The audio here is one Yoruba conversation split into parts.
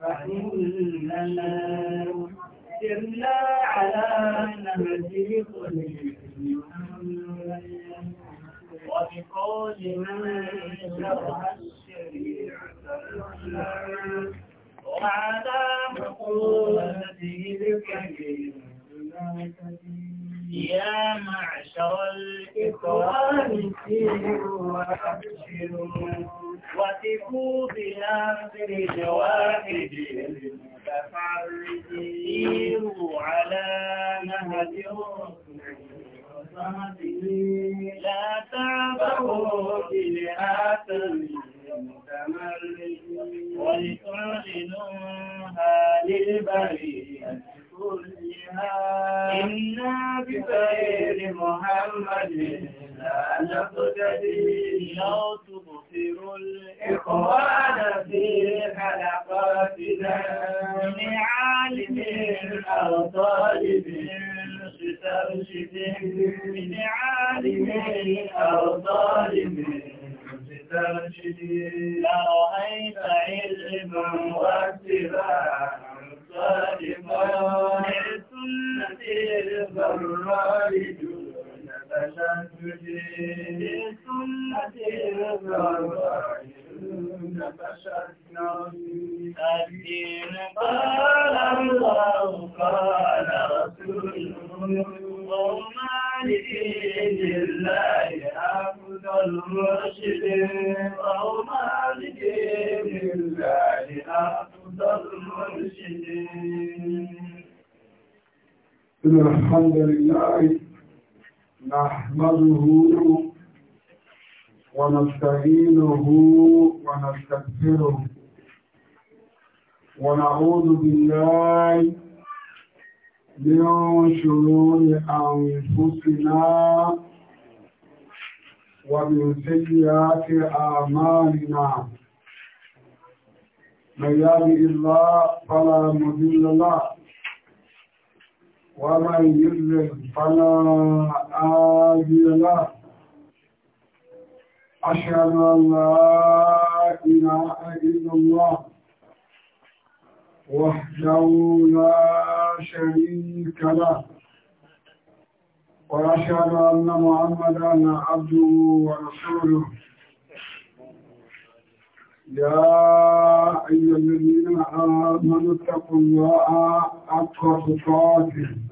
فإننا الا على نهج إن الحمد لله نحمده ونستعينه ونستغفره ونعوذ بالله من شرور أنفسنا ومن سيئات أعمالنا من يهده الله فلا مضل له ومن يذل فلا آذي له أشهد أن لا إله إلا الله وحده لا شريك له وأشهد أن محمدا عبده ورسوله يا أيها الذين آمنوا اتقوا الله حق تقاته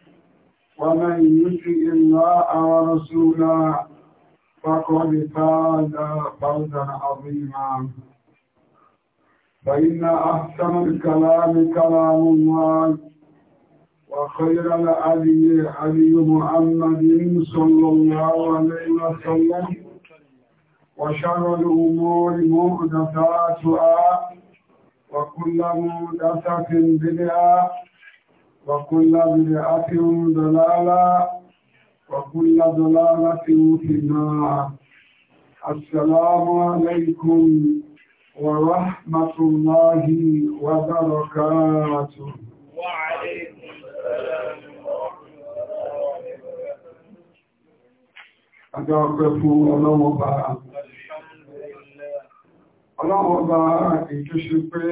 ومن يطع الله ورسوله فقد فاز فوزا عظيما فإن أحسن الكلام كلام الله وخير الأدي أدي محمد صلى الله عليه وسلم وشر الأمور مهدفاتها وكل مهدفة بدعة وكل بدعة ضلالة وكل ضلالة في النار السلام عليكم ورحمة الله وبركاته وعليكم السلام Adáwọ̀pẹ́fún ọlọ́wọ́ba. Ọlọ́wọ́ba ìtúṣe pé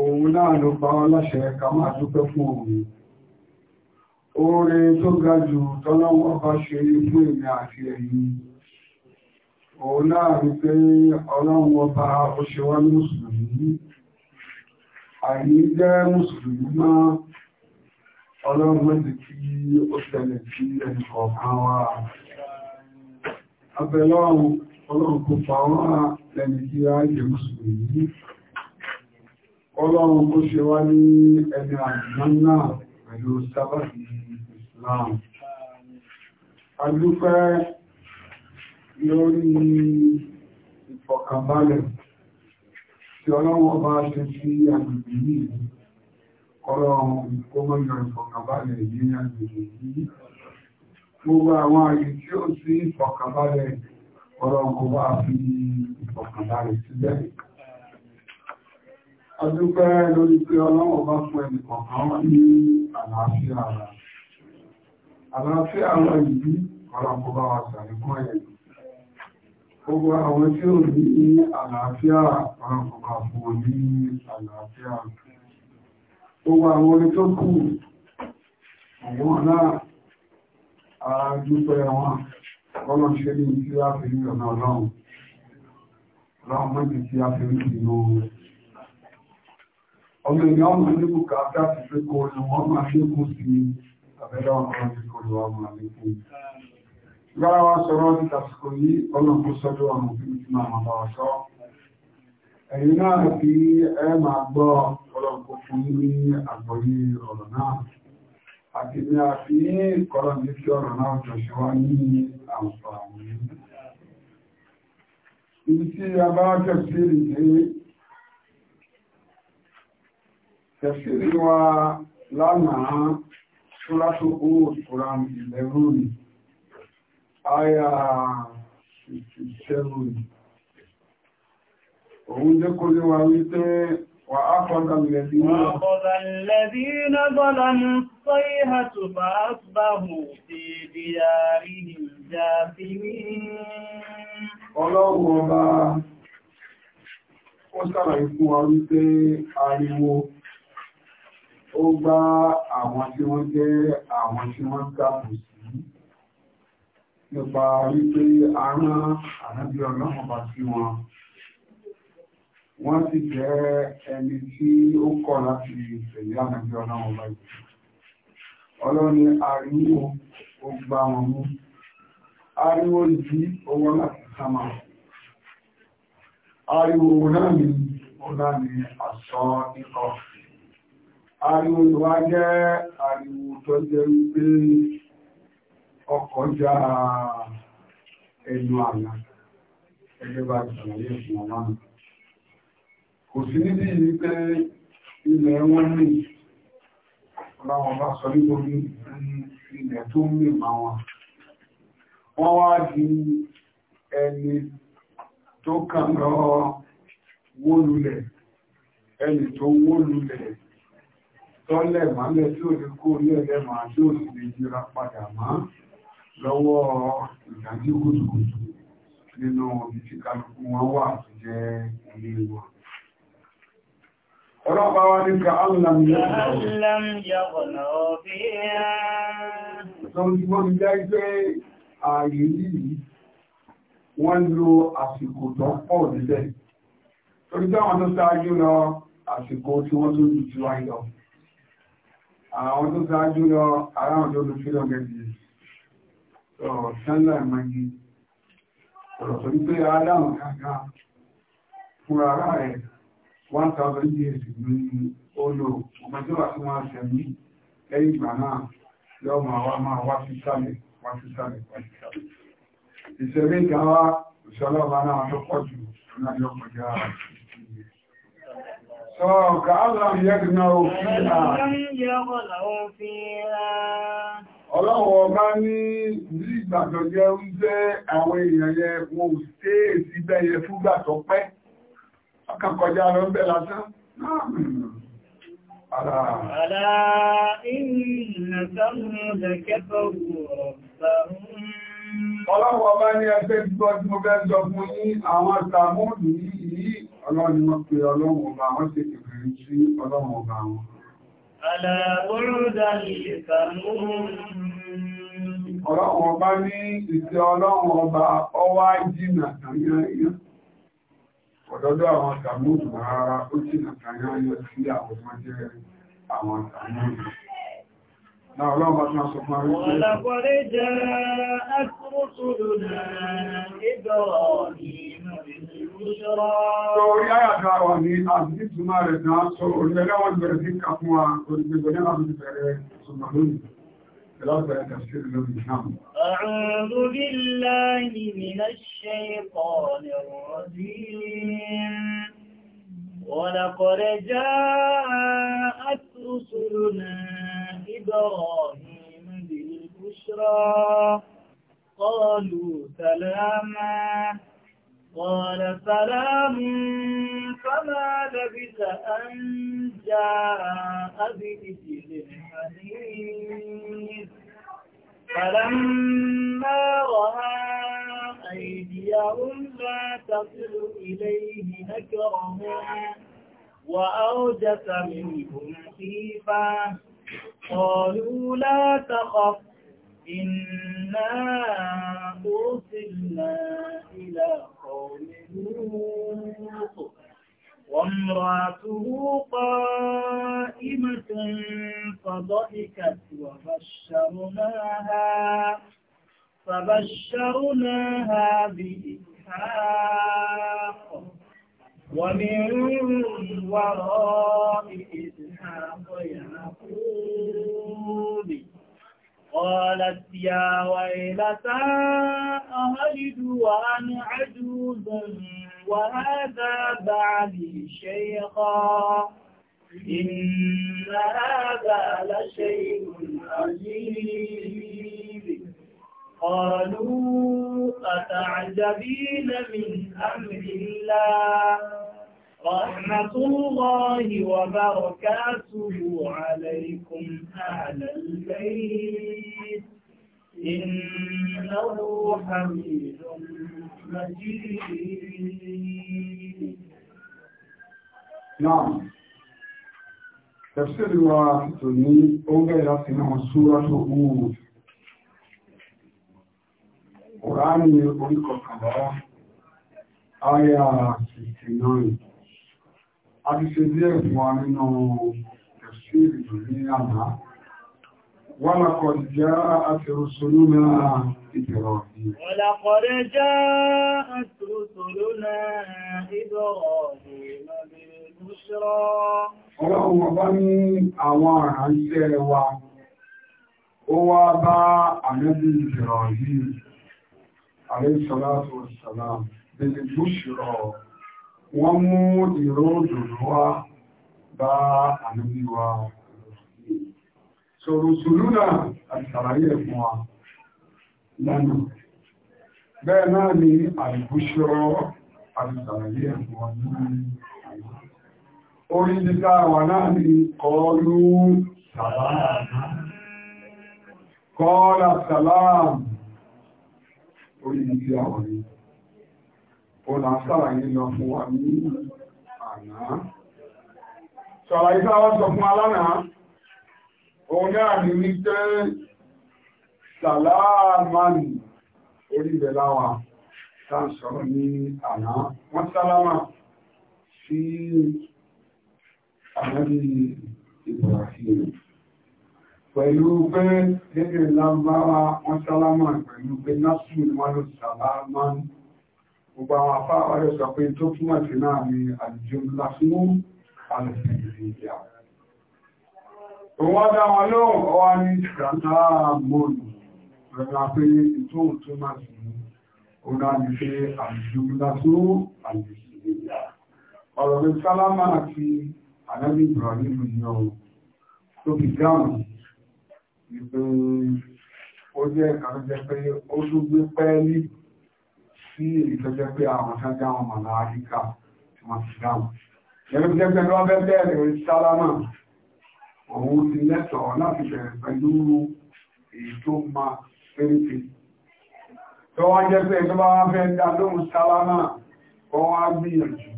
òun náà ló pa ọ láṣẹ ká máa dúpẹ́ fún òun oore tó ga jù tọ́lọ́wọ́ bá ṣe ikú èmi àti ẹ̀yin òun náà rí pé ọba ó ṣe wá ní mùsùlùmí àyí jẹ́ mùsùlùmí máa ọlọ́run ti kí ó ṣẹlẹ̀ sí kọ̀ọ̀kan kò wá ọlọ́run kó ṣe wá ní ẹni àjọ́nà pẹ̀lú sábàtì Islam adúpẹ́ lórí ìfọ̀kànbalẹ̀ tí ọlọ́run ọba ṣe sí agbègbè yìí ọlọ́run kó mọ́ yọ ìfọ̀kànbalẹ̀ yìí ní agbègbè yìí gbogbo àwọn àyè tí ó sí ìfọ̀kànbalẹ̀ ọlọ́run kó bá fi ìfọ̀kànbalẹ̀ sílẹ̀ Adúpẹ́ lórí pé ọlọ́wọ̀ bá fún ẹnì kọ̀ọ̀kan wá ní àlàáfíà ara. Àlàáfíà ara ìbí ọlọ́pọ̀ bá wa sàríkọ́ ẹ̀. Gbogbo àwọn tí ò ní àlàáfíà ọlọ́pọ̀ bá fún wọn ní àlàáfíà. Gbogbo àwọn orí tó kù, ọ̀gbọ́n náà, àdúpẹ́ wọn, ọlọ́ ṣe ní tí a fi rí ọ̀nà ọlọ́run. Ọlọ́run mọ́ ọdún ni ọmọ ní kò káàkiri àti fẹ́ kó ní wọ́n máa ṣe kú sí àbẹ́lá ọmọ ti kò lọ ọmọ àlékún gbára wa sọ̀rọ̀ ti tàbíkò yí ọlọ́pù sọ́dọ̀ ọmọ bí ti máa máa bá sọ ẹ̀yìn náà kí ẹ máa gbọ́ ọlọ́pù fún ní àgbọ̀yé ọ̀rọ̀ náà àti ní a fi kọ́lọ̀ ní kí ọ̀rọ̀ náà jọ ṣe wá ní àǹfààní ibi tí a bá tẹ̀sí rèé tẹ̀sìrí wa lánàá ṣúlásókó Quran 11 aya 67 òun jẹ́ kó lé wa wípé wà á kọ́dà lẹ́bí náà kọ́dà lẹ́bí náà bọ́lá mú sọ́yíhà tó bá ó sára ikú wa wípé ariwo ó bá àwọn tí wọ́n jẹ́ àwọn tí wọ́n gbàgbọ́ sí nípa wípé arán ànábí ọlọ́run bá sí wọn wọ́n sì jẹ́ ẹni tí ó kọ̀ láti tẹ̀lé ànábí ọlọ́run bá yìí ọlọ́ni ariwo ó gbá wọn mú ariwo yìí ó wọ́n láti sámà ariwo náà ni ó náà ni àṣọ ikọ̀ sí ariwo tó wá jẹ́ ariwo tó jẹ́ wípé ọkọjá ẹnu àlà ẹgbẹ́ bá ìsàlàyé fún ọmọ kò sí níbi wípé ilẹ̀ wọn ní ọláwọn bá sọ nítorí ilẹ̀ tó ń mì máa wọn wọ́n wá di ẹni tó kàn lọ wó ẹni tó wó tọ́lẹ̀ mọ́lẹ̀ tí ò ní kó orí ẹ̀lẹ́ máa tí ò sì lè jíra padà máa lọ́wọ́ ìdájí kùtùkùtù nínú ibi tí kálukú wọn wà tó jẹ́ ilé wọn. Ọlọ́pàá wá ní ká Allam yàgbọ̀nà ọ̀bí wọ́n lo àsìkò tó pọ̀ nílẹ̀. Torí táwọn tó sáájú lọ àsìkò tí wọ́n tó jù jù wáyé lọ. àwọn tó sáájú lọ aráwọn tó lùfí lọ gẹ̀ẹ́sì ọ̀rọ̀ sánlá ọ̀rọ̀ tó ní pé adáwọn kàkà fún ara 1000 years ní olò ọmọdéwà tí wọ́n sẹ̀mí ìgbà náà lọ́mọ àwa máa wá sí sálẹ̀ wá sí sálẹ̀ wá sí sálẹ̀ ìgbà wá òṣèlú Kàálàm yẹ́gbìnà òfìlà. Ọlọ́wọ̀ bá ní bí ìgbàtọ̀ jẹ́ ń jẹ́ àwọn èèyàn yẹ wọn ò sí èsì bẹ́yẹ fúgbà tó pẹ́. Ọkà kọjá lọ ń bẹ́ lásán. Àlá ìrìnà sọ́rọ̀ Ọlọ́wọ́ bá ní ẹgbẹ́ gbọ́ tí mo fẹ́ sọ fún ní àwọn Sàmúdù yìí ọlọ́run wọ́n pe ọlọ́run ọba wọ́n ṣe ìbìrin sí ọlọ́run ọba wọn. Ọlọ́run ọba ní ìṣẹ́ ọlọ́run ọba ọwá jìnà tàyányán. Ọ̀dọ́dọ́ àwọn Sàmúdù rárá ó jìnà tàyányán sí àwọn ọmọdé àwọn Sàmúdù. ولقد جاءت رسلنا إبراهيم Orí àyàdá wà àti túnmà rẹ̀ náà sọ orílẹ̀-èdè wọn bẹ̀rẹ̀ sí kà fún wa olùgbẹ̀gbẹ̀ náà ti bẹ̀rẹ̀ ṣùgbọ́n lónìí. أعوذ بالله من الشيطان إبراهيم بالبشرى قالوا سلاما قال سلام فما لبث أن جاء بإجل حديث فلما رأى أيديهم لا تصل إليه نكرهم وأوجس منهم خيفة قالوا لا تخف إنا أرسلنا إلى قوم لوط وامرأته قائمة فضحكت وبشرناها فبشرناها بإسحاق ومن وراء إسحاق يعقوب قالت يا ويلتى أهلد وأنا عجوز وهذا بعدي شيخا إن هذا لشيء عجيب قالوا أتعجبين من أمر الله رحمة الله وبركاته عليكم أهل البيت إنه حميد مجيد نعم تفسير الله تنين أولا في سورة هود Kùránì oríkọ̀kànlá, àyà 69. A ti ṣe díẹ̀ fún wa nínú tẹ̀síìrì ní àná. Wọ́n lakọ̀ jẹ́ àti rùsùlú náà ìbẹ̀rọ̀ Wọ́n lakọ̀ jẹ́ àti rùsùlú náà ìbẹ̀rọ̀ Ọlọ́run ọba ní àwọn àránṣẹ́ àríṣàlátò ìsàlám bèèrè búṣìrọ̀ wọ́n mú ìró dùnúwá bá àníwíwá sọ̀rọ̀sùlúnà àtàràyé ẹ̀fún wa lánàá bẹ́ẹ̀ náà ni àìbúṣọ́rọ̀ àtàràyé ẹ̀fún wa lánàá orí dídá wà náà ni kọlu sàlámà kọ́lá sàlámà orí ní tí àwọn ní ọ̀nà àṣàlàyé lọ fún wa ní àná ṣàlàyé sáwọ́ sọ fún alánà òun náà ní wípé sàlámàní orí ìbẹ̀láwà sáǹsọ̀rọ̀ ní àná wọ́n sálámà sí ànábì Ibrahim pẹ̀lú pé lédè lágbára wọ́n sálámà pẹ̀lú pé násù wọ́n ló sálámà gbogbo àwọn afá ọ̀rẹ́ sọ pé tó túmọ̀ sí náà ni àjò lásìmú alẹ́sìnrìnlẹ̀ òun dá wọn lóhùn ọwá ní ìgbàta mọ́nù rẹ̀rà pé tó túmọ̀ sí òun á ní pé àjò lásìmú alẹ́sìnrìnlẹ̀ ọ̀rọ̀ pé sálámà àti àdábì Ibrahim ní ọ̀rọ̀ tó fi dáhùn ìpé ó jẹ́ ìkàtọ́jẹ́ pé ó tún gbé pẹ́ẹ́lí sí ìtọ́jẹ́ pé àwọn sájá wọn màlá áfíríkà tí wọ́n ti dáhùn yẹ́nu jẹ́ pé wọ́n bẹ́ẹ̀ bẹ́ẹ̀rẹ̀ sálámà òun ti lẹ́tọ̀ọ́ láti bẹ̀rẹ̀ pẹ̀lú èyí tó máa péréte tó wá jẹ́ pé tó bá wá fẹ́ dá lóhun sálámà kọ́ wá gbìyànjú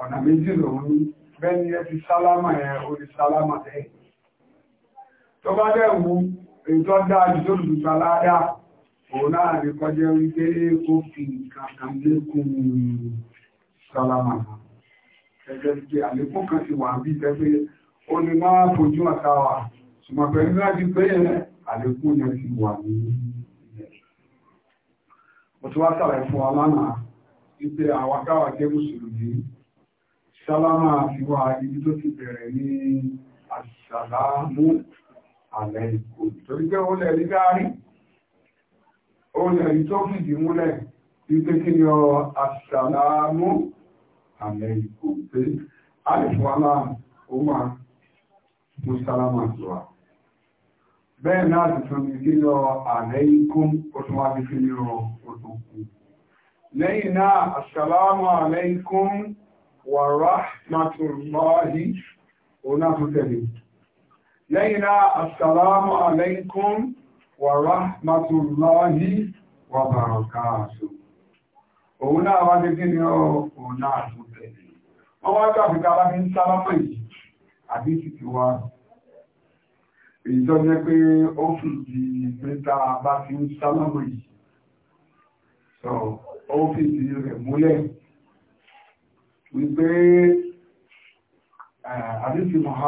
ọ̀nà méjì lòun ní bẹ́ẹ̀ ni ẹ tó bá dẹ̀ wù ètò ọjà àjùtò lùtà ládàá òun náà lè kọjá wípé ó fi nǹkan lékún sálámà ẹgbẹ́ ti wa ṣùgbọ́n pẹ̀lú láti pé àlékún yẹn ti wà ní mo ti wá sàlàyé fún wa lánàá wípé àwọn káwà jẹ́ mùsùlùmí sálámà fi ibi tó ti bẹ̀rẹ̀ ní àṣàlámù àlẹ́ ìkò torí pé ó lẹ̀ rí dárí ó lẹ̀ rí tó fìdí múlẹ̀ bẹ́ẹ̀ náà ti tún ní kí lọ ó tún wá ní kí ní ọ òtòkù lẹ́yìn náà àṣàlámù àlẹ́ ikún wa rahmatullahi ó lẹ́yìn náà assalamu alaikum wa rahmatullahi wa barakatuh òun náà wá ní gíní òun náà tó tẹ̀lé wọ́n wá gbàgbé kára ní sálámà yìí àbí títí wá èyí pé ó fi di bá fi ń yìí ó fi di rẹ̀ múlẹ̀ wípé eh,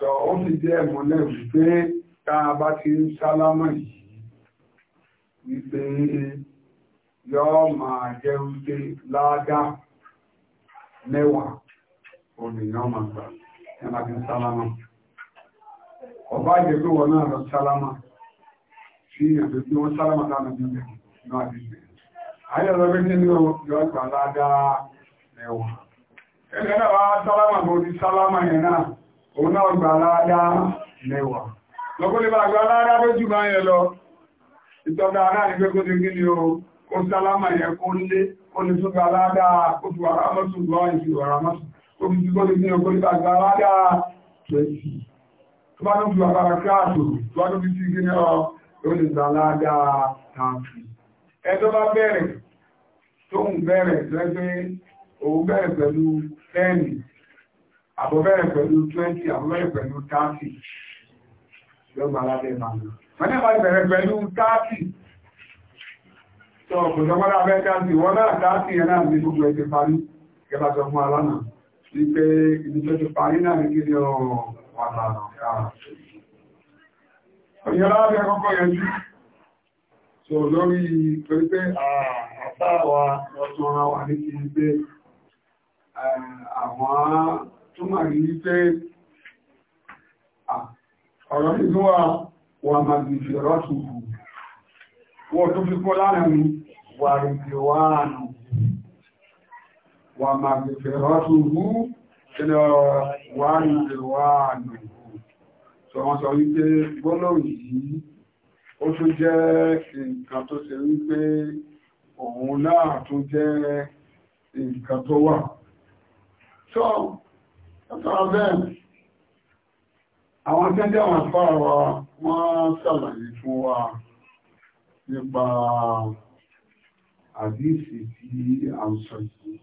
sọ ó fi jẹ́ ìmọ̀lẹ̀ wípé tá bá ti ń sálámà yìí wípé yóò máa jẹ́ wípé láádá mẹ́wàá òmìnira máa gbà ẹ máa ti ń ọba jẹ́ wọn náà lọ sálámà sí ìyàtọ̀ tí wọ́n sálámà na ní ilẹ̀ náà ti sè ayé ọ̀rọ̀ pé nínú yóò gbà láádá mẹ́wàá ẹgbẹ́ náà wá ti yẹn náà òun náà gbà láàdá mẹ́wàá lọ́kọ́lé bá gbà láàdá tó jù bá yẹ lọ ìtọ́gbà ará ní kó ti gíní o kó sálámà yẹ kó lé kó ní tó gbà láàdá kó fi wàrà mọ́sùn gbọ́ ìfi ti gíní àbọ̀bẹ̀rẹ̀ pẹ̀lú 20 àbọ̀bẹ̀rẹ̀ pẹ̀lú 30 yóò máa lábẹ́ máa mẹ́rin bá bẹ̀rẹ̀ pẹ̀lú 30 tó kò sọpọ́ lábẹ́ 30 wọ́n náà 30 yẹn náà ní gbogbo ẹ̀tẹ́ parí gẹ́bà sọ fún alánà sí pé ibi tó ti parí náà ní kíni ọ̀rọ̀ wà láàrín so lórí torí pé àtàwà ọ̀tún ọ̀rọ̀ wà ní kí ní àwọn túnmà rí wípé ọ̀rọ̀ nínú wa wà máa bí fi ọ̀rọ̀ tún hù wọ́n tó fi kọ́ lára mi wà rí pé wà nù wà máa bí fi ọ̀rọ̀ tún hù kílọ̀ wà rí pé wà nù sọ wípé gbólóhùn yìí ó tún jẹ́ nǹkan tó ṣe wípé òun náà tún jẹ́ nǹkan tó wà. So, Látara bẹ́ẹ̀, àwọn tẹ́jẹ́ wọn fáwọ wọ́n sàlàyé fún wa nípa àdíṣì tí a ń sọ yìí.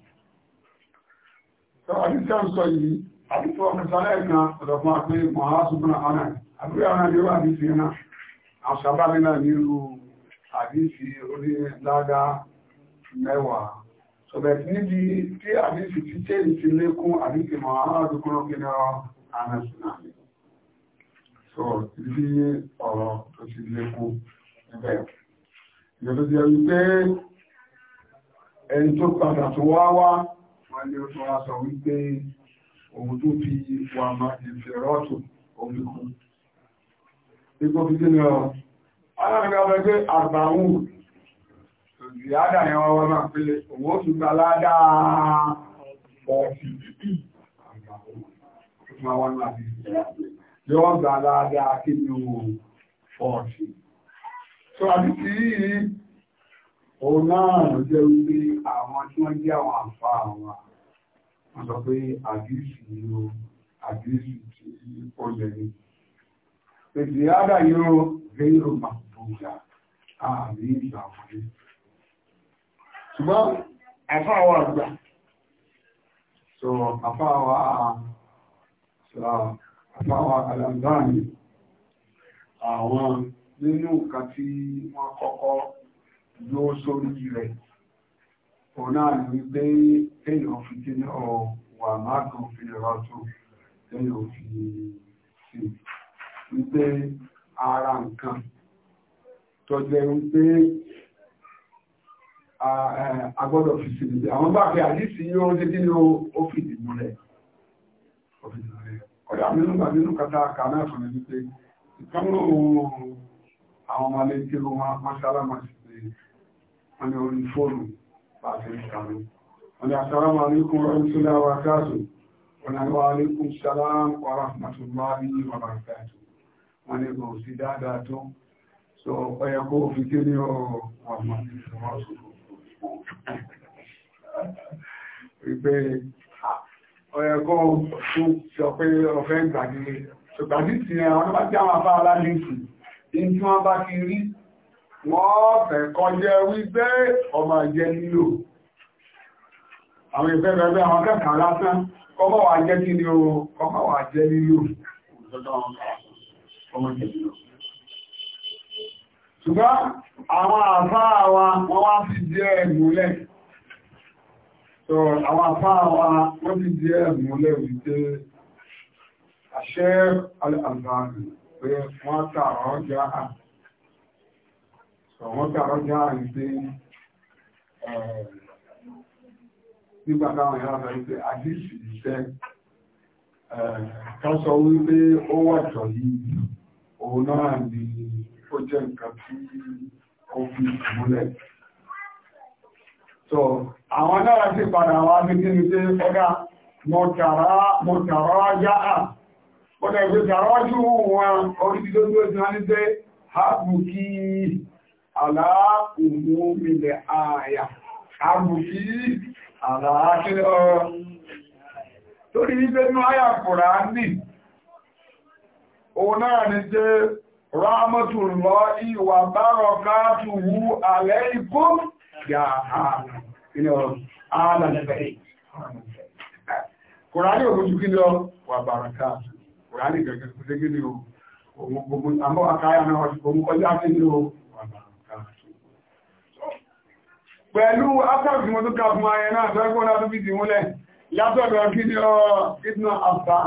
Tọ́ àdíṣì a ń sọ yìí, àdíṣì ọkàtàlẹ́ kan ọ̀dọ̀fún àpé Mọ̀hásùnmọ́ àrẹ, àbúrẹ́ àwọn àdíwà àdíṣì náà, àṣàbálẹ́ náà àdíṣì orí lágá mẹ́wàá sọ̀rọ̀ níbi tí àdífì ti tẹ́lì ti lékún àdífì mọ̀ àádùkúrò kíná anásínàmì sọ ibi ọ̀rọ̀ tó ti lékún ẹgbẹ́ ìgbẹ̀lú ti ẹ̀rí pé ẹni tó padà tó wá wá wọ́n lè tó wá wípé ohun tó fi wà má ìfẹ̀rọ́tù omi kú. Ipò fi kí ni ọ? Alága ọ̀rẹ́ pé àgbà ìyádà yẹn wọ́n wọ́n máa pẹ́lẹ̀ owó tó gbà ládáa ọ̀fì yóò gbà ládáa kí ni o ọ̀fì tó àti tí òun náà ló jẹ́ wípé àwọn tí wọ́n jẹ́ àwọn àǹfà àwọn yóò gbé ìrò màbúgbà àmì ìgbà wọlé ṣùgbọ́n àfáwà àgbà so àfáwà àfáwà alàmbáàmì àwọn nínú nǹkan tí wọ́n kọ́kọ́ ló sórí rẹ̀ òun náà ní wípé èèyàn fi kí ní ọ wà máa kan fi rọ́ tó èèyàn fi sí wípé ara nǹkan tó wípé agbọ́dọ̀ fi sí ibi àwọn bá fi àdísì yóò ṣe kí ni ó fi ìdìbò rẹ̀ ọ̀dà nínú gbà nínú kata kàánà ìfọ̀nà ní pé ìkánú àwọn ọmọ alẹ́ tí wọ́n mọ́sálàmà sí pé wọ́n ní orí fóònù bá ti ń kàánú wọ́n ní àsàlámù alaykum warahmatullahi wabarakatuh wọ́n ní wa alaykum salam wa rahmatullahi wa barakatuh wọ́n ní kò sí dáadáa tó so ọ̀yẹ̀kọ́ òfin tí ní ọ̀rọ̀ àwọn ọmọ ìṣòro wípé ọ̀yẹ̀kọ́ tó sọ pé ọ̀fẹ́ gbàdílé ṣùgbàdí ti ẹ̀ àwọn ọmọdé àwọn afá aláàlẹ́sì in tí wọ́n bá ti rí wọ́n fẹ́ kọjẹ́ wípé ọmọ jẹ nílò àwọn ìfẹ́ bẹ̀rẹ̀ àwọn kẹ́kàá lásán kọmọ wà jẹ́ kí ni o kọmọ wà jẹ́ nílò ọmọ jẹ nílò ṣùgbọ́n àwọn àfáà wa wọ́n wá fi díẹ̀ múlẹ̀ so àwọn àfáà wa wọ́n fi díẹ̀ múlẹ̀ wípé àṣẹ alàbàrì pé wọ́n tààrọ já à wọ́n tààrọ já à ń pé nígbàtàwọn ìyára wípé àdíṣì iṣẹ́ kan sọ wípé ó wà jọ yìí òun náà nìyí ó jẹ́ nǹkan tí ó fi ìmúlẹ̀. So, àwọn náà sì padà wá bí kí ní pé ọgá mọ̀tàrá yá à. Ó dẹ̀ pé tàrọ́jú wọn orí tí tó dúró sí wọn ní pé hábùkí aláàkùnmú ilẹ̀ ààyà. Hábùkí aláàkùnmú Torí wípé ní òun náà ni jẹ́ rahmatullahi wa barakatuhu alaykum ya ààlà lẹ́bẹ̀ẹ́ kòránì ògójú kí lọ wà bàràká kòránì gẹ̀gẹ̀ kò dé gíní ohun gbogbo àmọ́ akáyà náà wà ṣùgbọ́n kọjá sí ní o wà bàràká pẹ̀lú afẹ́bí mo tó ká fún ayẹ náà tọ́gbọ́n láti fi dìmúlẹ̀ látọ̀dọ̀ kí ni ọ ìdínà àbá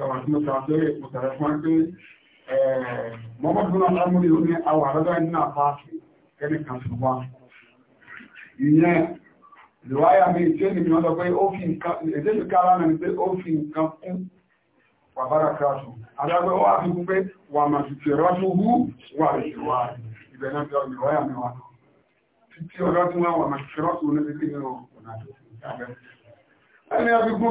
Ìyẹn, eh, ìwáyà mi tí ó ní mi wọ́n sọ pé ó fi nǹkan, èdè mi kára ni pé ó fi nǹkan kún wàbára kíráṣù. Adágbé ó wá fi kún pé wà máa ti tẹ̀rọ tó hú wà ìwà ìbẹ̀ náà bí ìwáyà mi wà. Títí ọlọ́dún wà máa ti tẹ̀rọ tó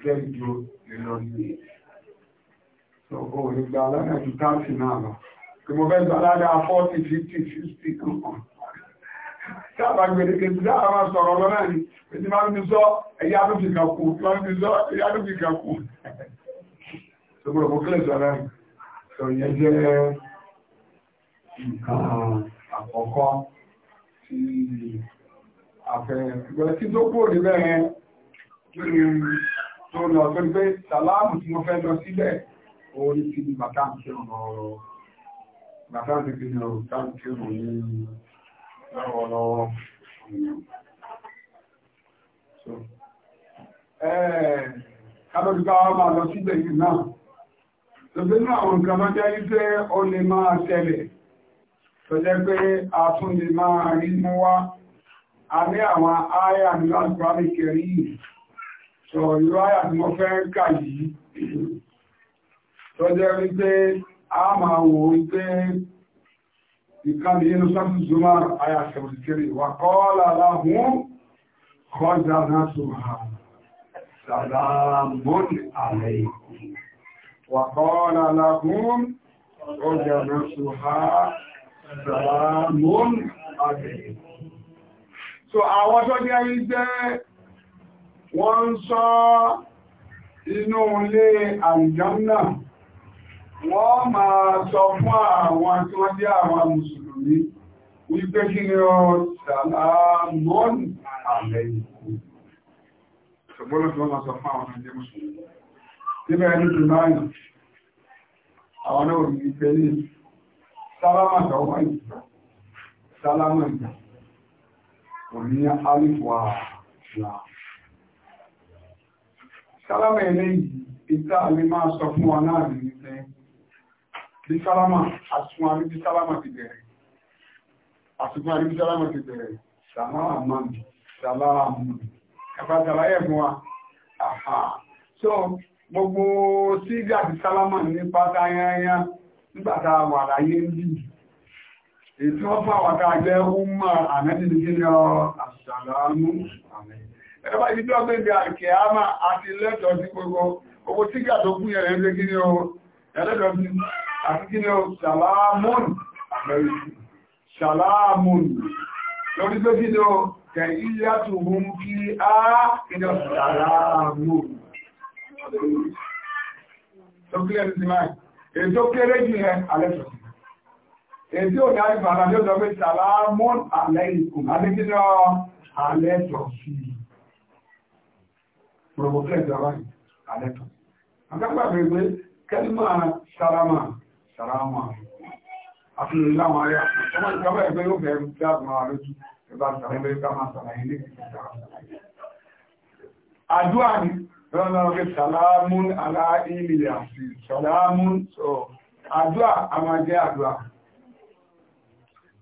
Gẹ́gẹ́ ìlọ ní ọgbọ̀n ìgbà alága ju táàtì náà lọ. Kí mo fẹ́ gba alága 40, 50, 50 kankan. gbèdéke tí dáa máa sọ̀rọ̀ lọ náà ni, èdè máa ń sọ ẹ̀yà tó fi kàkù, máa ń àfẹ́rẹ́ tí tó kúrò ní bẹ́ẹ̀ tó lọ tó ní pé sàlámù tí wọ́n fẹ́ lọ sílẹ̀ orí ti ní bàtàǹkì ọ̀rọ̀ bàtàǹkì ti ní ọ̀rọ̀ tàǹkì ọ̀rọ̀ ní lọ́wọ́lọ́wọ́ Kábọ̀dúgbà wọ́n máa lọ sílẹ̀ a ní àwọn àyà ní láti kẹrí sọ ìlú àyà tí wọ́n fẹ́ kà yìí tọ́jẹ́ wípé a máa wò wípé ìkàlì inú sáàtì zuma àyà sẹ̀wọ̀n kiri wà kọ́ọ́lá láhún kọjá náà tó ha sàlámùn àlẹ́kùn wà kọ́ọ́lá láhún kọjá náà tó ha so àwọn tó jẹ́ rí jẹ́ wọ́n ń sọ inú ilé àìjọ́nà wọ́n máa sọ fún àwọn tí wọ́n jẹ́ àwọn mùsùlùmí wípé kí ni ọ sàlámọ́n àlẹ́ ìkú ṣùgbọ́n tí wọ́n máa sọ fún àwọn ẹgbẹ́ mùsùlùmí níbẹ̀ sálámà tọ́wọ́ ìgbà sálámà ìgbà kò ní àlìfò ààrà sálámà eléyìí ìta àmì máa sọ fún wa náà rí ní pé bí sálámà àtún àrí bí sálámà ti bẹ̀rẹ̀ àtúnkún àrí bí sálámà ti bẹ̀rẹ̀ sàlámà sàlámà ẹ̀fàtàlá ẹ̀fún wa àhà so gbogbo sígá àti sálámà nípa táyáyá nígbàtà wà láyé ń dìbò Ètí wọ́n fà wà káà jẹ́ ọmọ àmẹ́dìdìgínlẹ̀ àṣàlánú. Ẹgbà ibi tí ọgbẹ́ ìgbà kẹ́ á máa àti lẹ́tọ̀ọ́ sí gbogbo owó tí gà tó kún ẹ̀rẹ́ ẹgbẹ́ gíní o, ẹlẹ́tọ̀ọ́ sí àti gíní o, ṣàlámùn, ṣàlámùn, lórí pé gíní o, kẹ̀ ilé àtùhùn kí á ìjọ ṣàlámùn. Tó kílẹ̀ Èdí ò dárí bàrà ní ọjọ́ pé sàlámùn àlẹ́ ìkùn, adékínà àlẹ́ tọ̀ sí i. Provocate ìjọba yìí, àlẹ́ tọ̀. Àgbàgbà rẹ̀ pé kẹ́límà sàrámà, sàrámà. Àfihàn láwọn ará, ọmọ ìjọba ẹgbẹ́ yóò fẹ́ àti sàlámùn sọ. Àdúrà, a máa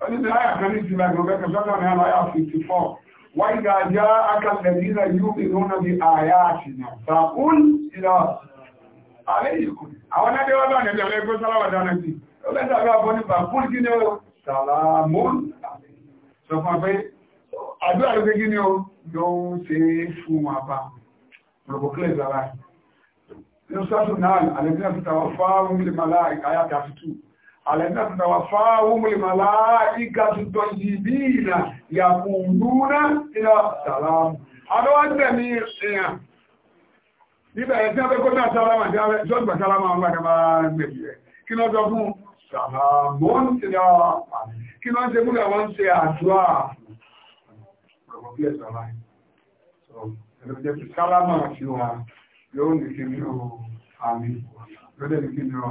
oníbi láyà kan ní ìsinmi àgbẹ̀gbẹ̀ kẹsọ́nà ní aláyà 54 wáyé gàájá akàlẹ̀dínà yóò bí lónà bí àyà àṣìyàn sàún ìlà ààrẹ ìkùn àwọn ẹgbẹ́ wọn náà nẹ̀bí àwọn ẹgbẹ́ sálàwà dáná sí ó bẹ́ sàbẹ́ àbọ̀ nípa fún kí ni ó sàlámùn sọ fún abẹ́ àdúrà ló kí ni ó yóò ṣe fún wọn bá rògbòkílẹ̀ ìgbàlá ní sọ́tún náà àlẹ́bí náà fi tàwọn fáwọn ilé màláà àyà 32 alẹ́nà tàwà fáwọ́mùlì màláìka tuntun jìbìnà yàkùnlúnà ilá sàlámù adọ́wọ́tẹ̀mí èèyàn níbẹ̀ ẹ̀ tí wọ́n fẹ́ kó náà sàlámù àti ṣọ́gbà sàlámù ni ọmọdé máa ń gbèbì rẹ̀ kí lọ́ sọ fún sàlámù ó ń ti dá kí lọ́ ṣe fún àwọn ṣe àdúrà sàlámù àti wa yóò ní kí ni ó àmì lọ́dẹ̀ ní kí ni ó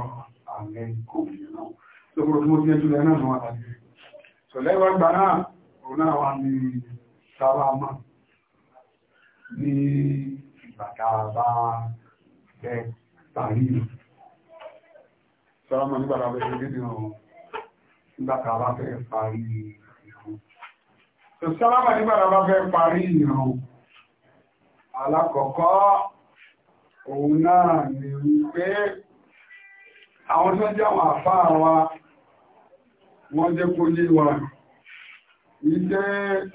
àmì kò mìíràn lókòrò fún ojú ẹjú lẹ́nà àwọn àlàyé so lẹ́wọ́ gbà náà òun náà wà ní sáwàmà ní ìgbàdàbà ẹ̀ parí sáwàmà nígbàdàbà ẹ̀ gẹ́gẹ́ nígbàdàbà fẹ́ parí ìrùn so sáwàmà nígbàdàbà fẹ́ parí ìrùn alákọ̀ọ́kọ́ òun náà ni wípé àwọn tó jẹ́ àwọn àfáà wa wọ́n jẹ́ kó yé wa iṣẹ́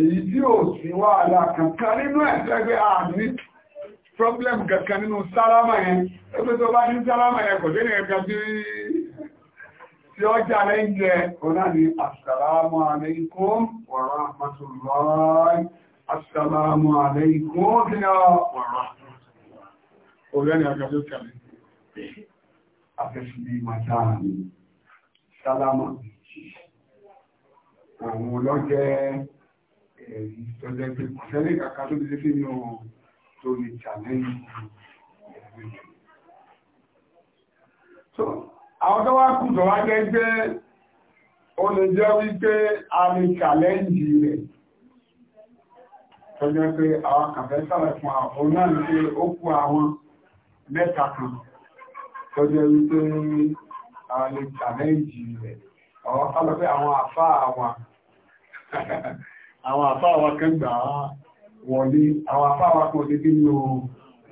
èyí tí ò sí wàhálà kankan nínú ẹ̀sẹ́gbẹ́ àmì problem kankan nínú sálámà yẹn ẹgbẹ́ tó bá ní sálámà yẹn kò dẹ́nì ẹ̀ka bí tí ó jà lẹ́yìnjẹ́ ọ̀nà ni assalamu alaikum wa rahmatullahi assalamu alaikum wa rahmatullahi sálámà òun lọ́jẹ́ ẹ̀rí tọ́jẹ́ pé kò sẹ́lẹ̀ kàkà tó lè fínú tó lè challenge so àwọn tó wá kù tó wá jẹ́ pé ó lè jẹ́ wípé a lè challenge rẹ̀ tọ́jẹ́ pé àwọn kàfẹ́ sàrẹ̀ fún àwọn náà ní pé ó kú àwọn mẹ́ta kan tọ́jẹ́ wípé àwọn lè challenge rẹ̀ àwọn kálọ́pẹ́ àwọn àfá àwọn àwọn àfá àwọn kan gbà wọlé àwọn àfá àwọn kan lè nínú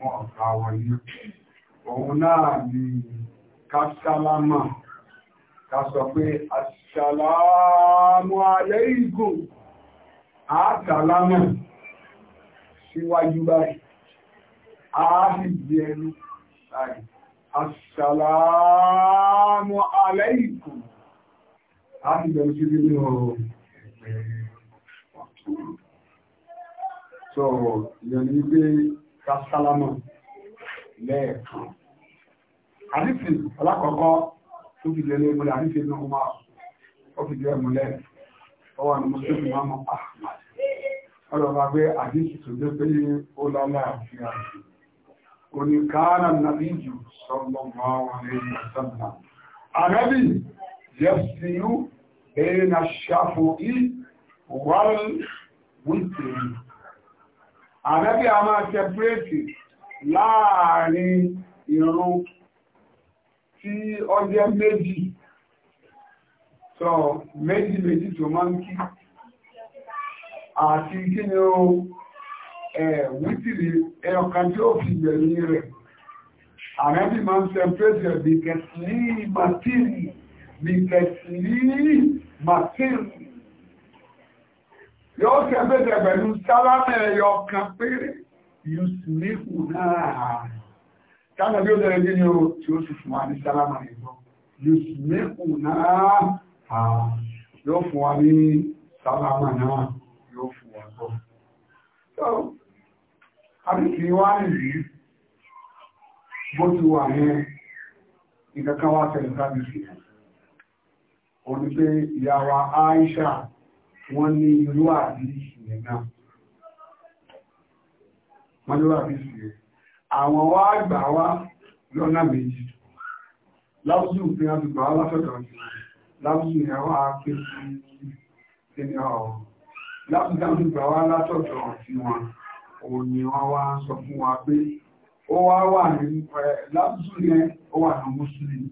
wọn ọ̀gá wọlé òun náà ni kásálámà ká sọ pé àṣàlámù aláìkùm àtàlámà síwájú báyìí a sì di ẹnu báyìí Àṣàlámù aláìkù. A ti bẹ̀rẹ̀ sí nínú ọ̀rọ̀. Ìyàn ni pé Kàṣàlámù lẹ́ẹ̀kan. Àrífì alákọ̀ọ́kọ́ tó fi jẹ́ múlẹ̀ àrífì ní ọmọ ó fi jẹ́ Mùsùlùmí máa mọ́ Ọlọ́pàá àdíṣì tó pé ó àti oníkàánà nàbíjù sallallahu alayhi wa sallam anábì yẹ́sìyú ẹ̀yìn àṣàfò ì wal witri anábì a máa tẹ́pẹ́ẹ̀tì láàrin ìrun tí ọjẹ́ méjì sọ méjì méjì tó máa ń kí àti kí ni ó wítìrí ẹ̀ọ̀kan tí ó fi gbẹ̀yìn rẹ̀ àrẹ́bì máa ń sẹ́pẹ́sẹ̀ bí kẹsìlì màtíìrì bí kẹsìlì màtíìrì yóò sẹ́pẹ́sẹ̀ pẹ̀lú sálámẹ̀ ẹ̀ọ̀kan péré yóò sì ní ìhùnà ààrẹ Káàkiri bí ó dẹ̀rẹ̀ bí ní o tí ó sì fún wa ní sálámà ìgbọ́. Yùsùmẹ́kù náà àà yóò fún wa ní sálámà náà yóò fún wa gbọ́ àbíkì wá nìyí bó ti wà ní ìkankan wá tẹ̀lé sábìsì ó ní pé ìyàwó Aisha wọ́n ní irú àdíṣì nìkan wọ́n ní irú àdíṣì rẹ̀ àwọn wá gbà wá lọ́nà méjì láwùjú fi hàn gbà wá látọ̀dọ̀ sí láwùjú ìyàwó apé sí ẹni òun ni wọ́n wá sọ fún wa pé ó wá wà ní lábùsù yẹn ó wà ní mùsùlùmí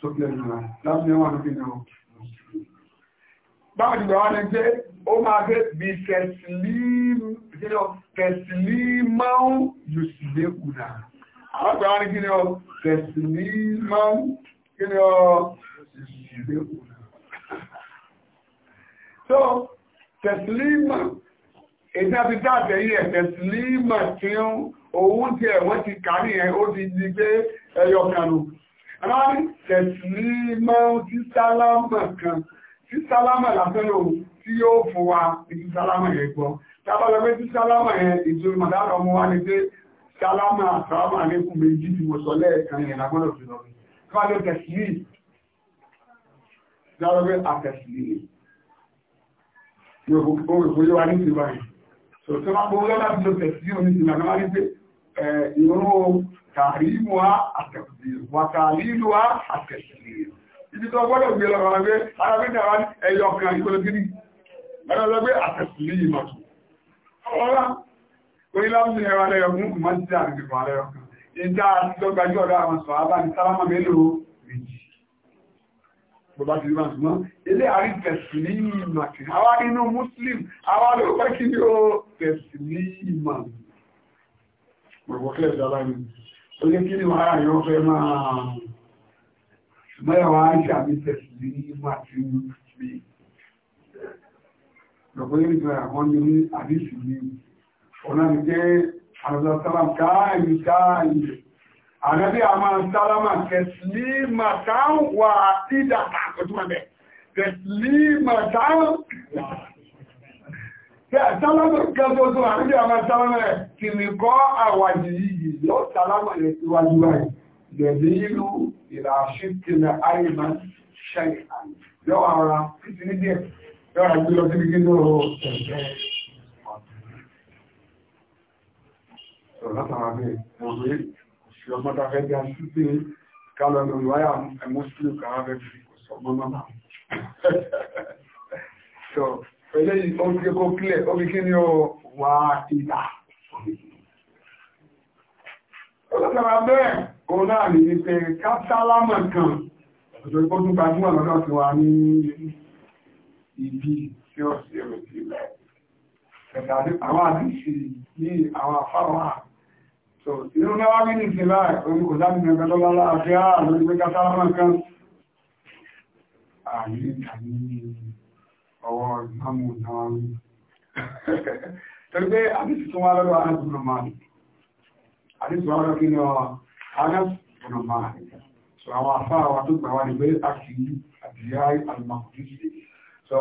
sókè ẹ̀nà lábùsù yẹn wà ní kíni o báwọn ìgbà wá ní máa gbé kíni o tẹ̀sílímáù kíni o yóò sì èdè àti dáàbẹ̀ yìí ẹ̀fẹ̀ sílímà tí òun ti ẹ̀wọ́n ti kàrí ẹ̀ ó ti di gbé ẹyọ kanu aláwárí tẹ̀sílímà tí sálámà kan tí sálámà lásán lò tí yóò fún wa ní tí sálámà yẹn gbọ́ tábàlọ́ pé tí sálámà yẹn ìṣòro màdàlọ́ mú wa ní pé sálámà sálámà lẹ́kùn méjì tí mo sọ lẹ́ẹ̀kan yẹn lágbọ́dọ̀ fi lọ rí tábàlọ́ tẹ̀sílímà dáwọ́ pé àtẹ̀sílímà yóò fún yóò wá ní ìsìn báyìí so tí wọ́n gbogbo lọ́la tí ó tẹ̀sí òní ìlànà wá ní pé ìrún tààrímù wa àtẹ̀sí wà tààrílù wa àtẹ̀sí ibi tó gbọ́dọ̀ gbé lọ́wọ́ wọn gbé ara gbé dára ẹyọ kan ìkọlọ gírí lọ́dọ̀ lọ gbé àtẹ̀sí yìí mọ̀ tó ọ̀rọ̀ orí láti ẹ̀rọ alẹ́yọkún máa ń tẹ́ àdìgbò alẹ́yọkún ìdá àti tó gbajú ọ̀dọ̀ àwọn sọ̀rọ̀ abáni sálámà mélòó bọ̀bá ti rímà ṣùgbọ́n ilé àrí tẹ̀sílìmà a àwa nínú muslim àwa ló pẹ́ kí ni ó tẹ̀sílìmà pọ̀rọ̀wọ́kẹ́ ìdára ni ó yẹ kí ni wàhálà yóò fẹ́ máa ṣùgbọ́n ẹ̀wà àìṣà mi tẹ̀sílìmà ti ń fi lọ́pọ̀ yẹn nígbà àwọn ní àdìsí ni ọ̀nà mi jẹ́ àrùn àgbẹ́bí àmà sálámà tẹ̀sílímàtán wà ìdàkà ọdúnmọ̀bẹ̀ tẹ̀sílímàtán sálámà kẹsọ́sọ́ àgbẹ́bí àmà sálámà rẹ̀ kì ní kọ́ àwàjì yìí yóò sálámà rẹ̀ síwájú rẹ̀ lẹ̀bí ìlú ìràṣíkìlẹ̀ àìmà ṣẹ́yàn yóò ara títí ní díẹ̀ yóò rà gbé lọ sí gígé lóòrò ẹ̀ẹ́ Ọ̀rọ̀ látara bẹ́ẹ̀, mo rí lọ́mọdá fẹ́ bí a sí pé kálọ̀ lórí wáyà muslim kan fẹ́ fi kò sọ mọ́mọ́ náà so eléyìí ó fi kó kílẹ̀ ó fi kí ni ó wá ìlà ọlọ́sọ̀rọ̀ bẹ́ẹ̀ òun náà lè ní pé kátálámà kan ọ̀tọ̀ ìpọ́ tún gbajúmọ̀ lọ́dọ̀ tí wà ní ibi tí ó sì rò sí ilẹ̀ àwọn àdìsí ní àwọn afárá Ìlú mẹ́wàá ní ìsìn láì, orí kò dámì mẹ́gbẹ́ lọ́lá láàáfíà lórí pé kátà máa kan. Àní ìtàní ọwọ́ ìmáàmù náà rí. Tẹ́lú pé àdísì tó wá lọ́rọ̀ Anásùn Màálì. Àdísì wá lọ́rọ̀ kí ni ọ Anásùn Màálì. Sọ àwọn afáà wa tó gbà wá ní pé àti àdìyá àlùmọ̀kùnrin. Sọ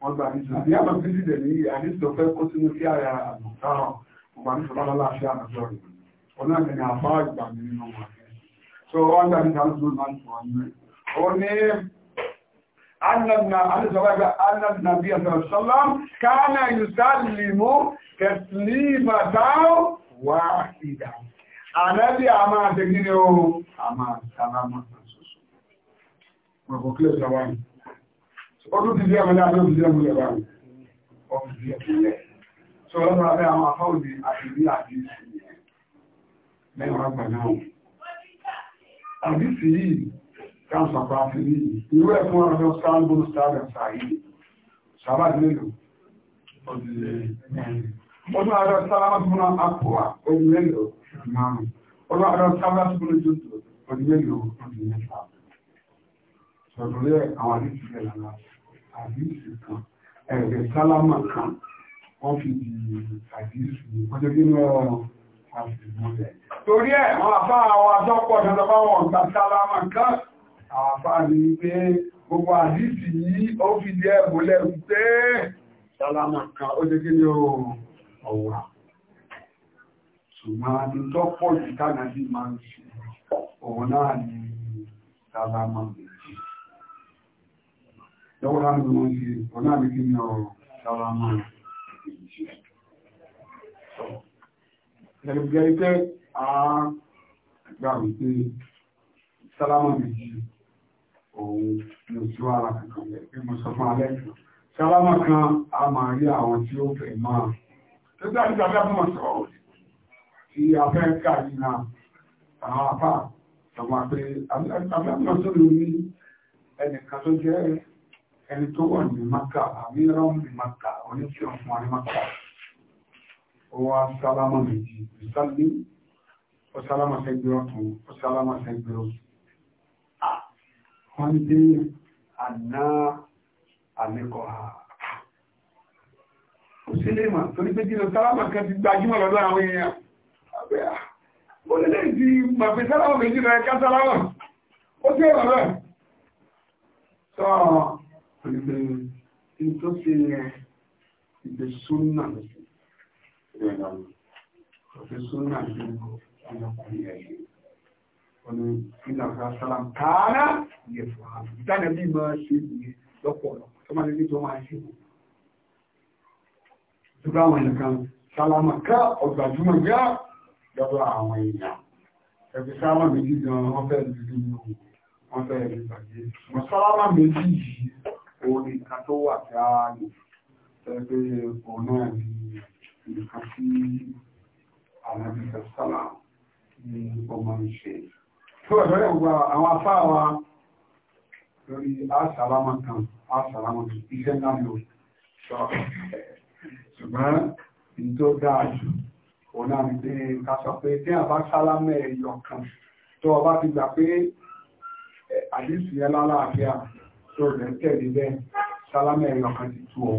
wọ́n gbà àdísì. Àdìyá àlùmọ̀kùnrin dẹ̀ ní àdísì tó fẹ́ kó sínú sí àyà àlùmọ̀kùnrin ọba ní sọlá láàfíà àjọ rẹ̀ ọ̀nà ìrìn àfá ìgbà mi nínú wọn so wọ́n gbà ní káàkiri ló láti wọ́n ní ó ní annabi sọlá kánà yusallimu taslimatan wahida ànábì a máa tẹ́gí ní o a máa sálámà sọ́sọ́ ọkọ̀ kílẹ̀ sọ́wọ́n ọdún ti jẹ́ ọmọdé àti ọdún ti jẹ́ ọmọdé báyìí ọdún ti jẹ́ ọmọdé So lọ́dọ̀ abẹ́ àwọn afọ́ òní àṣìrí àdìsí lẹ́wọ̀n àgbà náà. Àdìsí yìí kan sọ̀pọ̀ àfìrí irú ẹ̀ fún ọjọ́ sáàbù sáàbù sàáyé sábà nílò ọdún àjọ sáàbù fún àpòwà ọdún mélòó márùn ọdún àjọ sáàbù fún ojútùú ọdún mélòó ọdún mẹ́ta sọ̀rọ̀ lé àwọn àdìsí rẹ̀ lára àdìsí kan ẹ̀rẹ̀ sálámà kan wọ́n fi di àdísù wọ́n jẹ́ kí ní ọ̀rọ̀ àfìmọ́lẹ̀. torí ẹ̀ wọ́n àfá àwọn adọ́pọ̀ dandan báwọn ọ̀gbà sálámà kan àwọn àfá ní pé gbogbo àdísù yìí ó fi di ẹ̀bùlẹ̀ pé sálámà kan ó jẹ́ kí ní ọ̀wà ṣùgbọ́n ní tọ́pọ̀ jù tánà sí máa ń ṣe òun náà ní sálámà méjì lọ́wọ́ láti wọ́n ṣe òun náà ní kí ní ọ̀rọ̀ sálámà méjì ẹ̀rùgẹ́ pé àgbà wípé sálámà méjì òun ní oṣù ara kankan rẹ̀ pé mo sọ fún alẹ́ kan sálámà kan a máa rí àwọn tí ó fẹ́ máa tó dájú tàbí àbúmọ̀ sọ̀rọ̀ tí a fẹ́ kà nínú àwọn apá sọ̀rọ̀ pé àbí àbúmọ̀ sọ̀rọ̀ ní ẹnìkan tó jẹ́ ẹni tó wà ní maka àmì rọ́ọ̀mù maka oníṣẹ́ ọ̀fun àní maka ọwọ́ sálámà méjì ìsáàlì ọ̀sálámà sẹ́gbẹ̀ ọ̀tún ọ̀sálámà sẹ́gbẹ̀ ọ̀tún wọ́n dé àná àlékọ̀ ha kò sí lè mà torí pé jìnà sálámà kan ti gbajúmọ̀ lọ́dọ̀ àwọn èèyàn ó lè lè di màfẹ́ sálámà méjì rẹ̀ ká sálámà ó sí ọ̀rọ̀ rẹ̀ sọ́ọ̀ pẹ̀lú òfin súnà ní ọmọkùnrin ẹ̀yẹ ọ̀nà ìlànà sálàm tààrà yẹ fún wa ìtànà bí máa ṣe ìyẹn lọ́pọ̀lọpọ̀ tó máa ní tó máa ṣe wò tó bá wọn nìkan sálàmà ká ọ̀gbàjúmọ̀ gá lọ́dọ̀ àwọn èèyàn ẹ̀fẹ́ sálàmà méjì gan wọ́n fẹ́ lùdú nínú wọ́n fẹ́ lùdú bàjẹ́ ṣùgbọ́n sálàmà méjì yìí òun nìkan wà tí a lò tẹ́lẹ̀ pé òun náà nǹkan tí àlàbí sàlá ní ọmọ ìṣe tó ẹ̀rọ ẹ̀wà àwọn afáà wa lórí àṣàlámà kan àṣàlámà kan iṣẹ́ náà lò sọ ṣùgbọ́n ní tó dáa jù òun náà ní pé ká sọ pé tí àbá sálámà ẹ̀yọ kan tó ọba ti gbà pé àdéhùn yẹn lálàáfíà tó rẹ̀ tẹ̀lé bẹ́ẹ̀ sálámà ẹ̀yọ kan ti tú ọ.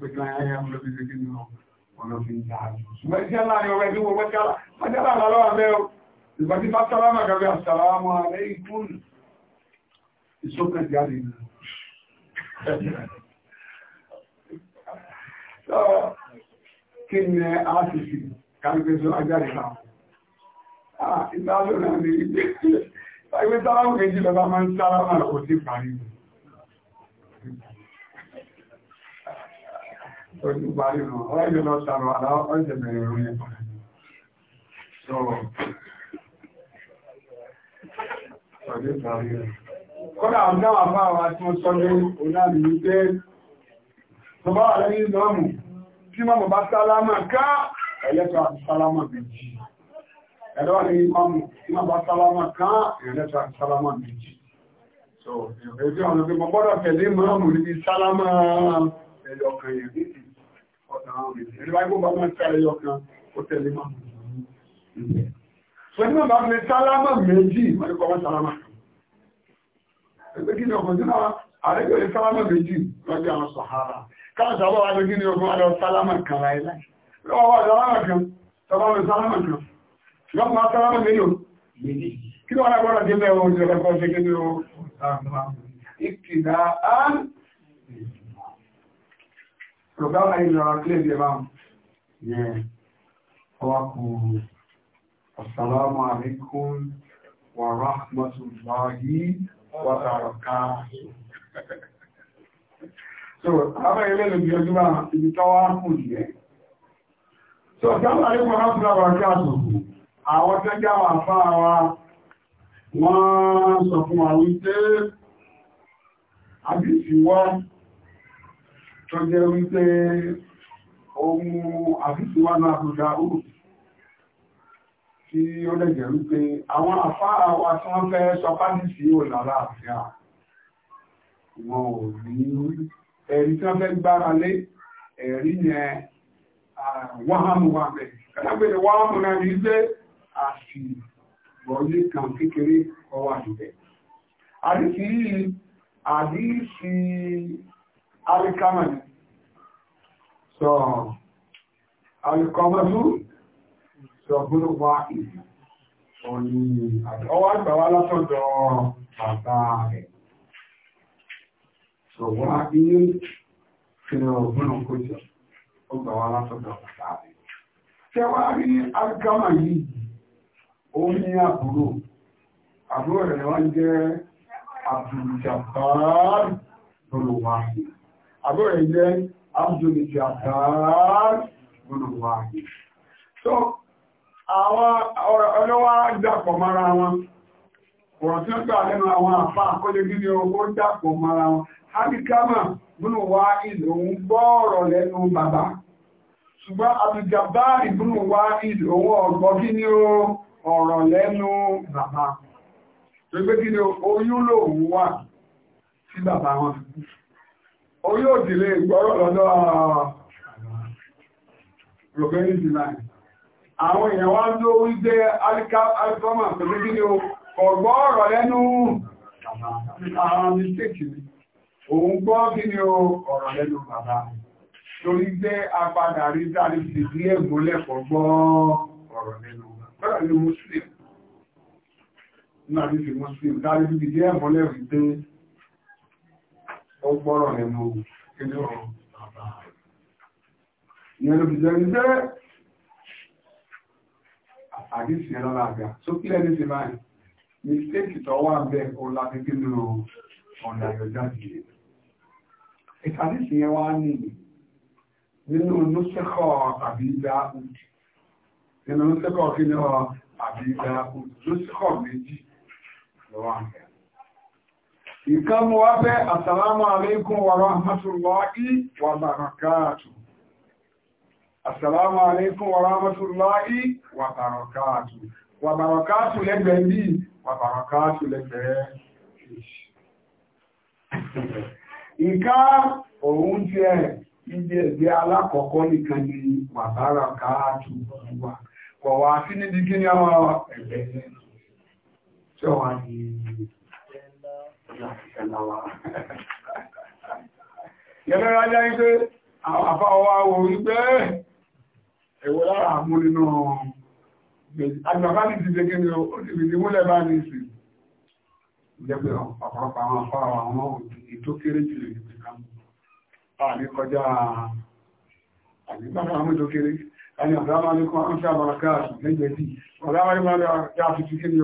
pẹ̀lú ayé ọlọ́bí ṣe kí ni ọlọ́bí ń dáadọ́. Ṣùgbọ́n iṣẹ́ láàrin ọwọ́ ẹ̀dínwó wẹ́kálà, májálà àlọ́wà mẹ́ o, ìgbà tí bá sálámà kàbí àsàlámà rẹ̀ ìkún ìṣókàn jáde nù. Kí ni a ti fi kàrífẹ́ sọ ajáde náà? Ìgbà lónà ni ìgbé sálámà kejì lọ́ba máa ń sálámà kò sí parí. tó ní parí wọn ọ̀rọ̀ ìlú lọ sàrọ̀ àláwọ̀ ọ̀jẹ̀ bẹ̀rẹ̀ ìrún yẹn so ọdún parí rẹ̀ kọ́dà ọ̀dá wà fà wá tí wọ́n sọ lé onáàlì ní pé tó bá wà lẹ́yìn lọ́mù tí mọ́mù bá sálámà ká ẹ̀lẹ́tọ̀ àti sálámà méjì ẹ̀lọ́ ní mọ́mù tí mọ́ bá sálámà ká ẹ̀lẹ́tọ̀ àti sálámà méjì so ẹ̀fẹ́ ọ̀nà pé mọ́ gbọ́dọ̀ tẹ̀lé mọ́mù níbi sálámà ẹ̀lọ́kàn àtàwọn ènìyàn. Ẹni wáyé bó bá máa ń sáré yọkan, ó tẹ̀lé máa mú un. Pẹ̀lú bàbá fi sálámà méjì, wọ́n ní kọ́ wọ́n sálámà. Ẹgbẹ́ kí ni ọkùnrin náà ààrẹ yóò lè sálámà méjì lọ́jọ́ àwọn sàhárà. Káwọn sábà wá lókè ní ọkùnrin àdó sálámà kan láyé láyé. Lọ́wọ́ wá sálámà kan, sábà wá sálámà kan. Ṣùgbọ́n máa sálámà mélòó? Méjì. Kí ni wọ́n á gbọ́dọ̀ dé bẹ́ẹ̀ wọ́n ti ọ̀dọ́ kan ṣe kí ni ó? Ìkìlá á Tòkáwà ìlọ́ra kílèdè bá yẹ ọwákùnrin. Assalamu alaikum wa rahmatullahi wa barakatuh. So, àwọn ilé lè bí ọjọ́ máa ibi tọ́wà kù yẹ. So, ọjọ́ àríkùn rápùlá wà kí àtòkù, àwọn tẹ́jà wà fáà wa wọ́n sọ fún àwọn ìtẹ́ àbí ìfìwọ́ tó jẹ́ wípé ohun àfíṣíwá náà àbúdá òòrùn tí ó lẹ́jẹ̀ wípé àwọn àfáà wa tí wọ́n fẹ́ sọpá ní sí òlàlá àfíà wọn ò ní ẹ̀rí tí wọ́n fẹ́ gbára lé ẹ̀rí yẹn wáhámù wà bẹ̀ kàtàgbèrè wáhámù náà ní pé àṣì bọ̀ọ́lé kan kékeré ọwà ìbẹ̀ àdísì àdísì alikama ni so alikama fún so gbọ́dọ̀ wá ìlú òní ọwọ́ àgbà wá látọ̀dọ̀ bàbá rẹ̀ so wá inú fìlẹ̀ ọ̀gbọ́n kó jọ ó gbà wá látọ̀dọ̀ bàbá rẹ̀ tẹ́wàá rí alikama yìí ó ní àbúrò àbúrò rẹ̀ wọ́n jẹ́ Abdul Jabbar Bolowahi àbúrẹ̀ jẹ́ abdulija gbọ́nàwà so àwọn ọlọ́wà dàpọ̀ mara wọn ọ̀rọ̀ tí ó gbà lẹ́nu àwọn àfá àkọ́lẹ̀ gíní owó dàpọ̀ mara wọn hábíkámà gbọ́nàwà ìlò ń gbọ́ọ̀rọ̀ lẹ́nu bàbá ṣùgbọ́n abduljabbari gbọ́nàwà ìlò ọgbọ́ gíní ọ̀rọ̀ lẹ́nu bàbá tó gbé gíní oyún lòun wà sí bàbá wọn fi kú orí òdìlé ìgbọ́rọ̀ lọ́dọ́ ah, rọ̀bẹ́rì dìláì àwọn èèyàn wá ló ń gbé alikọ́mà tó ní kí ni ó kọ̀gbọ́ ọ̀rọ̀ lẹ́nu àwọn mistéèkì ni òun gbọ́ kí ni ó ọ̀rọ̀ lẹ́nu bàbá torí gbé apadà rí dárí bí ẹ̀gbọ́lẹ̀ kọ̀gbọ́ ọ̀rọ̀ muslim náà muslim dárí sí bí ẹ̀gbọ́lẹ̀ rí dé ó gbọ́rọ̀ nínú inú bàbá rẹ̀. ìyẹn ló fi jẹ́ ní jẹ́ àdísì ẹ̀rọ làgbà tó kí lẹ́ni ti máa mistake tó wà bẹ́ẹ̀ kó láti kí nínú ọ̀nà àyọ̀jáde. ìtàdísì yẹn wá nìyí nínú nùsẹ́kọ̀ àbí dáhùn nínú nùsẹ́kọ̀ kí ni ọ àbí dáhùn nùsẹ́kọ̀ méjì lọ́wọ́ àgbẹ̀ ìkan mú wá pé assalamu alaikum wa rahmatullahi wa barakatuh assalamu alaikum wa rahmatullahi wa barakatuh wa barakatuh lẹ́gbẹ̀ẹ́ ní wa barakatuh lẹ́gbẹ̀ẹ́ ìká òun ti ẹ̀ ibi ẹ̀gbẹ́ alákọ̀ọ́kọ́ nìkan ni wa barakatuh wà kọ̀wàá sí níbi kí àwọn ẹ̀gbẹ́ tí ó wà ní ìlú Yẹ́lẹ́ra jẹ́ ń pé àfáwà wò ń pẹ́ ẹ̀wọ̀ lára mú nínú àgbàbá ní ti jẹ́gẹ́ ní ìdímúlẹ̀ bá ní ìsìn. Jẹ́ pé ọ̀pọ̀lọpọ̀ àwọn àfáwà àwọn ètò kéré jù lè jù ká. A ní kọjá àgbàbá àwọn ètò kéré. Ẹni àbúrámà ní kan ń sábàrà káàkiri lẹ́gbẹ̀ẹ́ bí. Ọ̀dá wáyé máa ń dá fi ti kéré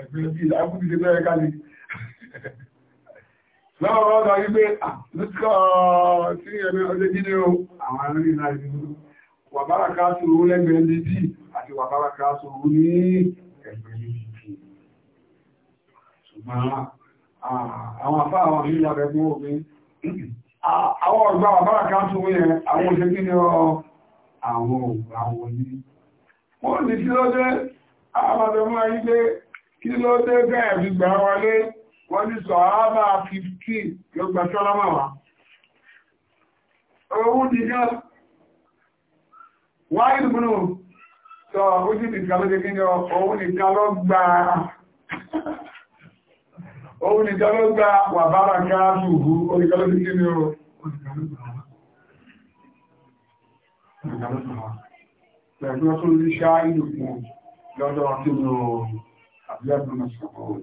ẹgbẹ̀ẹ́ bí i Láwọn ọ̀dọ̀ wípé àtúkọ̀ sí ẹ̀mí ọdẹ́ jíde o, àwọn arìnrìn ìrìnà ìlú. Wàbára káàsù orú lẹ́gbẹ̀ẹ́ lédì àti wàbára káàsù orú ní ẹgbẹ̀ẹ́ lédì. Ṣùgbọ́n àwọn afá àwọn ìlú abẹ́gbọ́n òfin, àwọn ọ̀gbà wàbára káàsù orú yẹn, àwọn òṣèlú ní àwọn ògbà wọn ní. Wọ́n ní kí ló dé, àwọn àbẹ̀mọ́ ayé dé, kí ló dé bẹ́ẹ̀ fi gbà wọlé wọ́n ní sọ̀hábà 15 yóò gbà sọ́lọ́mà wá òun nìkan wáyé múnú sọ ojú nìkan ló jẹ́ kí ní òun nìkan ló gbà òun nìkan ló gbà wà bára káàkùhù oníkan ló jẹ́ Thank you, òun Lọ́dọ̀ ọdún ọ̀rọ̀ àbúgbàmọ̀ sọ̀rọ̀ ọ̀rọ̀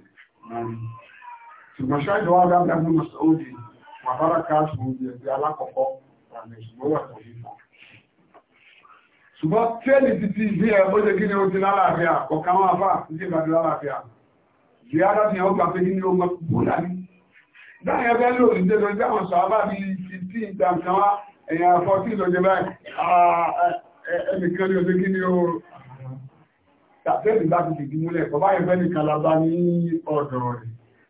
ṣùgbọ́n ṣáàjọ wá dáadáa ní masoodi wàhálà káàtù ìgbẹ̀gbẹ̀ alákọ̀ọ́kọ́ àmì ìṣùgbọ́n wà tó yípo ṣùgbọ́n tẹ́lì títí bí ẹ bó ṣe gíní ojú lálàáfíà ọ̀kan wọn afá títí ìbàdí lálàáfíà ìyá adájú yẹn ó gbà pé gíní ọmọ bóla ní dáhùn ẹgbẹ́ ló ní tẹ́lẹ̀ ojú àwọn sọ̀rọ̀ bá bí fifteen ìdàmkan wá ẹ̀yìn àfọ́tí ìlọ́jẹ́ báyìí ah, ẹnìkan ní ojú gíní o tàbí ẹ̀dùn bá ti dìdí múlẹ̀ kọ́ báyìí ní ọ̀dọ̀ rẹ̀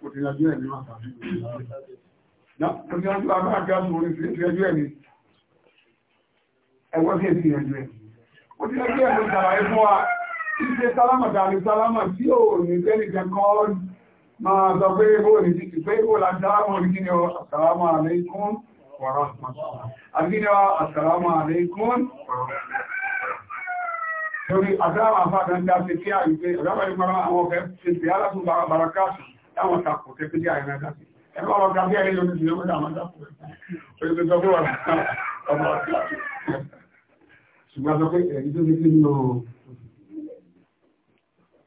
kò ti yanjú ẹ̀mí máa tàbí ìgbìyànjú àbá àgbàmù orí sí ti yanjú ẹ̀mí ẹgbẹ́ sí ti yanjú ẹ̀mí ó ti yanjú ẹ̀mí sàlàyé fún wa ṣíṣe sálámà tàbí sálámà tí ò ní tẹ́lì kẹ́kọ́ máa sọ pé ibò ní ti pé ibò la sálámà orí kí ni ọ àsàlámà àlékún wàrà àbí ni ọ àsàlámà àlékún wàrà Torí àdáwà àfáàdá ń dá sí kí àyíké, ọ̀dáwà ìgbàra àwọn ọ̀fẹ́ ti fi aláàtún bàràkáàtù táwọn takò tẹ́ pé ní àyẹ̀rẹ́ dákì ẹ̀rọ ọ̀rọ̀ gàbí ẹ̀rẹ́ yóò di owó àwọn dákò rẹ̀ pé gbogbo wà ọmọ ọ̀tá ṣùgbọ́n sọ pé ẹ̀rí tó ní kí nínú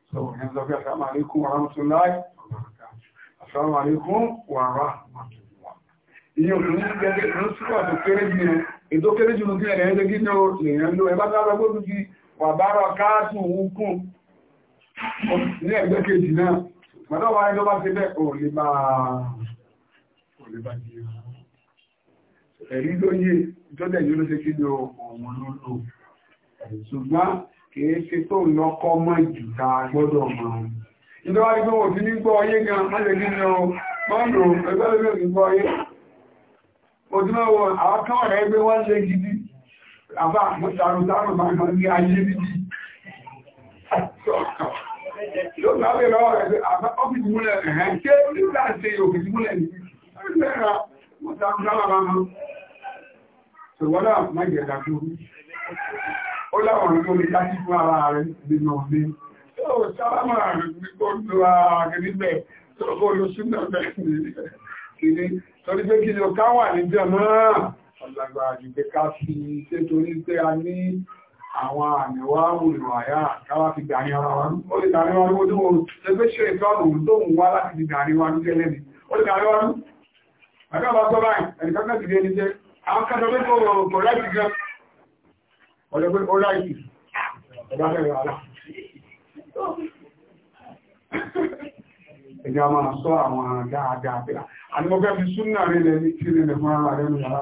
sọ̀rọ̀ ẹ̀ sọ pé àsàmà àlékún wàrà mọ́tò láì àsàmà àlékún wàrà mọ́tò wà ìyẹn òkú ní gẹ́gẹ́ ló súpọ̀ tó kéré jù ní ètò kéré jù ní ẹ̀rẹ́ ẹ̀rẹ́ gínú lèèyàn ló ẹ bá sára gbódú kí wà bára káàtù òun kún ní ẹgbẹ́ kejì náà Gbọ́dọ̀ wá ẹni tó bá ti bẹ́ ò lè bá di ẹ̀rí lóyè tó dẹ̀ yóò ṣe kí ni ọ̀wọ̀n ló lò. Ṣùgbọ́n kìí ṣe tó lọ́kọ́ mọ́ jù ta gbọ́dọ̀ mọ́. Ìjọba wá ní pé wọ́n ti ní gbọ́ ọyé gan, má ṣe kí ni ọ, mọ́ndò ẹgbẹ́ lórí òní gbọ́ ọyé. Òtúmọ̀ wọn, àwọn kan ọ̀rẹ́ gbé wọ́n ṣe gidi. Àbá, mo ṣàrùn sáàrùn máa ń rí ayé níbi. Yóò bá bèèrè lọ́wọ́ rẹ̀ pé àbá ọ́fíìsì múlẹ̀ ẹ̀hẹ́ ṣé nígbà ṣe òfíìsì múlẹ̀ ní ọdún ẹ̀rà mọ́ta ọ̀dọ́là bá mọ́. Ṣèwọ́lá máa jẹ̀ dàkú. Ó láwọn ọ̀rọ̀ tó lè dájú fún ara rẹ̀ nínú ọ̀dẹ́. Ó sábàmọ̀ rẹ̀ gbígbó lu ara rẹ̀ níbẹ̀ tó kó lo súnà bẹ́ẹ̀ ni. Kìíní, torí pé kí ni ò ká wà níjọ náà? Ọ̀làgbà àjùgbé ká fi ṣé torí pé a ní àwọn àmìwá òlò àyá káwà fi gbà ní ara wa ní ó lè tàrí wa ní ó tó wọ́n lẹ́gbẹ́ ṣe ètò àrùn tó ń wá láti fi gbà ní wa ní tẹ́lẹ̀ ní ó lè tàrí wa ní àkábà tó báyìí ẹ̀dìkákà ti gẹ́ni jẹ́ àwọn kájọ pé kò rọrùn kò láti gan ọjọ́ pé ó láìsì ọba fẹ́rẹ̀ wà lá ẹjọ́ máa sọ àwọn dáadáa bẹ́ẹ̀ àti mo fẹ́ fi súnà rí lẹ́ni tí lè lè fún ara rẹ̀ ní yàrá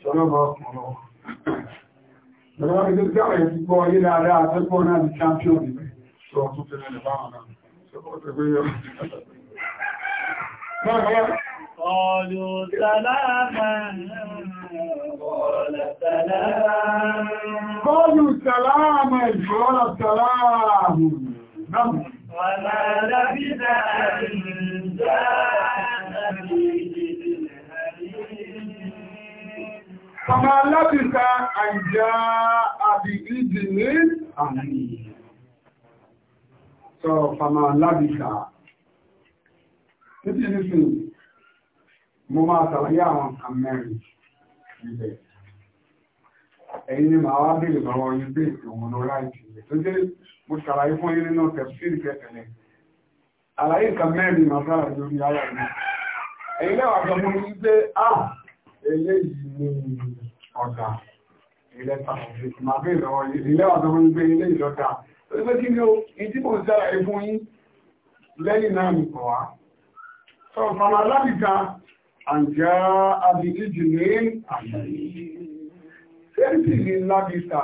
ìṣọ́lọ́bọ̀ ọ̀pọ̀lọpọ̀ Lọ́wọ́ ní tó gáwẹ̀ ti gbọ́ ayé dáadáa tó gbọ́ náà di champion níbẹ̀. Sọ tó tẹ̀lé lè báwọn náà. Sọ tó tẹ̀lé yọ. Ọlù sàlámà. Ọlù sàlámà. Ọlù sàlámà. Ọlù sàlámà. Kàmà lábìta àjá àbí ìdì ní àmì. Sọ kàmà lábìta. Títí nísìn, mo máa tàbí àwọn kàmẹ́rin ilẹ̀. Ẹ̀yin ni màá wá bèèrè lọ́wọ́ yín pé òun ló ráìtì ilẹ̀. Tó jẹ́ mo ṣàlàyé fún yín nínú tẹ̀síìrì kẹtẹ̀lẹ̀. Àlàyé kàmẹ́rin màá sára lórí ayà mi. Ẹ̀yin lẹ́wàá sọ fún mi pé, ah, eléyìí ni ọ̀dà ìlẹ́ta ìmàgbé ìlọ́wọ́ ìlẹ́wà tó ń gbé ilé ìlọ́ta tó gbé kí ni ó ìdí mò ń sára ẹ̀fún yín lẹ́yìn náà nìkọ̀ wá sọ fàmà lábìta àjá abìlíjì ní àyàrí sẹ́ǹtì ní lábìta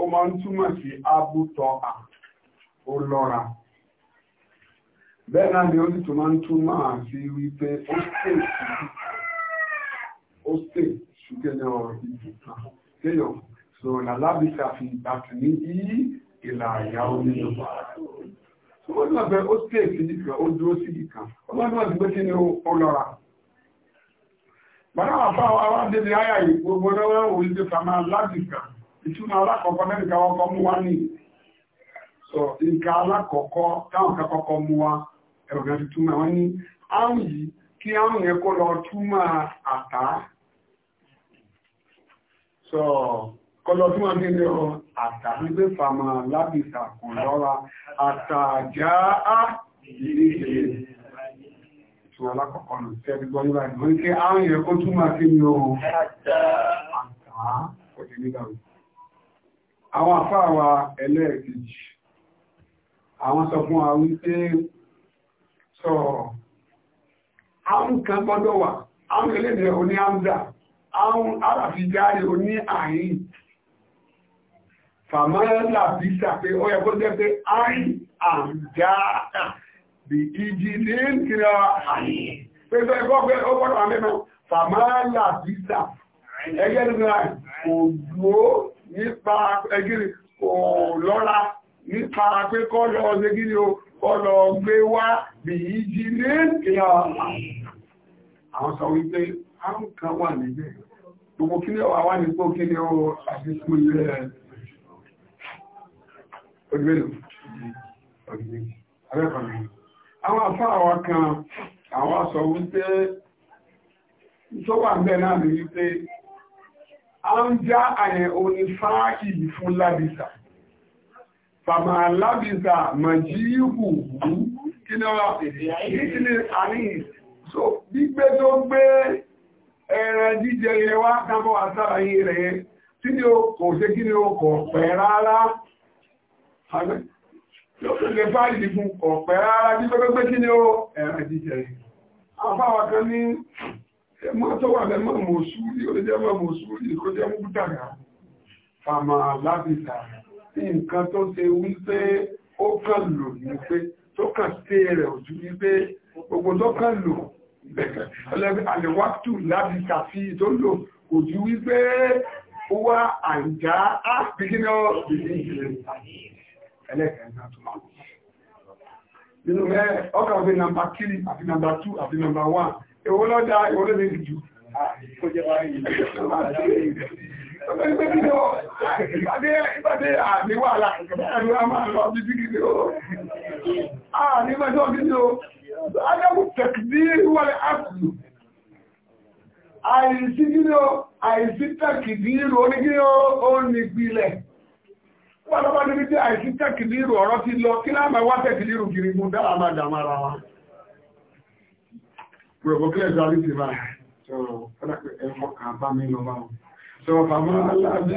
ó máa ń túmọ̀ sí abútọ́ à ó lọ́ra bẹ́ẹ̀ náà ni ó sì tún máa ń túmọ̀ sí wípé ó pèsè ó sè ṣùgbẹ́yàn ìdùnnà kéèyàn so làlábìsà fi ìbàtì ní yí ìlà àyà omi ìjọba ó ní ọ̀bẹ ó sè sí ìgbà ó dúró sí ìkan ó bá náà dúró sí ní ó lọ́ra bàtà wà fáwọn aládébí ayà yìí gbogbo náà wọ́n wò ní fama ládìkà ìtumọ̀ alákọ̀ọ́kọ́ mẹ́rin káwọn kọ́ mú wá ní sọ nǹkan alákọ̀ọ́kọ́ táwọn kọ́kọ́ mú wá ẹ̀rọ̀gán ti túmọ̀ ní áhùn yìí kí áhùn yẹn kó lọ túmọ̀ àtàá so kọlọ tí wọ́n gbé lọ àtàgbé fàmà lábìsà kan lọ́ra àtàjá á ìdíje tí wọ́n lákọ̀ọ́kọ́ nù tẹ́bí gbọ́ nígbà ìgbọ́ ní kí àrùn yẹ kó túmọ̀ sí ní ohun àtà òdì nígbà rẹ̀ àwọn àfáàwà ẹlẹ́ẹ̀kejì àwọn sọ fún wa wípé sọ àwọn kan gbọ́dọ̀ wà àwọn eléyìí oní àmdà àwọn arábìjáre oní àárín fàmọ́lá bí sàpé ó yẹ kó jẹ́ pé àárín àjáà bí ìjì lè ń kìrọ àárín pé tó ẹgbọ́ pé ó gbọ́dọ̀ àmẹ́mọ́ fàmọ́lá bí sà ẹgẹ́ nígbà òjò nípa ẹgbẹ́ òlọ́ra nípa pé kọ́ lọ ṣe gíní o kọ́ lọ gbé wá bí ìjì lè ń kìrọ àárín àwọn sọ wípé àrùn kan wà níbẹ̀ gbogbo kí ní ọwà wà ní pé kí ní ọ àfikún ilẹ̀ ọdúnmẹ́lò abẹ́kọ̀ọ́lẹ̀ àwọn afọ́ àwọn kan àwọn aṣọ wípé tó wà ń bẹ̀ náà ní wípé a ń já àyẹ̀ òní fáàkì fún lábìsà fàmà lábìsà màjíhù kí ní ọ àníyàn so gbígbé tó gbé ẹran jíjẹ yẹ wá kábọ̀ àtàràyé rẹ̀ tí ni ó kò ṣe kí ni ó kọ̀ pẹ̀ rárá lókèlè fáìlì fún kọ̀ pẹ̀ rárá jí pẹ́pẹ́pẹ́ kí ni ó ẹran jíjẹ yẹ afáwà kan ní mọ́tò wà lẹ́mọ̀ mọ̀súrí ó jẹ́ mọ̀ mọ̀súrí kó jẹ́ mú dàgà fàmà lábìtà sí nǹkan tó ṣe wípé ó kàn lò ní pé tó kàn sí rẹ̀ òjú wípé gbogbo tó kàn lò ọlọ́gbẹ́ àlèwàtù láti kàfí tó lò kò ju wípé ó wá àìjá á ah, pìkínà ẹlẹ́kẹ̀ẹ́ta tó máa nínú mẹ́ ọkà ọdún nàmbà kiri àti nàmbà 2 àti nàmbà 1 èwo lọ́dá èwo ló lè jù Ìgbàdé àdíwà aláàrẹ̀ àdíwà máa lọ bí bí kìí ó. Àà nígbàdé ọdún ní ó. Adẹ́kù tẹ̀kìdí wọlé ápùlù. Àìsí gíní o, àìsí tẹ̀kìdí ìrù onígíní ó nìpìlẹ̀. Pọ́lọ́pọ́ níbi tí àìsí tẹ̀kìdí ìrù ọ̀rọ̀ ti lọ, kí láàmà wá tẹ̀kìdí ìrù kiri mú dára máa dà mára wa. Pùrọ̀bọ̀kílẹ̀ sáré ti bá sọ̀rọ̀ pẹ́lẹ́pẹ́ ẹ̀fọ́ kà bá mi lọ bá wọn. Sọ̀rọ̀ bàbá aláàbí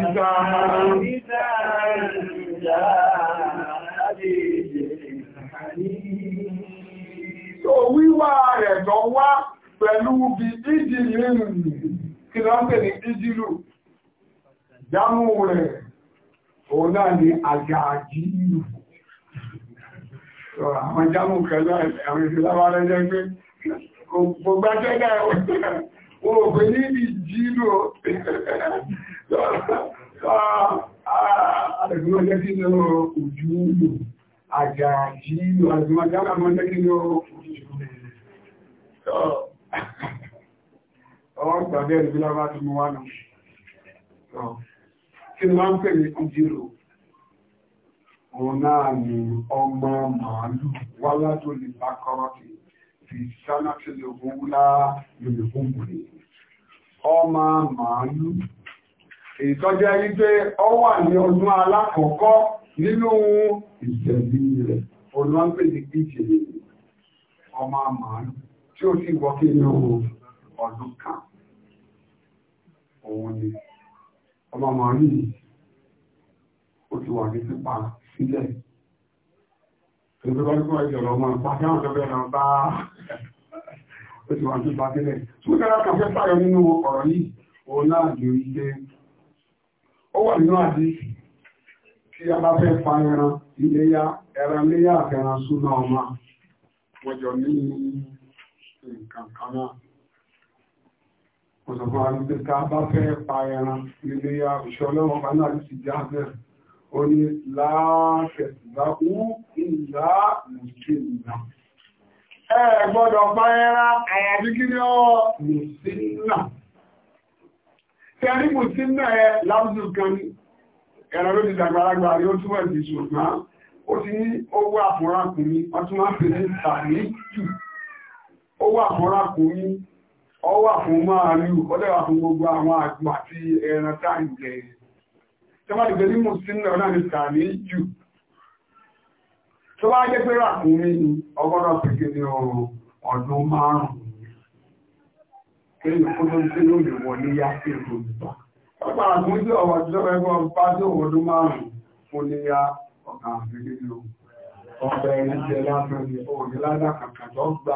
sáà wíwá rẹ̀ lọ wá pẹ̀lú bí ìjìlì kí lọ ń pè ní ìjìlù jámù rẹ̀ òun náà ni àjàjí àwọn jámù kẹlẹ́ àwọn ìfìláwà rẹ̀ jẹ́ pé gbogbo ẹgbẹ́ wọn ò pè ní ìjìlù ààrẹ̀ ìgbìmọ̀ jẹ́ àjàjí àjùmọ̀jára mọ́ lẹ́kí ní ọwọ́ ìgbàdé ìlú lábá ti mú wá nù kí ni máa ń pè ní kújírò òun náà ni ọmọ màálù wá látò lè bá kọ́rọ́kì fi sáná sí lògún lá lògún bùrì ọmọ màálù èyí tọ́jẹ́ yí nínú ìṣẹ̀lú rẹ̀ olóńgbé ní ìṣe ọmọ màálù tí ó sì wọ́kí inú ọdún kan òun ni ọmọ màálù yìí ó ti wà ní pípa sílẹ̀ tó tó bá ní kọ́ ẹ̀jẹ̀ lọ́mọ pàṣẹ àwọn ọ̀dọ́ bẹ̀rẹ̀ bá ó ti wà ní pípa sílẹ̀ tó dára kan fẹ́ sáyọ nínú ọ̀rọ̀ yìí òun náà lè rí pé ó wà tí a bá fẹ́ pa ẹran iléyá ẹran léyá àfẹ́ran súnà ọmọ wọ́n jọ ní nǹkan kan náà kò sọ̀fún àrídé tá a bá fẹ́ pa ẹran iléyá ìṣọ́lọ́wọ́ bá náà sì já bẹ́ẹ̀ ó ní láàfẹ̀sìláwú ìlà mùsùlùmí ẹ gbọ́dọ̀ pa ẹ láwùjọ kan ní ẹ̀rọ ló ti dàgbàlagbà rí ó túnwẹ̀ ti ṣùgbọ́n ó ti ní owó àfọ́rákùnrin wọ́n máa ń pèsè tàbí jù owó àfọ́rákùnrin ọwọ́ àfún máa rí fún gbogbo àwọn àgbà ti ẹran táìjẹ náà ní tàbí jù tó bá jẹ́ pé ọgọ́rọ̀ Ọ̀pá àgún tí ọ̀wọ̀ tí lọ́wọ́ ẹgbẹ́ ọ̀pá tí òwò ọdún márùn-ún fún ní ya ọ̀gá àgbègbè ló. Ọ̀pẹ ẹni jẹ lásán ni òòrùn ládà kàkà tó gbà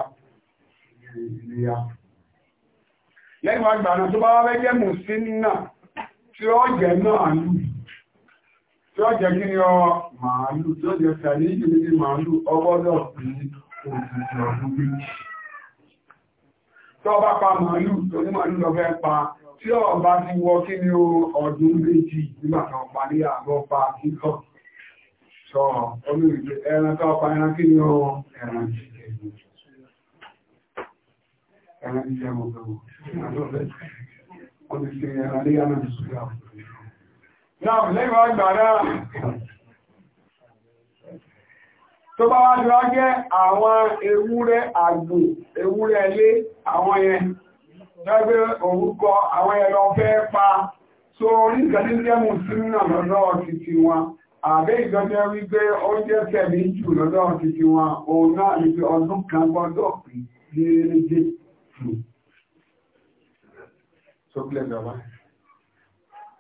ní ya. Lẹ́yìn àgbà náà tó bá wá jẹ́ mùsínà tí ó jẹ màálù. Tí ó jẹ kí ni ọ màálù tí ó jẹ sàlẹ̀ yìí ní màálù ọgbọ́dọ̀ sí òṣìṣẹ́ ọdún méjì. Tó bá pa màálù tó ní màálù lọ fẹ́ pa tí ọba ti wọ kí ni ọdún méjì nígbàtà ọpa ní àgọ́ pa kíkọ́ sọ olóògbé ẹran tó ọpa ẹran kí ni ọ ẹran jíjẹ ẹran jíjẹ gbogbo ọdún sí ẹran ní ẹran ìsúgbà náà lẹ́gbàá àgbà náà tó bá wá jọ jẹ́ àwọn ewúrẹ́ àgbò ewúrẹ́ ilé àwọn yẹn dágbé orúkọ àwọn ẹ̀rọ fẹ́ pa so oníkàtí jẹ́ mùsùlùmí lọ́dọ̀ títí wọn àbẹ́ ìgbọ́jẹ́ wípé ó jẹ́ tẹ̀mí jù lọ́dọ̀ títí wọn òun náà ní pé ọdún kan gbọ́dọ̀ pè déédéé jù sókè gàba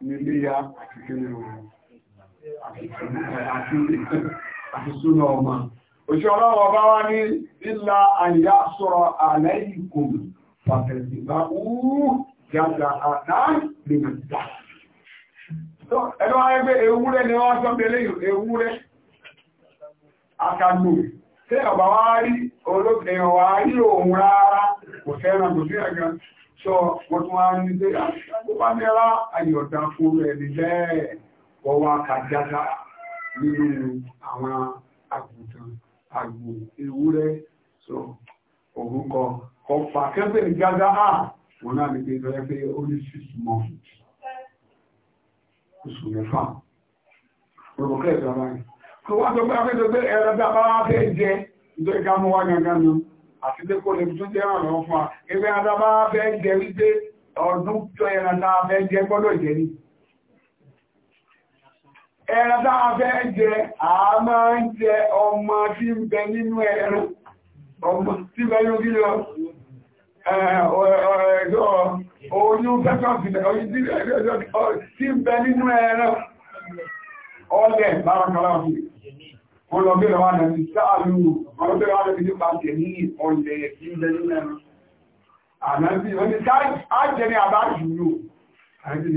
nílé ya àti kéré òun àti súnà ọmọ òṣèlú ọlọ́wọ́ bá wá ní ìlà àyà sọ̀rọ̀ àlẹ́ ìkòmù fàtẹ̀síbá wúú jàǹdà àná lè mọ̀ dá. Ẹnu ayé pé ewúrẹ́ ni wọ́n sọ pé léyìn ewúrẹ́ àkàgbò tí ọ̀bà wá rí olóògbé wá rí òun rárá kò fẹ́ràn kò sí ẹ̀gán sọ wọ́n tún wá ní pé àkópa mẹ́ra ayọ̀dá fún ẹni bẹ́ẹ̀ wọ́n wá kàjáká nínú àwọn àgùntàn àgbò ewúrẹ́ sọ òun kọ kọfà kẹfẹ́ gágá à wọn náà ní pé ìfẹ́ pé ó ní six months oṣù mẹ́fà rọ̀bọ̀ kẹ́ẹ̀tọ́ ara rẹ̀ kò wá tó pé afẹ́tọ́ pé ẹ̀rọ dábà wá fẹ́ jẹ nítorí ká mú wá gangan nu àti pé kò lè tún jẹ́ ràn lọ́wọ́ fún wa ẹgbẹ́ adábà wá fẹ́ jẹ wípé ọdún tó ẹran tá a fẹ́ jẹ gbọ́dọ̀ jẹ ni ẹran tá a fẹ́ jẹ a máa ń jẹ ọmọ tí ń bẹ nínú ẹran ọmọ tí ń bẹ nínú kí lọ ẹ̀ẹ́dọ́ oyún sẹ́kọ̀ọ̀sì tí ń bẹ nínú ẹ̀rọ ọlẹ̀ lárakàláwọ̀ mo lọ bí lọ́wọ́ àdàbí sáàlù ọlọ́bẹ̀ wà lọ́bí nípa tẹ̀lé ọlẹ̀ tí ń bẹ nínú ẹ̀rọ ànábí wọ́n ni sáàjẹ́ ní àbá jùlọ wọ́n ni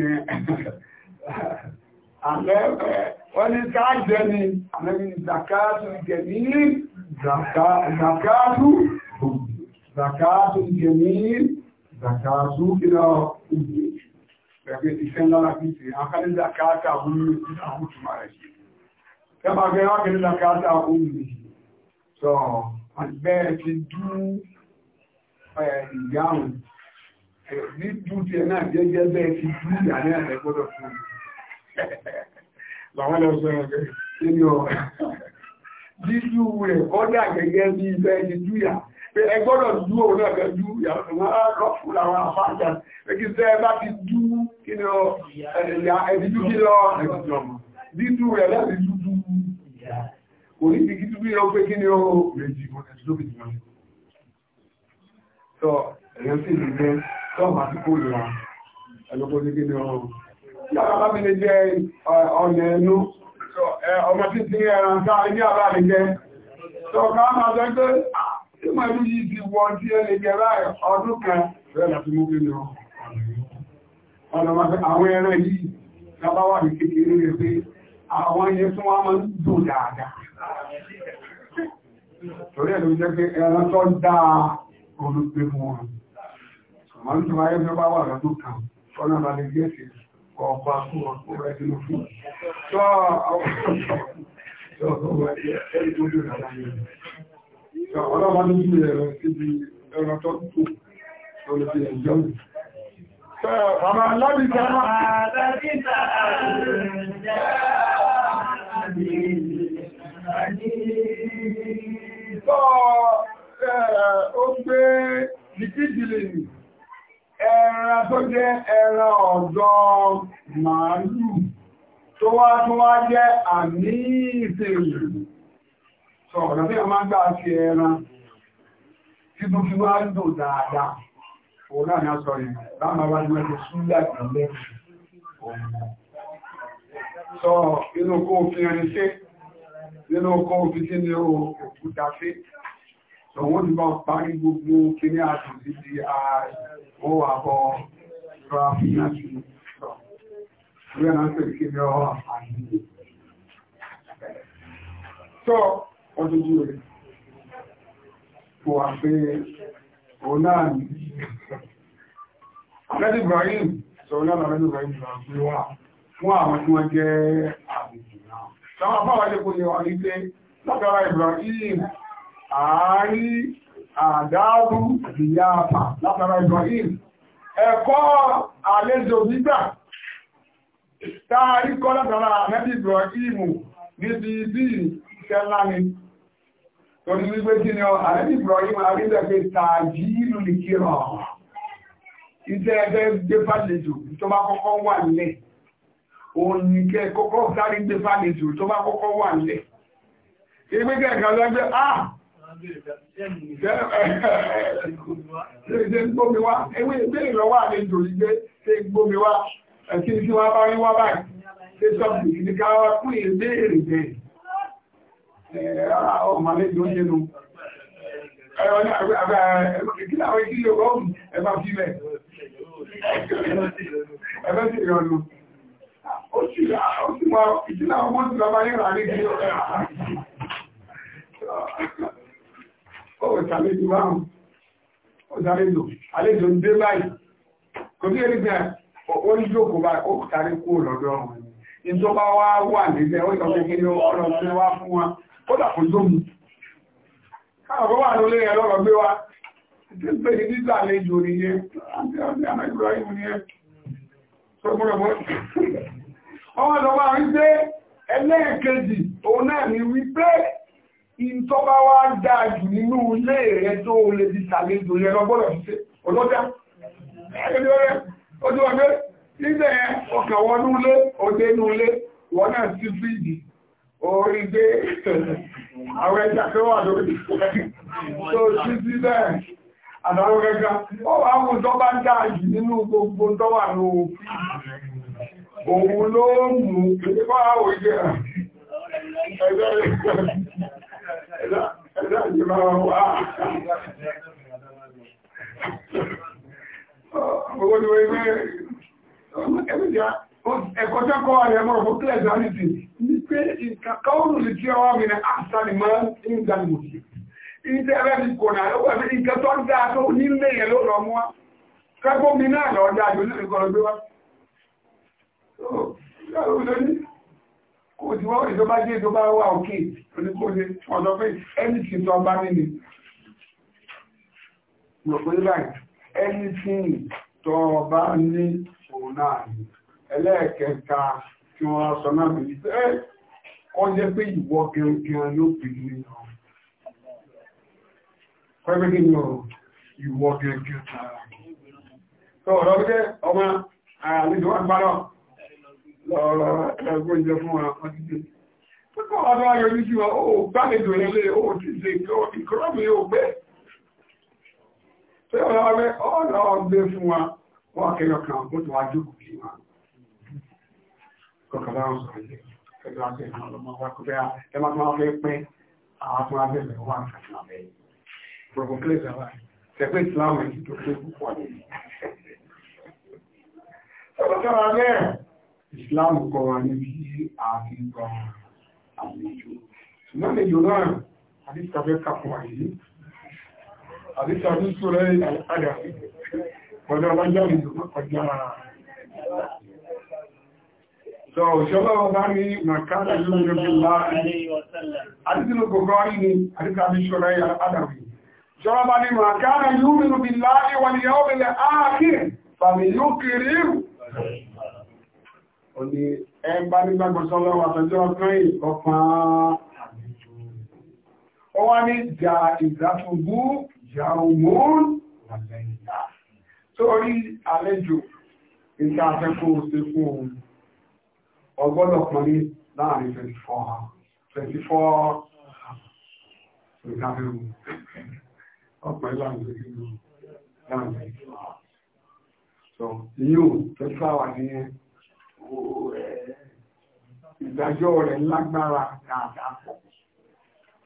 sáàjẹ́ ní ànábí zakatù jẹ̀ ní zakatù Zakatu Jemil, Zakatu Ìlọ Ìgbè. Ẹgbẹ́ ìfẹ́ lára fi ṣe, àkàlẹ́ Zakata Oúnjẹ àwọn ìtumà rẹ̀ ṣe. Ẹgbà gẹ́gẹ́ àkàlẹ́ Zakata Oúnjẹ. Sọ, bẹ́ẹ̀ ti dú ìyáhùn. Ní dú ti ẹ̀ náà jẹ́jẹ́ bẹ́ẹ̀ ti dú ìyá náà rẹ̀ gbọ́dọ̀ fún mi. Làwọn lọ sọ ẹgbẹ́ nínú ọ̀rọ̀. Dídú rẹ̀ kọ́dà gẹ́gẹ́ bí bẹ́ẹ̀ ti dú ìyá pé ẹ gbọ́dọ̀ dú òun náà kẹ́ dú ìyàwó rọ́fù làwọn àfáàjà kí bá ti dú kí ni ọ ẹ̀dídú kí lọ dídú rẹ̀ láti dúdú kò ní ti kí dúdú yọ pé kí ni ó méjì mo ti ní ẹran sáà ní àbá lè jẹ́ ká máa sọ pé tí máa rí yìí ti wọ́n tí ẹ lè gẹ̀rá ọdún kan rẹ̀ láti mú kí ní àwọn ẹran yìí lábáwà ní kékeré rẹ̀ pé àwọn yẹn tún wá máa ń dò dáadáa torí ẹ̀ ló jẹ́ pé ẹran tó dáa olùgbé fún wọn àmọ́ ní tọ́wọ́ ayé bá wà lọ́dún kan tọ́nà bá lè gẹ̀ẹ́sì ọ̀pá fún ọ̀pọ̀ rẹ̀ nínú fún ọlọ́wọ́ ní ilé ẹ̀rọ síbi ẹ̀rọ tó tó lórí fi ẹ̀jọ́ Bàbá lábìta Tọ́ ó gbé ìdíjìlè nì, tó jẹ́ ẹran ọ̀dọ́ màálù sọ ọ̀nà tí a máa gbá sí ẹran títún fi wá ń dùn dáadáa òun náà ni a sọ yìí láàmà wá ní ẹgbẹ́ súnlẹ̀ ìpínlẹ̀ sọ inú kó fi ẹrin sí nínú kó fi sí ní òkúta sí sọ wọ́n ti bá parí gbogbo kíní àti títí àwọn àbọ̀ ìrọ̀ àfihàn sí sọ ìrẹ́ So, ọdúnjú rẹ̀ kò wà pé òun náà ní Ànábì Ibrahim sọ̀rọ̀ náà Ànábì Ibrahim gbà pé wà fún àwọn tí wọ́n jẹ́ àbùkù náà sáwọn bá wáyé kò yẹ wà ní pé látara Ibrahim àárí àdáàrú ìyáàpà látara Ibrahim ẹ̀kọ́ àlejò gbígbà táàrí kọ́ látara Ànábì Ibrahim níbi bí ìṣẹ́ ńlá ni torí wípé tí ni ààrẹ Ibrahim arídẹ̀fẹ́ tààjí ìlú ní kíra iṣẹ́ ẹgbẹ́ gbé tó bá kọ́kọ́ wà nílẹ̀ òun ní kẹ́ kọ́kọ́ sáré gbé tó bá kọ́kọ́ wà nílẹ̀ ìgbé kẹ́kẹ́ lọ́gbẹ́ ah ṣe gbómi wá ewé ìbéèrè lọ́wọ́ àlejò ìgbé ṣe gbómi wá ẹ̀kí tí wọ́n bá rí wá báyìí ṣe sọ́ọ̀bù ìdíkà wá kú ìbéèrè bẹ́ẹ̀ ọmọ alẹ́gbẹ̀ oúnjẹ nù Ìgbìláwọ̀ ìdílé ọgọ́rùn-ún ẹgbà fílẹ̀. Ẹgbẹ́ sí ìrọ̀nù. Ó sì wá ìdíláwọ̀ ọmọ ìdílé ọba ní ìrànlẹ́ ìdílé ọ̀rẹ́ àárín. Ó ṣàlejò márùn-ún. Ó ṣàlejò. Àlejò ń dé báyìí. Kò bí ẹni bẹ́ẹ̀, ó ń jókòó báyìí, ó kàrí kúrò lọ́dọ̀ ọ̀run. Ìjọba wá wà nílẹ̀, ó yọ kódà kò yóò mú káàkó wà ló lé ẹ̀rọ gbé wa tí ń pè ní dídà àlejò nìyẹn àti àti àmà Ibrahim nìyẹn tó múrò mọ́ ọmọ ìjọba wípé ẹlẹ́ẹ̀kejì òun náà ni wípé ìtọ́ba wá dáa jù nínú ilé rẹ tó lè di sàlejò yẹn lọ́gbọ́dọ̀ ṣe ọlọ́dá ẹgbẹ́ rẹ ojú ọdẹ níbẹ̀ ọkàn wọnú ilé òde inú ilé wọ́n náà sí fíìdì orí gbé àwọn ẹja tó wà lórí tó sí sí bẹ́ẹ̀ ó wà mú tọ́bá ń dáa nínú gbogbo tọ́wà òun ló mú pé ìkàkọ́ òrùn lè jẹ́ ọwọ́ mi ní àṣàlì máa ń dánù mùsùlùmí. Ìdí ẹ̀rẹ́ mi kò náà lọ́wọ́ mi nǹkan tó ń dáa tó nílé yẹn ló lọ mú wa. Kágbó mi náà lọ dáa jù nílùú kan gbé wa. Kò tí wọ́n ìjọba jẹ́ ìjọba wà òkè oníkóde ọ̀dọ́ pé ẹni tí tọ́ bá nínú. Rògbé báyìí, ẹni tí tọ́ bá ní òun náà ní. Ẹlẹ́ẹ̀kẹta tí wọ́n sọ náà mi ní kọ́ jẹ́ pé ìwọ gẹ̀rẹ̀gẹ̀rẹ̀ ló pè ní ọ̀rọ̀. Pẹ́gbẹ́gbẹ́ ní ọ̀rọ̀ ìwọ gẹ̀rẹ̀gẹ̀rẹ̀ tààrà. Tọ́ ọ̀rọ̀ wípé ọmọ àlejò wà gbárọ̀ lọ́rọ̀ ẹgbẹ́ oúnjẹ fún wa wọ́n ti dé. Pẹ́kọ̀ ọ̀rọ̀ ayọ̀ ní ṣíwọ́ ó gbálejò yẹn lé ó ti ṣe ìkọ́rọ̀mù yóò gbé. Tẹ́ ọ̀rọ̀ wípé ọ̀rọ̀ gbé fún wa wọ́n kẹyọ kan ó tó wá jókòó kí wa. Kọ̀kọ̀ bá wọn sọ̀rọ̀ yẹn pẹ̀lú àti ìhàn ọlọ́mọ wa kò bẹ́ẹ̀ ẹ máa máa fẹ́ pín àwọn tó wá bẹ̀rẹ̀ wà fún àmì gbogbo kílẹ̀sì wa tẹ̀pẹ́ ìsìláàmù èyí tó pé púpọ̀ ni. sọ̀rọ̀ sọ̀rọ̀ bẹ́ẹ̀ ìsìláàmù kọ́ wa níbi àti gba àlejò ṣùgbọ́n àlejò náà àdìsá fẹ́ kà fún wa yìí àdìsá ní sọ̀rọ̀ àdàfẹ́ pẹ̀lú ọlọ́jà àlejò kọjá So, ṣọ́lọ́ ọba ní Makara Yúnjẹ́ Bílá Àdíjìlú Gogori ni Àdíkàbí Ṣọ́rọ̀ Yàrá Adàbí. Ṣọ́lọ́ ọba ní Makara Yúnjẹ́ Bílá ìwọ̀n yóò bẹ̀lẹ̀ áàkì fàmì yóò kiri rú. Ó ní ẹgbà nígbàgbọ́ sọ́lọ́ àtàjọ́ ọkàn ìkọkàn. Ó wá ní jà ìgbàtúgbú, jà òmùn, wà lẹ́yìn ọgbọ́dọ̀ pọ̀ ní láàrin 24 hours 24 hours ìdáhẹ́wò ọ̀pẹ́ láàrin ìlú láàrin 24 hours so yíò 24 hours ní ìdájọ́ rẹ̀ lágbára dáadáa pọ̀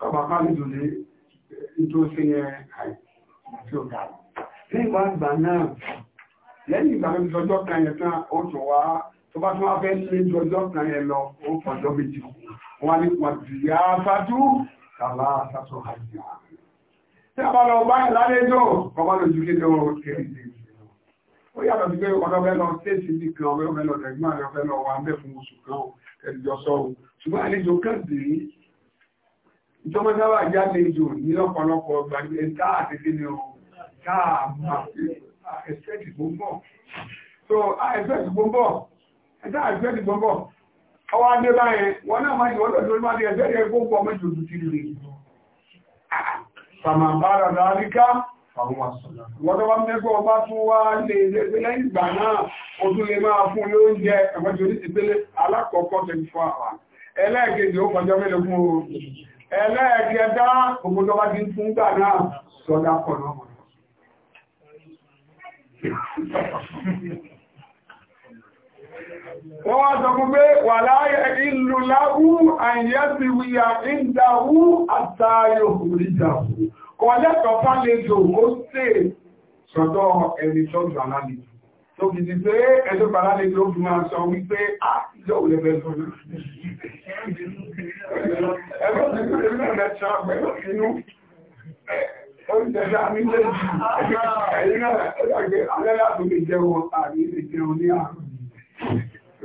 ọba pálítù ní ìtòsí yẹn àìsí ọ̀gá ní ìgbà náà lẹ́yìn ìgbà lójọjọ́ kan yẹn tán ó tún wá tó bá tún wá fẹ́ lé lọ́jọ́ kan yẹn lọ ó fọjọ́ méjì wọn ní wọn ti yá sájú kàlá sásọ àjà tí a bá lọ bá yẹn lálejò ọba lójú kéde ó kéré dé ó yàtọ̀ sí pé ọ̀dọ́ fẹ́ lọ stéèsì nìkan ọ̀dọ́ fẹ́ lọ tẹ̀gbọ́n àti ọ̀fẹ́ lọ wà ń bẹ̀ fún oṣù kan ẹ̀dùjọ sọ̀rọ̀ ṣùgbọ́n àlejò kan dè é ìjọba sábà jáde jù ní lọ́pọ̀lọpọ̀ gbàgbé táà ti ẹ̀dá àjẹ́ ti gbọ́gbọ́ ọwọ́ adé báyẹn wọn náà máa yọ ọdọ̀ lórí máa di ẹgbẹ́ yẹn gbogbo ọmọ ìjọ tuntun ti rèé sàmàbára láríká wọ́n tó bá mẹ́gbọ́ ọba tún wá lè lẹ́gbẹ́ lẹ́yìn ìgbà náà o tún lè máa fún lóúnjẹ ẹ̀wọ́n tí ó ní ti pélé alákọ̀ọ́kọ́ 24 hours ẹlẹ́ẹ̀kejì ó kọjọ́ mẹ́lẹ̀ fún o ẹlẹ́ẹ̀kẹta ogun tó bá ti fún gbà náà sọ́dá pọ̀ wọ́n wá sọ fún pé wà láyé ìlú láwú àyẹ́sì wíyà ìdáwú àtàyò oríjàwó kọ̀lẹ́tọ̀ fálejò ó sì sọ́dọ̀ ẹni tó gbà tó fi ti pé ẹjọ́ gbà ó fi sọ wípé àjọ òlẹ́fẹ́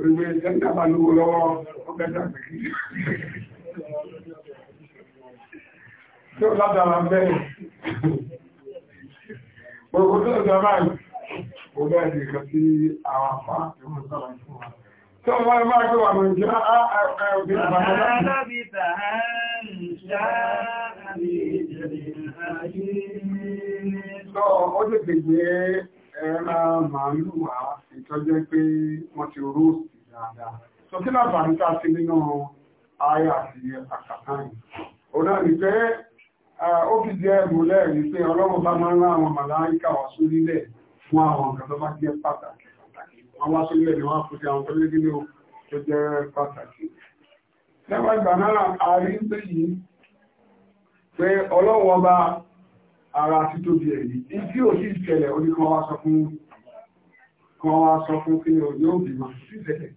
Ìgbé ìjẹ́ta bá lówó lọ́wọ́ ọgbẹ́ta pẹ̀lú. Tí ó látara bẹ́ẹ̀, gbogbo tó lọ́jọ́ báyìí, ó bẹ́ẹ̀ di ìkan sí àwọn àpá tí ó sọ́rọ̀ fún wa. Tí ó máa máa gbé mọ̀ jẹ́ ààrẹ ẹ̀rá màálù wá ìtọ́jẹ́ pé wọ́n ti róòsì dáadáa. sọ kí ti nínú ayé àti àkàtà O náà ní pé ó fi jẹ́ múlẹ̀ rí pé ọlọ́run bá máa ń rán àwọn màláìka wá fún àwọn nǹkan tó bá jẹ́ pàtàkì pàtàkì. wọ́n wá ni wọ́n á fojú àwọn tó lé nínú tó jẹ́ pàtàkì. náà ọba ara tí tó bí ẹ̀rí ní tí ò sí ìṣẹ̀lẹ̀ ó ní kan wá sọ fún kan wá sọ fún pé o yóò bí ma sí ìṣẹ̀lẹ̀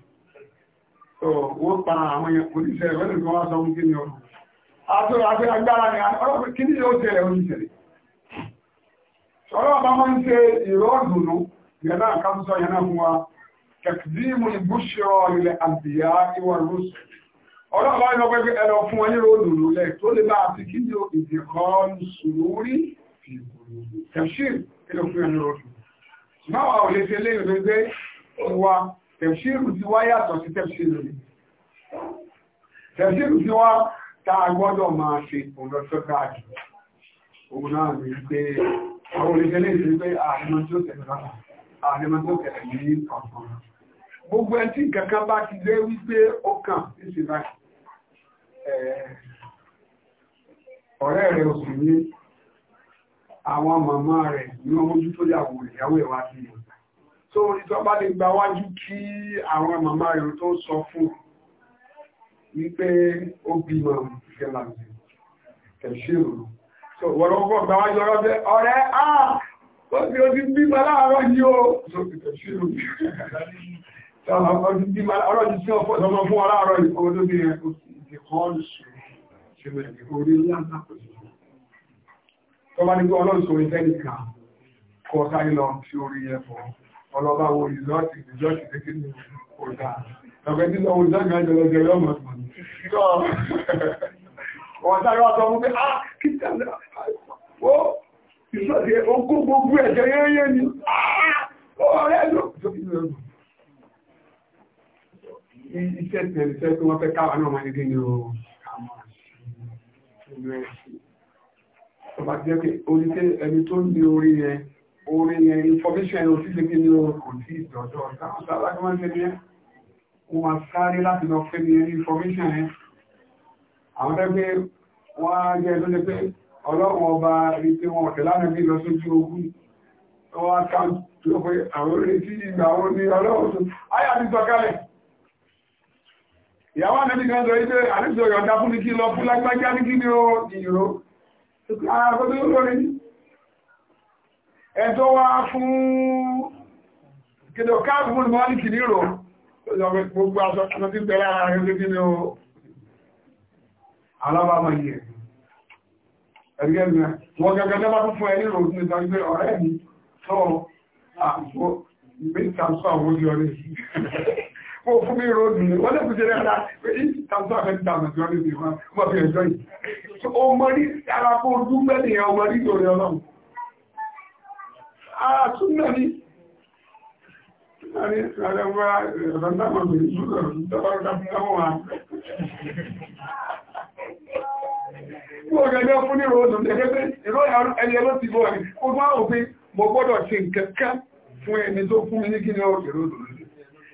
wọ́n pa àwọn oníṣẹ́ ẹ̀rọ ní kan wá sọ fún kí ni ọ̀rọ̀ àtọ́rọ̀ àti agbára ni ọlọ́pẹ́ kí ni ó tẹ̀lẹ̀ oníṣẹ̀lẹ̀ ọlọ́pàá máa ń ṣe ìrọ́dùnú yẹ̀nà àkásọ́ yẹ̀nà fún wa kẹ̀kìdímù ìbúṣọ́ ilẹ̀ àbíyá ìwà rúṣù ọlọ́pàá yọ pé ẹlọ fún ẹyẹ ròdùnú lẹ̀ tó lè bá àti kí ni ìdìkan sùúrí fi ìkòrò tẹ̀ṣír kílò fún ẹnu rọ̀dù máwà ò lè ṣe léyìn ló gbé wa tẹ̀ṣírù ti wá yàtọ̀ sí tẹ̀ṣírù ni tẹ̀ṣírù ti wá tá a gbọ́dọ̀ máa ṣe òǹdọ́tọ́ káàdì òun náà ní pé àwọn olè tẹ́lẹ̀ ìlú pé ààrẹ tó tẹ̀lẹ̀ lọ́nà ààrẹ tó tẹ̀lẹ̀ ní ọ̀sán gbogbo ẹ̀ tí kankan wípé ọ̀rẹ́ rẹ̀ òsì ní àwọn màmá rẹ̀ ní wọ́n mójú tó yàwó ìyàwó ẹ̀wà sí i so orí tó bá lè gba wájú kí àwọn màmá rẹ̀ tó sọ fún wípé ó bímọ ìfẹ́làmì kẹ̀ṣẹ́rù so wọ́n ọkọ̀ gba wájú ọ̀rọ̀ bẹ́ ọ̀rẹ́ àà wọ́n ti ó ti bímọ láàárọ̀ yìí ó so kẹ̀ṣẹ́rù ọ̀rọ̀ ti bímọ ọ̀rọ̀ ti sí ọ̀fọ́ ìsọmọ fún ọ̀rọ̀ àárọ̀ ìfọwọ́ tó bí ẹ̀ tó bá ní pé ọlọ́run sórí fẹ́ẹ̀lì kan kọ sáré lọ sí orí ẹ̀fọ́ ọlọ́ba wo ìzọ́ọ̀tì ìzọ́ọ̀tì kékeré ní ọ̀dà lọ́gbẹ́ tí lọ́wọ́ ìzọ́ọ̀tì mẹ́jọ lọ́jọ́ yọ mọ̀ tó wọ́n sáré wá sọ fún pé ah kí tẹ̀lé ó ìzọ́ọ̀tì ó kó gbogbo ẹ̀jẹ̀ yẹ́yẹ́ ni ah, ó rẹ̀ lọ iṣẹ́ tẹ̀lé iṣẹ́ tó wọ́n fẹ́ káwà náà máa ní kí ni ó kà máa ṣe tó bá jẹ́ pé orí pé ẹni tó ní orí yẹn orí yẹn information ẹni òṣìṣẹ́ kí ni o kò tí ìdọ̀jọ́ táwọn sábà kí wọ́n ṣe ní ẹ́ wọ́n máa sáré láti lọ fẹ́ ní ẹni information yẹn àwọn tẹ́gbẹ́ wọ́n á jẹ́ tó jẹ́ pé ọlọ́run ọba rí pé wọn ọ̀tẹ̀ lánàá bí lọ sójú ogun wọ́n á kàn tó pé àwọn retí ìgbà wọn ní ọlọ́run tó ayà ti sọ̀kalẹ̀ ìyàwó àdébìkan ẹ̀tọ́ wá fún kìdọ̀ káàkùn mọ́ ní kìdí rò gbogbo aṣọ tí bẹ̀rẹ̀ ara rẹ̀ lókè ní o alábàmọ̀ yìí ẹ̀rẹ́ mi wọ́n gẹ́gẹ́ lẹ́bà tó fún ẹni rò ní ìtàgbé ọ̀rẹ́ mi sọ́ọ̀ àpò ìgbé ìtàkùn àwọn ojú ọ̀rẹ́ yìí kó fún mi ròdù ní wọ́n lẹ́kùn jẹ́rẹ́ ara pé ìtàkùn àfẹ́dàmù tí wọ́n lè fi wọ́n mọ́ fi ẹjọ́ yìí o mọ́ rí ara kó dúpẹ́ ní ẹ̀ ọmọ rí lórí ọlọ́run ara tún náà ní Mo gẹ̀gẹ́ fún ní ròdù gẹ́gẹ́ pé ìró ẹni ẹlọ́tí bọ́ ẹni, ó máa òfin mo gbọ́dọ̀ ṣe nǹkan ká fún ẹni tó fún mi ní kí ni ó ìròdù lórí.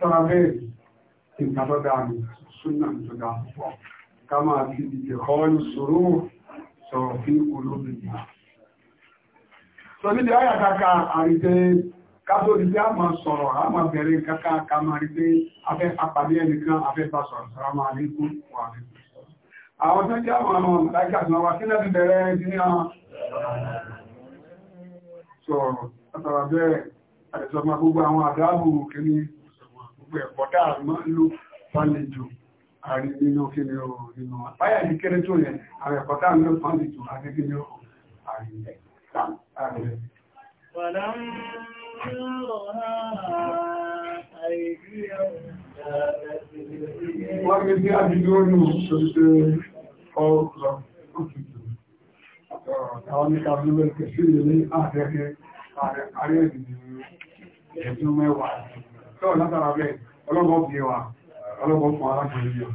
tọ́ra bẹ́ẹ̀ nǹkan tó dáa ní súnà tó dáa púpọ̀ ká máa fi ìdè kọ́ọ̀lù sòrò sọ̀rọ̀ fún olómìnira sọ níbi ayàtaka àrídẹ́ kátó ní a máa sọ̀rọ̀ a máa bẹ̀rẹ̀ kankan ká máa rí pé afẹ́ apàdé ẹnìkan afẹ́ bá sọ̀rọ̀ sọ̀rọ̀ máa ní kú wà ní kú àwọn tó jẹ́ àwọn ọmọ láìka tí wọ́n wá sílẹ̀ ti bẹ̀rẹ̀ ní àwọn sọ̀rọ̀ látara bẹ́ẹ̀ àìsọ̀mọ́ gbogbo àwọn àdáàbò kìíní gbogbo ẹ̀kọ́ tá a máa ń lò fálejò àrí nínú àpáyà ní kéré tó yẹn àwọn ẹ̀kọ́ tá a ń lò Àwọn ní ká ní ààrẹ ẹ̀dùn mẹ́wàá tọ́ látara bẹ́ẹ̀ ọlọ́gbọ́ fi wa ọlọ́gbọ́ fún alákùnrin yọ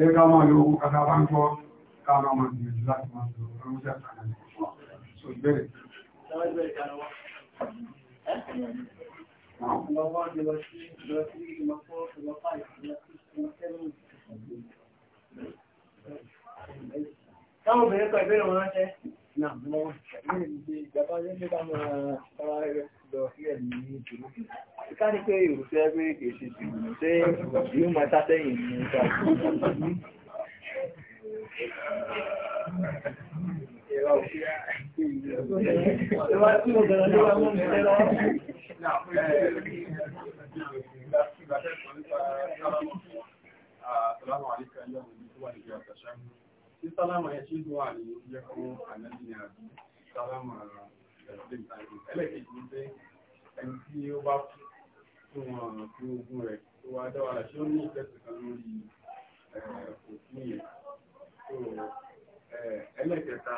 ẹ ká máa lo owó kata bá ń gbọ́ káàmà máa gbìyànjú láti máa lo ọlọ́gbọ́sẹ̀ àkàrà so ìbẹ̀rẹ̀ Táwọn obìnrin kan ìbéèrè wọn ránṣẹ́. Náà, mo mọ̀ wọ́n. Ní ìgbàgbọ́ yóò ṣe ká máa tara rẹ̀ lọ sílẹ̀ ní ìṣòro ká ní pé ìrùsẹ́ pé kìí ṣe ṣùgbọ́n ṣé yóò máa sátẹ́yìn ní ìta. Sísálámà ẹ̀ tó wọn àti ogun rẹ̀ tó wá dá wàhálà ṣé ó ní ìfẹsẹ̀ kan lórí òfin yẹn tó ẹlẹ́kẹta.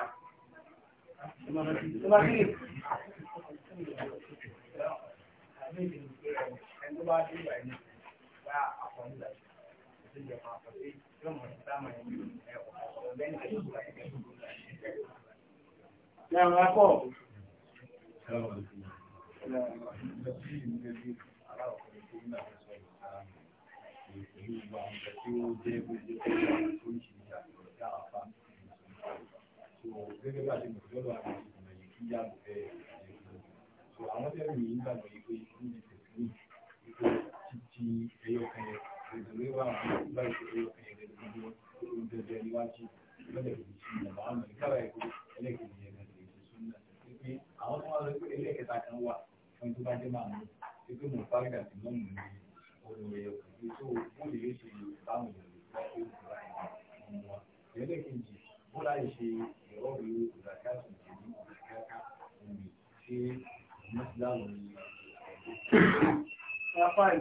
Now, I call gẹ́gẹ́ bá ṣe mọ̀ lọ́dọ̀ àwọn ìṣẹ̀lẹ̀ yìí kí yá lọ́fẹ́ ẹ̀ẹ́dẹ́gbẹ̀rún so àwọn tẹ́lẹ̀ mi ń gbàgbọ́ yìí pé ní ìṣẹ̀lẹ̀ ní ipò títí ẹyọ kẹyẹ ìṣẹ̀lẹ̀ wà nígbà ìṣẹ̀lẹ̀ ẹyọ kẹyẹ rẹ̀ gbogbo ohun tẹ̀lẹ̀ níwájú lọ́dẹ̀ kò sí ìjọba àmọ́ ìkára ẹ̀kọ́ ẹlẹ́kẹ̀ẹ́ yẹn pé mo bá àti mọ́ mi ní ohun ẹ̀yọ pé tó bó lè yóò ṣe báwọn èèyàn lè fẹ́ pé mo bá ọmọ wa ìrẹ́lẹ̀ kejì bó láì ṣe ìrọ́ mi ó kò dáká tó ṣe ní ìdáká omi ṣé mo ti láwọn ní ọ̀rọ̀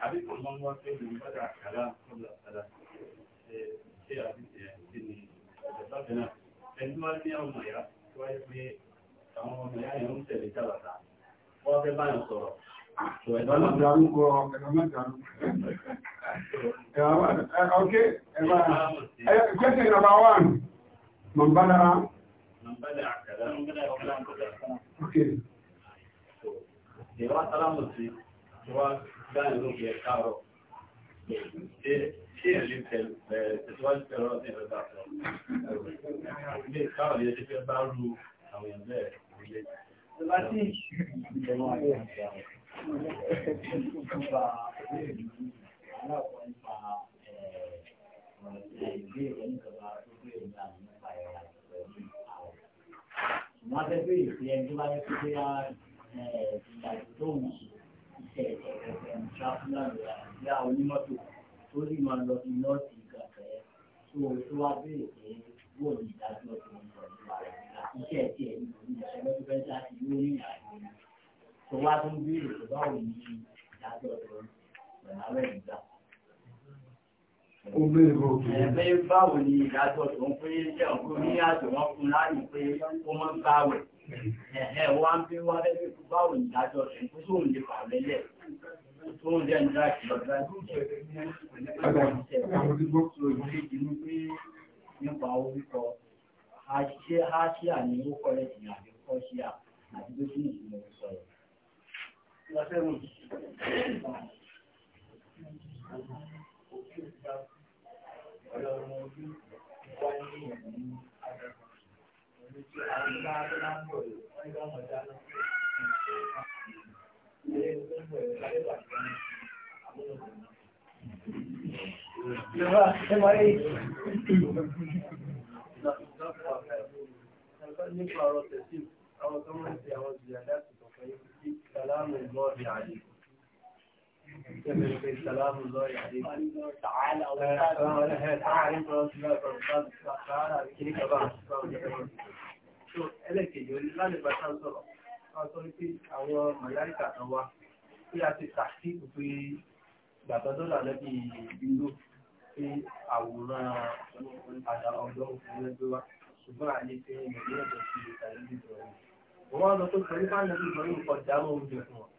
حديث المنوى من بدع كلام قبل الصلاة في حديث يعني في الباب هنا عندما لم يروا المياه ويقول àwọn ọmọ ìyá yẹn ń tẹ̀lé tábàtà wọ́n fẹ́ báyọ̀ sọ̀rọ̀ Ẹ̀rọ máa darúgbọ́ ẹ̀rọ máa darúgbọ́. Ẹ̀rọ máa darúgbọ́. Okay, ẹ̀rọ máa darúgbọ́. Question number one. Mọ̀mbálá. Mọ̀mbálá àkàrà. Okay. Ìwà sálámù sí, ìwà dáhìn lókè káàrọ̀. Ṣé èlé tẹ̀síwájú tẹ̀rọ ọdún ìrẹ́ta sọ? Ilé káàrọ̀ yẹ ti fẹ́ bá rú àwọn èèyàn bẹ́ẹ̀ orílẹ̀ wọ́n fẹ́ pé ìfẹ́ ẹjọ́ bá yẹ kó pé á ìgbàgbọ́ tó ń ṣe ìṣẹ̀lẹ̀ ìṣàkúnlá rẹ̀ àti àwọn onímọ́tò tó sì máa lọ sí nọ́ọ̀sì ìgbàfẹ́ tó tó wá béèrè iṣẹ́ ẹ̀tì ẹ̀ ìṣẹ́ lọ́dún fẹ́ sá ti lórí ìyàwó tó wá tó ń béèrè tó bá wù ní ìdájọ́ tó rẹ̀ láwẹ̀ nígbà. Ẹ̀fẹ́ báwo ni ìdájọ́ tó ń pé iṣẹ́ ọ̀gbọ́n ní àjò wọn fún láàyè pé ó mọ́ ń báwẹ̀. Ẹ̀hẹ́ wá ń bí wá lẹ́gbẹ̀ẹ́ tó báwo ni ìdájọ́ tó ń pé sóun lè fà lẹ́lẹ̀. Sóun jẹ́ ń dá ìlọ́dá nípa orúkọ àṣìṣe àṣìà ni ó kọ́lẹ̀ sí kọ́ṣíà àti tó sínú ìlú sọ̀rọ̀. Thank you nípa ọ̀rọ̀ tẹ̀sí àwọn tó mọ́ sí àwọn ìjìyà láti kọ̀kọ́ yìí sí sàlámù lọ́ọ̀rì àdé ìjẹ́bẹ̀rẹ̀ sàlámù lọ́ọ̀rì àdé ẹlẹ́kẹ̀ẹ́ lálẹ́bà tán sọ̀rọ̀ wọ́n sọ wípé àwọn màláìkà kan wá pé a ti tàkí òpin gbàtọ́dọ́là lẹ́bí ìlú sí àwòrán àdá ọ̀dọ́ òfin ẹgbẹ́ wa ṣùgbọ́n àlè fi ń yẹ̀lẹ́ ẹ̀jẹ̀ sí ìtàlẹ́bí ìjọba. Mo máa ń lọ tó sọ nípa ìlú ìjọba yóò kọ dáná oúnjẹ fún wọn.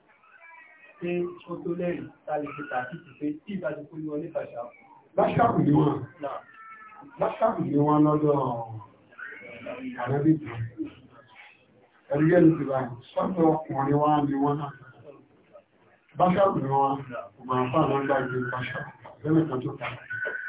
Ṣé ó tó lẹ́yìn tá lè fi tàbí ti pé tí ìbá ti kú ní wọn ní bàṣà? Bàṣà kù ní wọn. Bàṣà kù ní wọn lọ́dọ̀ àrẹ́bí ìjọba. Ẹ̀rí ẹ̀rí ti bá sọ́dọ̀ ọkùnrin wa ni wọ́n náà. Bàṣà kù ní wọn, kò máa fà lọ́gbàgbé bàṣà lẹ́mẹ̀kan tó kà.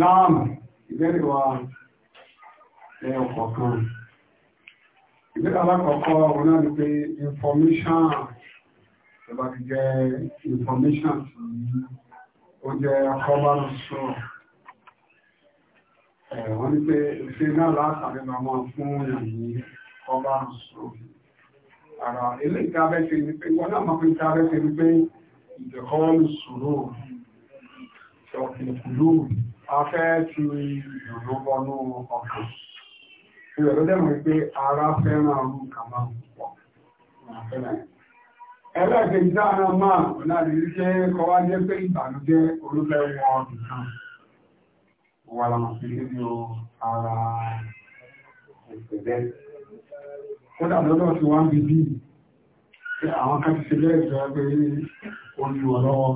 Náà ìbéèrè wa ẹyọ kọ̀ọ̀kan. Ìbéèrè alákọ̀ọ́kọ́ wọn náà ni pé information ìjọba ti jẹ́ information tí ó jẹ́ common source. Wọ́n ní pé ìfẹ́ náà látàrí màmá fún ìyàní common source. Àrà ilé ìtàbẹ́sẹ̀ ni pé wọ́n náà máa fi ìtàbẹ́sẹ̀ ni pé ìdẹ̀kọ́ ìṣòro ìṣọ̀kìnkú lóòrùn a afẹ́ ti ìdùnnú bọnú ọkàn ìwẹ̀ ló dẹ̀mọ̀ pé ara fẹ́ràn ọrùn kàmá púpọ̀ ẹlẹ́ẹ̀kejì dáadáa máa láti rí jẹ́ kọwá jẹ́ pé ìbànújẹ́ olúfẹ́ wọn ọdún kan wà lọ́nà sí níbi ara ìpẹ̀lẹ́ kódà lọ́dọ̀ tí wọ́n bí bí àwọn kan ti ṣe lẹ́ẹ̀kọ́ pé olùwọ̀ lọ́wọ́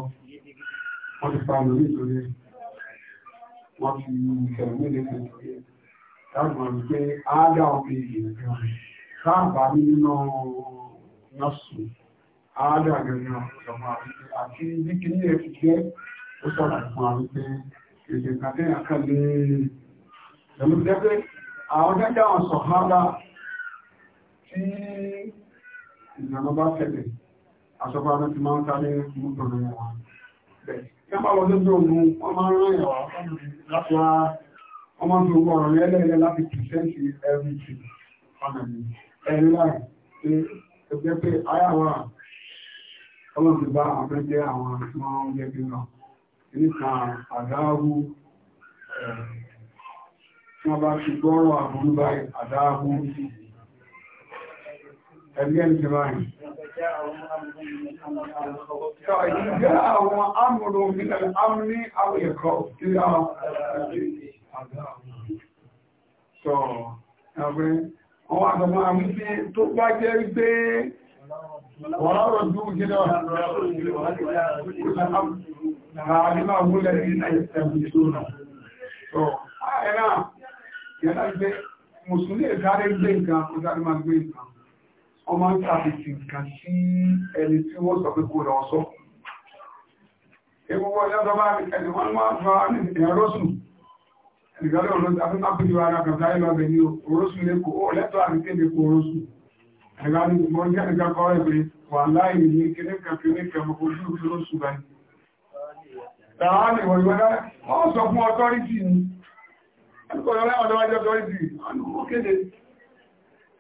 wọ́n ti pa lórí ìtòlẹ́yìn wọ́n fi ìṣẹ̀lú ilé ìṣẹ̀lú káàmù pé áádá ọ̀pẹ ìgbìyànjú káàbà nínú nọ́ọ̀sù áádá gẹ̀gẹ̀ ọ̀sọ̀mọ̀ àti àti bí kí ní ẹ̀fì jẹ́ ó sọ̀rọ̀ fún àwọn pé èdè kàtẹ́yà kan lè e. ẹ̀lú jẹ́ pé àwọn gẹ́gẹ́ àwọn sọ̀hárà tí ìlànà bá tẹ̀lé àsọ̀fà náà ti máa ń ta ní mú Kẹ́pàá lọ sójú òun, wọ́n máa ń rán ìwà láti wá, wọ́n everything. Ẹni láì pé ẹgbẹ́ pé ayáwà ti bá àpẹjẹ́ àwọn tí wọ́n bí náà. Nípa àdáhù tí wọ́n bá ti gbọ́rọ̀ àbúrú báyìí, àdáhù ẹgbẹ́ ìjìmáyìn. Sọ ìjẹ́ àwọn amúrò nílẹ̀ amúrí àwọn ẹ̀kọ́ tí a sọ ẹgbẹ́ wọn wà tọmọ àmì tí tó bá jẹ́ gbé wọ́n rọ̀ jú gílọ̀ àdínà múlẹ̀ ní ẹ̀sẹ̀mù ìṣúná. Sọ ẹ̀nà ìyẹ́nà gbé Mùsùlùmí ìkárẹ́ gbé nǹkan, ó sáré máa gbé nǹkan ọmọ ń sàfihàn nǹkan sí ẹni tí wọ́n sọ pé kó lọ sọ egungun ọjọ́ tó bá ẹni wọ́n máa fa ìrọsùn ìgbàlẹ̀ ọ̀lọ́sùn àti mápìlì wa ara kàtà ìlú abẹ ní orosùn lẹ́kọ̀ọ́ ó lẹ́tọ̀ àti kéde kó orosùn ẹ̀gbà ní ìgbọ́n jẹ́ ẹ̀gbà kọ́ ẹ̀gbẹ́ wà láì ní kéde kékeré kẹmọ ojú orosùn báyìí tààlì wọ̀nyí wọ́n wọ́n sọ fún ọtọ́rítì ní ẹ̀kọ́ ọ̀dọ́wájọ́ ọtọ́rítì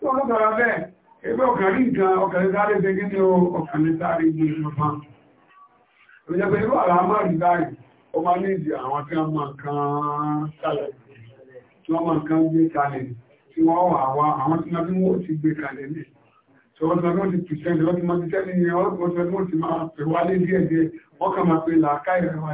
ọ̀nà ó bẹ́ẹ̀ Ẹgbẹ́ ọkàrí nǹkan ọkàrí sáré gẹ́gẹ́ ní ọkàrí sáré ní ọmọ. Ìjẹ́gbẹ́ irú àrá máa rí báyìí, ó máa ní ìdí àwọn tí wọ́n máa kan sálẹ̀, tí wọ́n máa kan gbé kalẹ̀, tí wọ́n wà wá àwọn tí wọ́n ti gbé kalẹ̀ ní. Tí wọ́n ti máa ti pìṣẹ́ lọ́tí máa ti tẹ́ ní ọlọ́pọ̀ tí máa pè wá ní díẹ̀díẹ̀, wọ́n kà máa pè làákàyè wá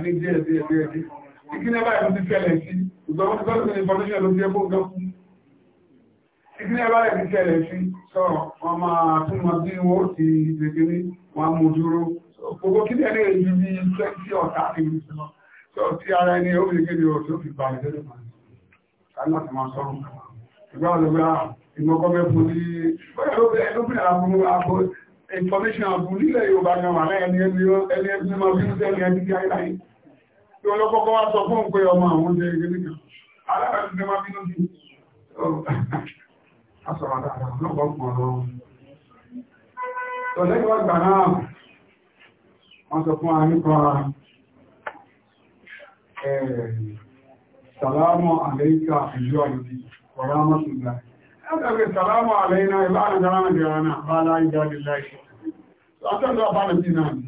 ìpínlẹ̀ bá rẹ̀ níṣẹ̀lẹ̀ sí sọ wọn máa tún wọn bí wọ́n ti gbègbè ní wọn mú dúró gbogbo kí lẹ́nu èyí bí twenty ọ̀tá ti ń sọ sọ tí ara ẹni ó fi kéde ọ̀tí ó fi gba ìdẹ́rẹ́ kan láti máa sọ̀rọ̀ ìgbà ọ̀lọ́gbà ìmọ̀kọ́mẹ́ fún ní ẹlòmíràn àbúrú àbò information àbúrú nílẹ̀ Yorùbá náà wà láyé ẹni ẹni ẹni ẹni máa bí ṣe ẹni ẹni jáì láyé tí wọ́n lọ́kọ́kọ́ wá sọ fún òun asọ̀rọ̀ dáadáa lọ́gbọ̀n pọ̀rọ̀ tó lẹ́gbẹ̀ wọ́n gbà náà wọ́n sọ fún àríkọ́ sàlámù àlẹ́kà ìjọ ìdí ọ̀rọ̀ mọ́sùlá ẹgbẹ̀rẹ̀ sàlámù àlẹ́nà ìbára dára dára náà bá láì jáde láì látọ́jọ́ bá lè bí náà ni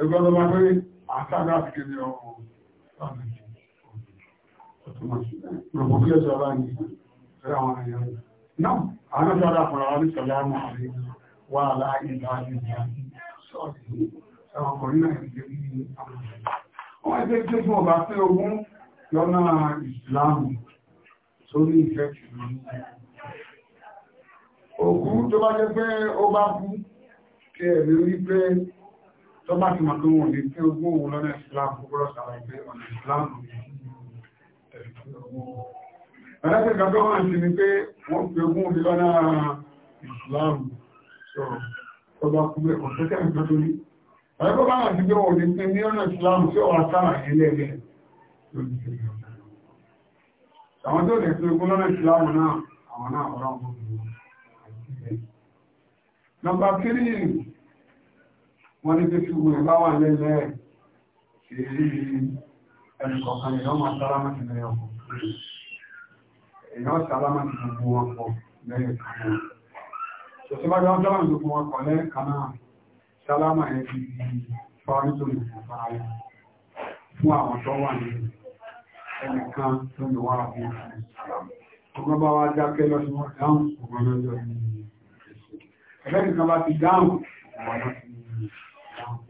ẹgbẹ́rẹ̀ bá pé àtàgbà fi kéde ọkọ̀ ọ̀tọ̀mọ̀sí rọ̀bọ̀kí ẹ̀sọ́ bá ní ẹ̀rọ àwọn náà àádọ́jọ́dá fún àwọn ìṣọ̀lámù àríwá wà láàrin láàrin ìrìn sọ́ọ̀tì ọkùnrin náà ìgbé ní àwọn ọmọ ẹgbẹ́ tí ó bá pé ogún lọ́nà ìsìláàmù tó ní ìfẹ́ ògún tó bá jẹ́ pé ó bá kú kí ẹ̀mí rí pé tó bá ti màtó wọn ní pé ogún òun lọ́nà ìsìláàmù gbọ́rọ̀ sàrà ìgbé ọ̀nà ìsìláàmù Aláfẹ́ka gọ́ọ̀mọ̀ntì ni pé wọ́n pè ogún omi lọ́nà ìsìláàmù. So, ọba kúgbẹ̀ ọ̀sẹ́kẹ́ nǹkan tó ní. Àyẹ́kọ́ bá wà sí pé wọ́n ní pé ní ọ̀nà ìsìláàmù tí ọ̀wà sáà ẹlẹ́ẹ̀lẹ́ lórí ìsìláàmù. Àwọn tó lè pè ogún lọ́nà ìsìláàmù náà, àwọn náà ọ̀rọ̀ èèyàn sàlámà ti gbogbo wọn pọ̀ lẹ́yìn kan náà ṣòṣe bá gbọ́n sàlámà gbogbo wọn pọ̀ lẹ́yìn kan náà sàlámà yẹn ti di fáwọn tó lè fún fara yẹn fún àwọn tó wà ní ẹnìkan tó lè wà bí ọgbọ́n bá wá dákẹ́ lọ́sí dáhùn ọgbọ́n lọ́jọ́ ní ẹgbẹ́ nìkan bá ti dáhùn ọgbọ́n lọ́sí dáhùn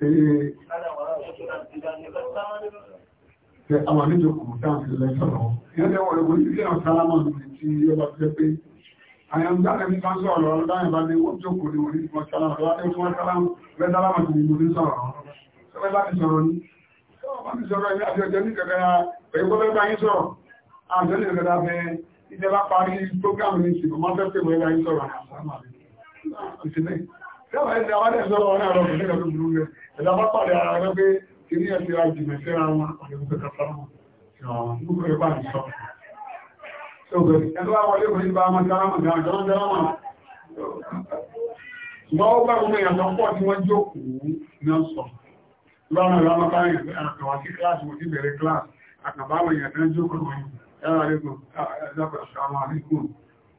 ṣe àwọn àníjòkù dáàfin lẹ́sọ̀rọ̀ ìrẹ́lẹ̀ wọ̀n ẹgbẹ́ ìdílé náà sálámọ̀ ní tí ó bá fẹ́ pé àyàn dáàrẹ̀ ní bá sọ̀rọ̀ ọlọ́dáyìn bá ní wọ́n jókòó ní orí ìfọ̀ sálámọ̀ sálámọ̀ ní orí sọ̀rọ̀ ọ̀rọ̀ láti sọ̀rọ̀ ní ọ̀pá ti sọ̀rọ̀ ní àti ọjọ́ ní kẹkẹrẹ ẹgbẹ́ bá yín sọ̀rọ̀ àjọ́ ní ìrẹ́lẹ̀ abẹ́ ìjẹba parí prógámù ní ìsìnkú mọ́tẹ́sẹ̀ wẹ́lá yín sọ̀rọ̀ àṣàmà Káwọn ẹ̀dẹ̀ àwọn ẹ̀sọ́ wọn náà rọ̀ nígbà tó burú rẹ̀. Ẹ̀dá bá pàdé ara rẹ̀ pé kì ní ẹ̀sẹ̀ àjìmẹ̀ síra wọn àti ìgbẹ́ kàfà wọn. Gbogbo ẹ̀ bá ń sọ. Ṣọ́gbẹ̀ ẹ̀dọ́ àwọn ilé ìwé bá wọn dára wọn dára wọn dára wọn. Ṣùgbọ́n ó bá gbogbo èèyàn lọ́pọ̀ tí wọ́n jókòó náà sọ. Lọ́nà ìlànà báyìí àkàwà sí kíláàsì mo ti bẹ̀rẹ̀ kíláàsì àkàbá àwọn èèyàn tán jókòó wọn. Ẹ̀rọ àríkùn, ẹ̀dọ́kọ̀ ṣàwọn àríkùn.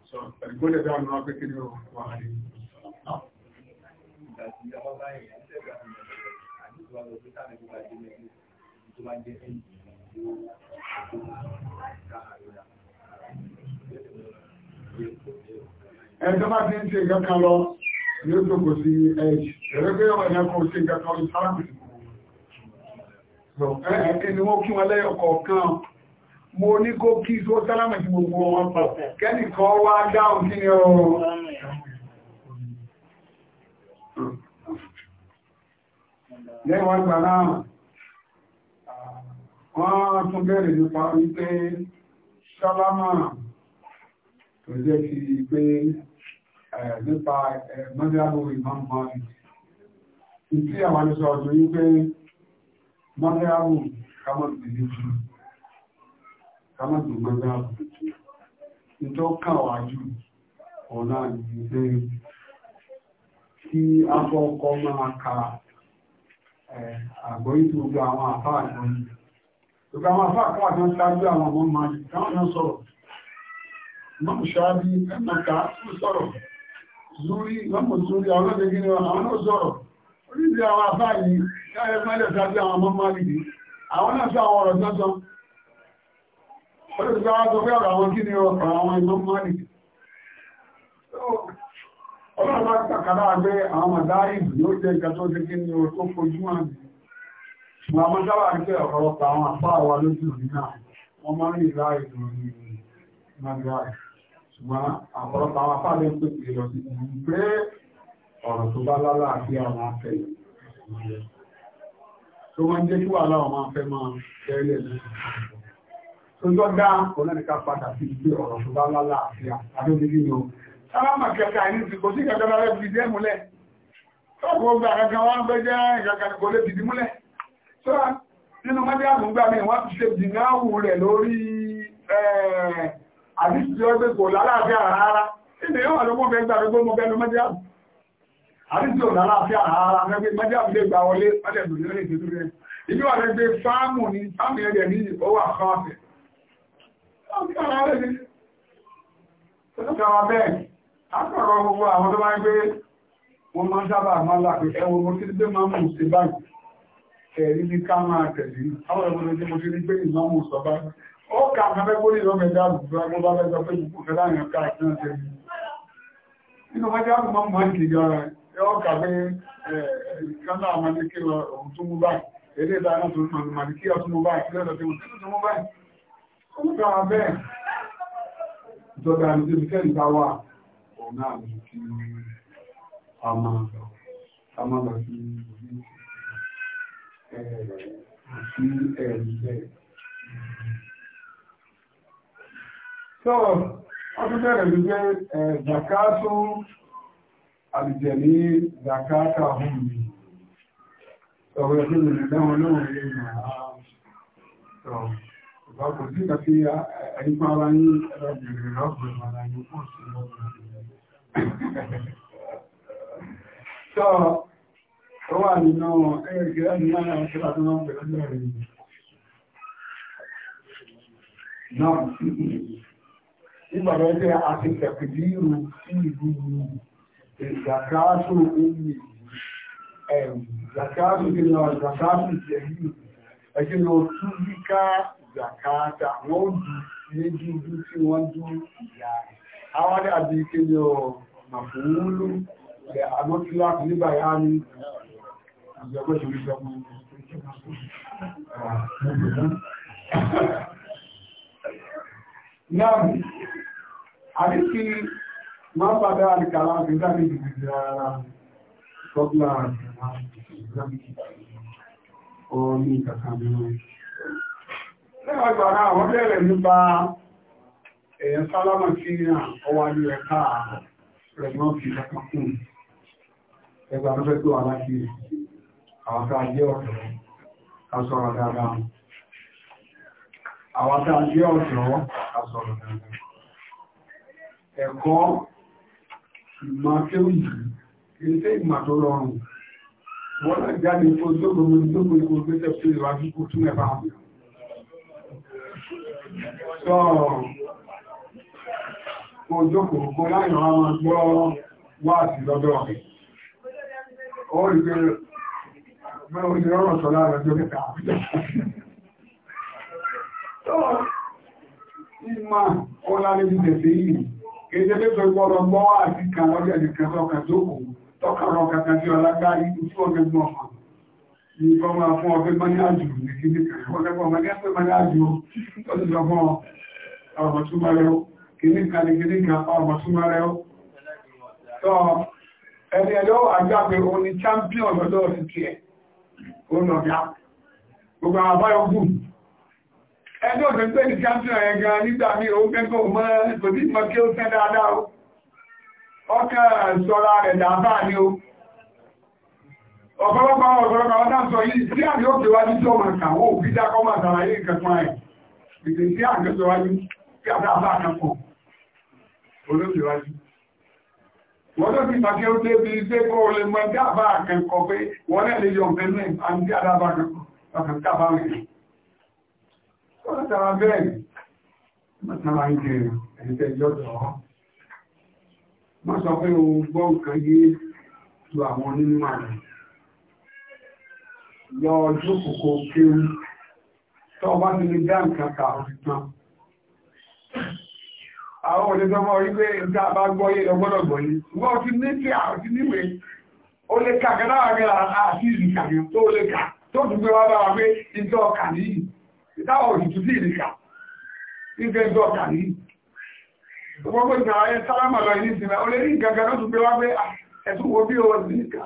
Sọ, ẹ̀gbọ́n ìgbà tí ọba bá yẹn ń tẹ̀gbà tó yẹn àti ìtura lọ sí táwọn ẹgbẹ́ ajé mẹ́rin tó bá jẹ́ ẹ̀yìn tó tó káàárọ̀ ẹjọ́ bá ti ń ṣe nǹkan kan lọ yóò tó kò sí ẹ̀jì ẹ̀rẹ́ pé ọmọ ìyẹn kò sí nǹkan kan lọ sáàmì ẹ̀ẹ́kẹ́ ni wọ́n kí wọn lẹ́yọ̀kọ̀ kan mo ní kó kí tó sálámẹ̀ tí gbogbo wọn pọ̀ kẹ́nìkan wá dáhùn kí ni ọ̀rọ̀ lẹ́wọ̀n ìgbà náà wọ́n tún bẹ̀rẹ̀ nípa wípé sálámà tó jẹ́ ti pé nípa mọ́dílábò ìmọ̀mọ́ ìtí àwọn àníṣọ́ ọ̀tọ̀ yí pé mọ́dílábò kámọ̀tì ní jù jù ọ̀nà kí máa àgbóyí tó gbogbo àwọn àfáà àwọn àfáà àkọ́ àjọ ṣáájú àwọn àwọn ọlọ́dẹ̀gẹ́ àwọn náà sọ̀rọ̀ orílẹ̀ àwọn àfáà yìí káyẹ mẹ́lẹ̀ ṣáájú ma rí àwọn náà sọ àwọn ọ̀rọ̀ sọ́sọ́ ó lè sọ àwọn awọn pé ọ̀rọ̀ ọlọ́run bá kàkàrà àgbé àwọn màdáìbù yóò jẹ́ nǹkan tó dékí ní o tó fojú wọn bí ṣùgbọ́n àwọn sábà ń pẹ́ ọ̀pọ̀lọpọ̀ àwọn àpá wa lójú rí náà wọ́n máa ń rí ìlà ètò ní màdáì ṣùgbọ́n ọ̀pọ̀lọpọ̀ àwọn apá lè pè pè lọ sí pé ọ̀rọ̀ tó bá lálá àti àwọn afẹ́ tó máa ń jẹ́ kí wàhálà wọn máa fẹ́ máa tẹ́lẹ̀ lẹ́sìn tó gbọ́dá kò lẹ́nìkan padà sí pé ọ̀rọ̀ tó bá lálá àti àdóbi nínú sáàmà kẹta ní ti kò sí ìkàkàrà rẹ̀ fi dé múlẹ̀ tọ́pù ọgbà kankan wọ́n fẹ́ jẹ́ ìkàkàrà kò lè fi dí múlẹ̀ tó rà nínú mọ́dé àmúgbà mi wọ́n fi ṣe dìnáwù rẹ̀ lórí àdíṣẹ́ ọgbẹ́ kò lálàáfíà rárá ilé yóò lọ́mọ́ fẹ́ gbà gbogbo mọ́ bẹ́nu mọ́dé àmú àdíṣẹ́ ò lálàáfíà rárá mẹ́gbẹ́ mọ́dé àmú lè gbà wọlé mọ́dé àmú lè tètè rẹ̀ ìlú àrẹ gbé fáàmù ní fáàmù ẹ̀rẹ̀ ní owó àkọ́ ọ̀fẹ́ akọ̀rọ̀ gbogbo àwọn tó máa ń gbé wọn máa sábà máa lápẹ́ ẹwọ́n mo ti gbé máa mú sí báyìí ẹ̀rí ní ká máa tẹ̀lé àwọn ọmọdé tí mo ti rí pé ìmọ̀mù sọ bá ó kà ń fẹ́ gbórí lọ́mọ ẹ̀dá àbùkù agbó bá fẹ́ sọ pé kò fẹ́ láàrin ọ̀ká àti náà tẹ̀lé nínú wájú àbùkù máa ń mọ̀ kì í ara ẹ̀ ó kà pé ìkan náà máa ní kí lọ òun tún mú báyìí èdè ìta náà tún náà ní kí a máa lọ ká má lọ sí orí àti ẹ̀rí bẹ́ẹ̀. So, wọ́n tún bẹ̀rẹ̀ wípé ẹ̀ẹ̀dàká tó àlìjẹ̀lé dàká káhùn mi. Sọ̀rọ̀ ẹ̀kọ́ lè dáwọn lóhùn ilé ìrìn àwọn sọ̀rọ̀. Ìbá kò sí ìgbà tí ẹ̀yìn fún ara yín ẹ̀rọ So, ó wà nínú ẹgbẹ̀rẹ̀ láti lára ṣe bá tó náà pẹ̀lú ẹ̀rẹ̀ náà. Ìgbàgbẹ́ jẹ́ àti ìtẹ̀kìdí ìrù sí ìlú ìgbàkáṣò omi ìgbàkáṣò kí ni ọ̀gbàkáṣò ìjẹ̀yìn ẹ̀kí ni ó tún ríká ìgbàkáṣà wọ́n dù méjì ojú tí wọ́n dù ìyá rẹ̀ àwọn ní àti ìkéde ọ̀nà fún ló ẹ̀ àmọ́tílá nígbà yá ní ìjọba ìṣòrí ìjọba náà àti kí máa padà àríkàlá àti ìdámi ìdìdì ara sọ́gbà ìdámi ọ̀rọ̀ náà wọ́n bẹ̀rẹ̀ nípa èèyàn sálámà kí ní ọwá ní ẹ̀ká rẹ̀gbọ́n fi kankan kún ẹgbà tó fẹ́ tó wà láti àwọn tá a jẹ́ ọ̀dọ́ ká sọ̀rọ̀ dáadáa àwọn tá a jẹ́ ọ̀dọ́ ká sọ̀rọ̀ dáadáa ẹ̀kọ́ ìmọ̀ akéwì kìí sí ìmọ̀ tó rọrùn wọ́n náà jáde tó dógbòmí dógbòmí kò gbé tẹ̀síwájú kò tún ẹ̀bá sọ̀rọ̀ kó jókòó kó láyìn wọn máa gbọ́ wá sí lọ́dọ̀ rẹ̀. Ó rí pé mẹ́rin oṣù rọrùn sọ láàrín ọjọ́ mẹ́ta. Tó ìmọ̀ ọlá níbi tẹ̀sẹ̀ yìí, kéde pé pẹ̀lú ọ̀rọ̀ gbọ́ wá sí kan lọ́dọ̀ ẹ̀dẹ̀kan tọ́ka jókòó tọ́ka rọ kàkà sí ọlágbá ikú tí wọ́n gẹ́gbọ́n ọmọ. Nǹkan máa fún ọgbẹ́ mọ́ ní àjò ní kíndìkan. Wọ́n gẹ́gbọ́n tó ti lọ fún ọ̀rọ̀ tó máa kìníkà ní kìníkà ọmọ súnmọ́rẹ́ ó tọ́ ẹni ẹ̀lọ́ àgbàgbé o ní champion lọ́dọ̀ sí ti ẹ̀ ó lọ́gá gbogbo àbáyọ̀gùn ẹni òfin pé ní champion ẹ̀ gan nígbà mí mọ́ mọ́ kí ó fẹ́ dáadáa ọkẹ́ sọ́ra rẹ̀ o ọ̀pọ̀lọpọ̀ ọ̀pọ̀lọpọ̀ yìí tí àmì ó kéwájú tó kà dákọ́ sàlàyé nǹkan fún ìgbésí àgbẹ̀sọ̀wájú olóṣèwájú wọ́n tó fi pàkí ó tẹ́ bí ṣe kó olè mọ́ dábà àkẹ́kọ̀ pé wọ́n lè yọ pẹ̀lú àti àdábà àkẹ́kọ̀ rẹ̀ wọ́n tàbà bẹ́ẹ̀ mọ́tàbà ń jẹ ẹ̀ẹ́tẹ́ jọ́dọ̀ wọ́n sọ pé o gbọ́ nǹkan yé ju àwọn onímọ̀ rẹ̀ lọ ọjọ́ kòkó kéwú tọ́ bá ti lè dá nǹkan kà ó àwọn òṣèṣọ́ mọ́ orí pé nǹkan bá gbọ́yé lọ́gbọ́dọ̀ gbọ́yé wọ́n ti ní tí àwọn ti níwé ó lè kà kẹ́ náà rẹ̀ àti ìrìnkà tó lè kà tó tún gbé wá bá wa pé ìjọ ọkà nìyí ìtawọ̀ òṣìṣú sí ìrìnkà ìfẹ́ ìjọ ọkà nìyí gbogbo ìgbà ayé sálámà lọ ní ìsinmi ó lè rí gàgà náà tún gbé wá pé ah, ẹ̀sùn wo bí owó sí ìkà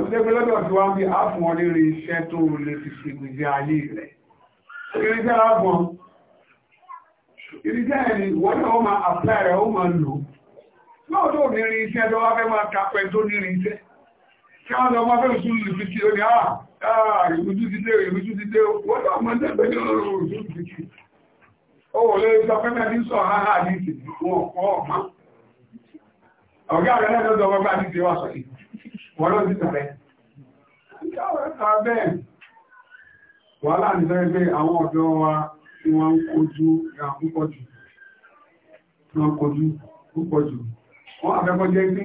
Òṣèpẹ́ lọ́dọ̀ tí wá ń bí àfún ọ lérí iṣẹ́ tó ìrísẹ́ ẹni wọ́n náà máa àpẹ́ rẹ̀ ó máa lò náà tó ní rí iṣẹ́ tó wá fẹ́ máa tapẹ́ tó ní rí iṣẹ́ kí wọ́n lọ máa fẹ́ òṣù lùfìtì ó ní àà ah, ah, ìrújú ti dé ìrújú ti dé wọ́n náà máa tẹ́gbẹ́ ní ọ̀rọ̀ òṣù lùfìtì ó wò lè sọ pé mẹ́rin sọ háhà ní ìsìnkú ọ̀pọ̀ ọ̀má ọ̀gá rẹ̀ náà lọ́dọ̀ ọgbà ní ti wá sọ yìí wọ́n lọ́ sí tẹ̀lé wàhálà ní pé àwọn ọ̀dọ́ wa tí wọ́n ń kojú ra púpọ̀ jù wọ́n kojú púpọ̀ jù wọ́n àfẹ́kọ́ jẹ́ pé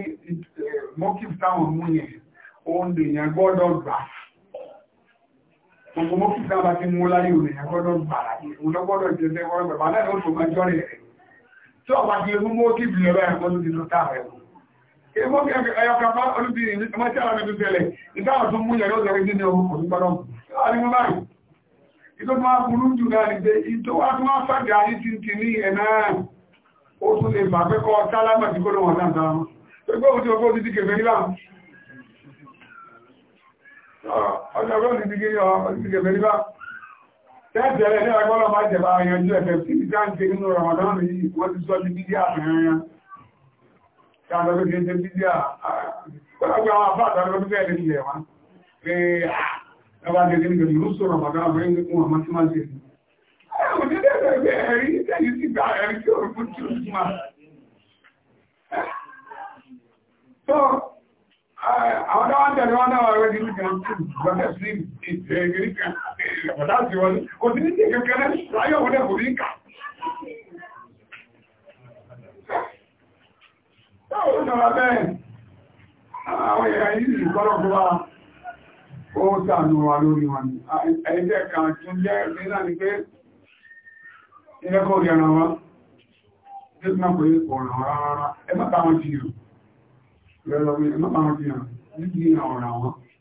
mọ́kìf táwọn mú yẹn òun lèèyàn gbọ́dọ̀ gbà gbogbo mọ́kìf táwọn bá ti mú láyé òun lèèyàn gbọ́dọ̀ gbà láyé òun lọ́gbọ́dọ̀ jẹ́ pé wọ́n gbà láyé òun tó máa jọ́rẹ̀ rẹ̀ lè rẹ̀ ẹ̀kọ́ ló ti lọ táà ọmọ tí àwọn ẹgbẹ́ tẹ́lẹ̀, ìdáwọ̀ tó mú yẹ̀ lọ́dọ̀ ọmọ òṣùgbọ́n náà. báyìí, ìtọ́ máa burú jù náà nìgbé ìtọ́ wá tó máa fàgbà ayé ti ti ní ẹ̀ náà ó tún lè bà pẹ́kọ́ sálámà tí kó lọ́wọ́ náà dáa pẹ́kọ́ òtí ọkọ́ ti dìkẹ̀ fẹ́rí láàmù ọjọ́ ọgọ́ ti dìkẹ̀ fẹ́rí bá tẹ́ẹ̀tẹ̀ẹ̀rẹ̀ ní agbọ́rọ̀ máa jẹba yanjú ẹ̀fẹ́ tí ti dá ń ṣe nínú Ramadan yìí wọ́n ti sọ di mídíà fẹ́rẹ́rẹ́ ṣáàtọ̀ pé kí n ṣe mídíà ilẹ̀ wọn pé ẹwà gẹ̀gẹ̀ nígbẹ̀ ló sọ̀rọ̀ bàbá àwọn ẹni wọn àmọ́ tí máa ń tẹ̀sí. àwọn onídẹ̀ ẹgbẹ́ ẹ̀rí tẹ̀yìn sí gba ẹ̀rí tí ó fún tí ó sì máa. tó àwọn dáwọn tẹ̀lé wọn náà wọ́n ti nìkan tí gbọ́dẹ̀ sí ìgbẹ̀rẹ̀ kan ọ̀dá sí wọn kò sí ní kẹ̀kẹ́ náà láyọ̀ wọlé kò rí kà. táwọn ọ̀nà bẹ́ẹ̀ àwọn èèyàn yìí ó sànú wa lórí wọn ni ẹgbẹ́ kan tún jẹ́ ní pé orí ara wa tí ó máa pè ọ̀rọ̀ rárá ẹ má bá wọn ẹ má jẹ́ ni ó rárá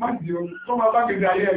má jẹ́ ó tó máa bá ayé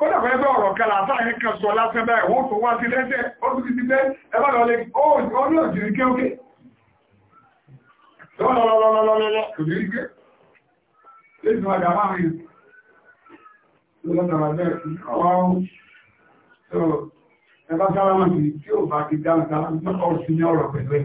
kódà fẹ́ bẹ́ ọ̀rọ̀ kẹlà àtàrí kan sọ lásán bẹ́ẹ̀ wọ́n tó wá sí lẹ́sẹ̀ ó tún ti bẹ́ ẹbá lọ lè ó ní òjìrí kéókè lọ́lọ́lọ́lọ́lọ́lọ́lọ́ òjìrí ké lẹ́sìn wájà láàrin lọ́lọ́dàrà bẹ́ẹ̀ ọ̀rọ̀ ẹbá sálámà sí tí ó bá ti dáhùn sálámà mọ́kọ̀ sí ní ọ̀rọ̀ pẹ̀lú ẹ̀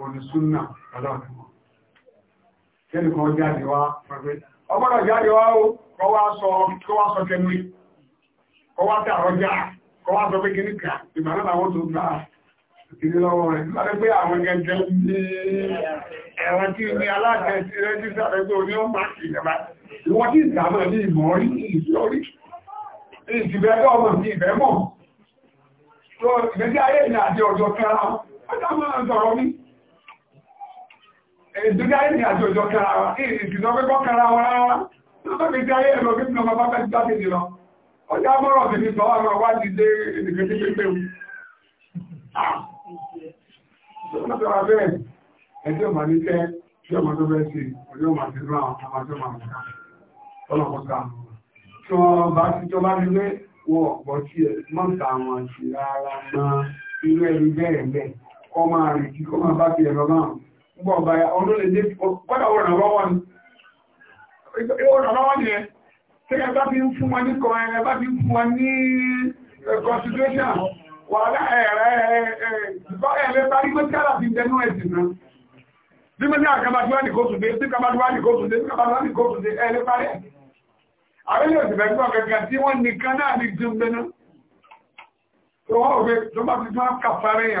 òní súnà ọlọ́ọ̀tọ́mọ̀. Kẹ́lì kan jáde wá pẹ̀lú ọgbọ́dọ̀ jáde wá ó kọ́ wá sọ kẹnu rí, kọ́ wá tààrọ já, kọ́ wá sọ pé kí níkà, ìgbà náà àwọn tó gbà ìdí lọ́wọ́ rẹ̀. Láti pé àwọn gẹ́gẹ́ ní ẹ̀rọ tí ní aláàtẹ̀ sí rẹ́jísà rẹ̀ pé oní ó máa kì ìjọba. Ìwọ́n tí ìdàmọ̀ ní ìmọ̀ orí ìlórí. Ìsìbẹ̀ ẹgbẹ́ ọmọ sí ìbẹ̀ mọ̀. Ìgbésí ayé ìrìn àti ọjọ́ kẹra, ó dá máa ń sọ̀rọ̀ mi ìdúdá ìrìn àjò ìjọ kára wa ìrìnjìnà pẹ́kọ́ kára wa rárá lọ́pẹ́ ti ayé ẹ̀lọ kí ọmọ bá fẹ́ jáde jùlọ ọjọ́ mọ́rọ̀ tẹ̀lé sọ wà máa wá ní dé ìdìkẹ́sí pépé wu ẹjọ́ mà ní tẹ́ tí ọmọ tó bẹ́ẹ̀ sí ọjọ́ mà sí rán àwọn ọjọ́ mà ní ọlọ́pọ̀ta tí wọ́n bá ti jọba ní pé wọ́n ọ̀pọ̀ tí ẹ̀ mọ́ta wọn sí rárá náà irú ẹni bẹ́ẹ̀ gbọ́ ọ̀bá ọdún lè dé kọ́dà ó ràn lọ́wọ́ ni ó ràn lọ́wọ́ ni ẹ tí ẹ bá fi ń e, fún wọn ní kọ ẹ bá fi ń fún wọn ní constitution wà láàrẹ ẹ̀rẹ́ bá rí pé tí àlàfi dẹnu ẹ̀sìn náà bí mo ní àkàbàtíwá ní kóòtù dé bí kàbàtíwá ní kóòtù dé bí kàbàtíwá ní kóòtù dé ẹ̀rẹ́ parí àwọn ilé òsìfẹ́ gbọ́ kankan tí wọ́n nìkan náà ní jùm bẹ́nu tó wọ́n rò pé tó bá fi tún kàfàrẹ́ ẹ̀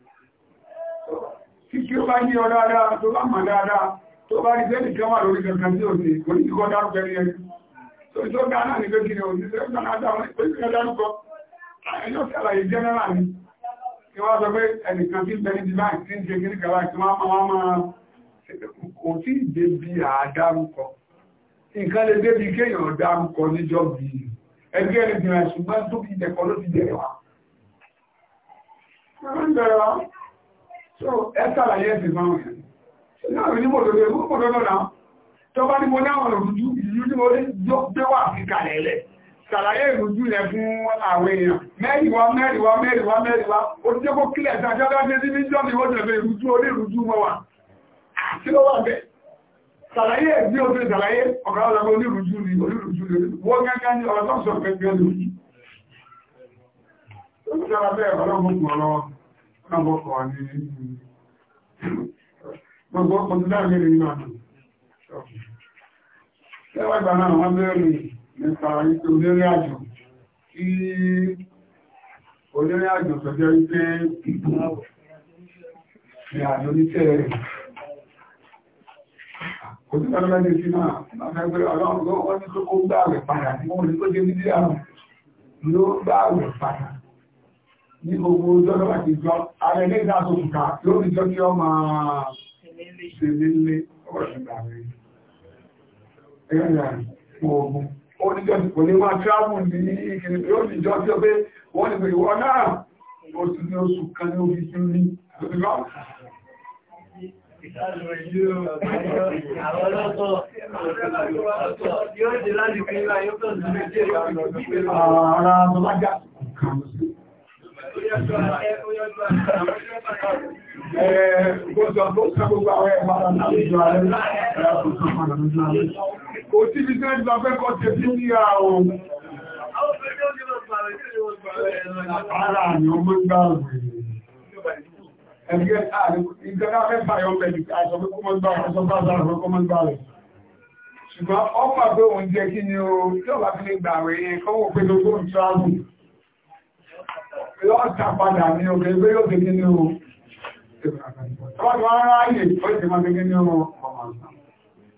tí kí ó bá ní ọ dáadáa tó bá mọ̀ dáadáa tó bá rí sẹ́ni kan wà lórí kankan tí ò sí kò ní kíkọ́ dárúkọ ní ẹni tó tó dá náà ní pé kí ni òṣìṣẹ́ ó dáná dáwọn ìpínlẹ̀ dárúkọ ẹjọ́ sàlàyé jẹ́nẹ́rà ni kí wọ́n sọ pé ẹnìkan tí ń bẹ ní ti báyìí tí ń ṣe kíní kàwá tí wọ́n máa máa kò tí ì dé bí àádárúkọ nǹkan lè débi kéèyàn dárúkọ níjọ́ so ẹ sàlàyé ẹ̀sìn fáwọn yẹn náà ní mọ̀lọ́dọ̀ ẹ̀kú mọ̀lọ́dọ̀ náà tó bá ní mo dáwọn òrùjú ìlú tí mo lè jọ pé wà sí kalẹ̀ lẹ̀ sàlàyé ìrùjú rẹ̀ fún àwọn èèyàn mẹ́rìnwá mẹ́rìnwá mẹ́rìnwá mẹ́rìnwá ó ti jẹ́ kó kílẹ̀ sájọ́ bá dé síbi jọ́ ni ó tẹ̀lé ìrùjú orí ìrùjú mọ́ wà sí ló wà bẹ́ẹ̀ sàlàyé ẹ̀bí ó fi sàlàyé ọ̀gá ọ̀lọ́gbọ́n onírùjú ni onírùjú ni wọ́n gángan ní ọ̀rọ̀ tó sọ pé gbẹ́ lórí. ó ti sára bẹ́ẹ̀ ọlọ́gbọ́n Gbogbo ọkọ̀ tó dáa lérè nínú àtò. Ẹwà ìgbà náà wọ́n bẹ̀rẹ̀ nípa ìpé olórí àjò tí olórí àjò tọ́jọ́ wípé ìrìnàjò ní tẹ́rẹ̀. Kò tí lọ́dọ́ lẹ́dẹ̀ sí náà, láfẹ́ pé ọlọ́run ló wọ́n ní tó kó gbáàwẹ̀ padà, wọ́n ní tó jẹ́ ní gbogbo ọjọ́ lọ́wọ́ ti jọ ààrẹ ilé ìdá tó kà lórí jọ kí ọmọ ṣèlélé ọ̀ṣùgbà rẹ̀ ẹ̀rẹ̀ ogun ó ní jọ kò ní máa tíráàmù ní ìkìlì yóò ní jọ tí ó pé wọ́n ní pé Àwọn ọlọ́tọ̀ yóò jẹ́ láti fi ńlá yóò tọ́ sí méjì ìrànlọ́dún. Kò tí bí sẹ́ẹ̀dì lọ fẹ́ kọ́ tẹ sí ní àwọn Ara ni ó mọ́ gbá ọ̀rẹ́. Ẹgbẹ́ ààrẹ, ìgbẹ́gbẹ́ afẹ́ báyọ̀ mẹ́lì, àìsọ̀ pé kó mọ́ gbá ọ̀rẹ́, àìsọ̀ bá bára rẹ̀ kó mọ́ gbá ọ̀rẹ́ ṣùgbọ́n ọmọ pé òun jẹ́ kí ni o tí ọba fi lè gbà rẹ̀ yẹn kọ́wọ́ pé lógún travel lọ́ọ̀tà padà ní oge gbé yóò fi o tọ́wọ́dọ̀ aráyè ó sì máa gẹ́gẹ́ ní ọmọ ọmọ àṣán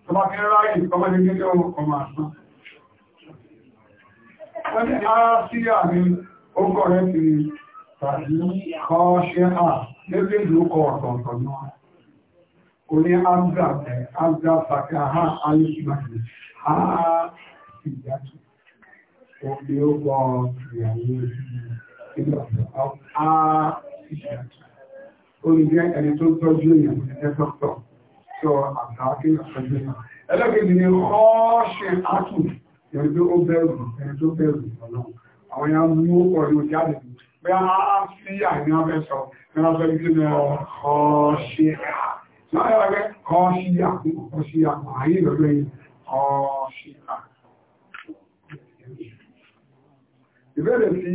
tọ́wọ́ fi ráyè tọ́wọ́ gẹ́gẹ́ ní ọmọ ọmọ àṣán wọ́n ni ara síyà ní ó kọ̀rẹ́ ti tàbí kọ́ ṣe à lébé ìlú kọ ọ̀tọ̀ọ̀tọ̀ náà ó ní amza ẹ̀ amza sàkà ha alìsìmáyì ha ìyájú ó ní ó gbọ́ ìyàwó ìlú figure of our situation. Olùgbé ẹni tó tọ́jú èèyàn ẹ̀ dọ́kítọ̀ sọ àtàkì ọ̀tọ́jú èèyàn. Ẹlẹ́gbẹ̀ẹ́ ni ọ́ṣẹ́ àtù ẹni tó ó bẹ̀rù ẹni tó bẹ̀rù ọ̀nà. Àwọn ya mú ọ̀rẹ́ òjáde pé a sí àní abẹ́ sọ ní wọ́n sọ ibi ní ọ̀ṣẹ́ à. Náà yára pé ọ̀ṣẹ́ àkú ọ̀ṣẹ́ àkú àyè lọ́dọ̀ yìí ọ̀ṣẹ́ à. Ìbéèrè sí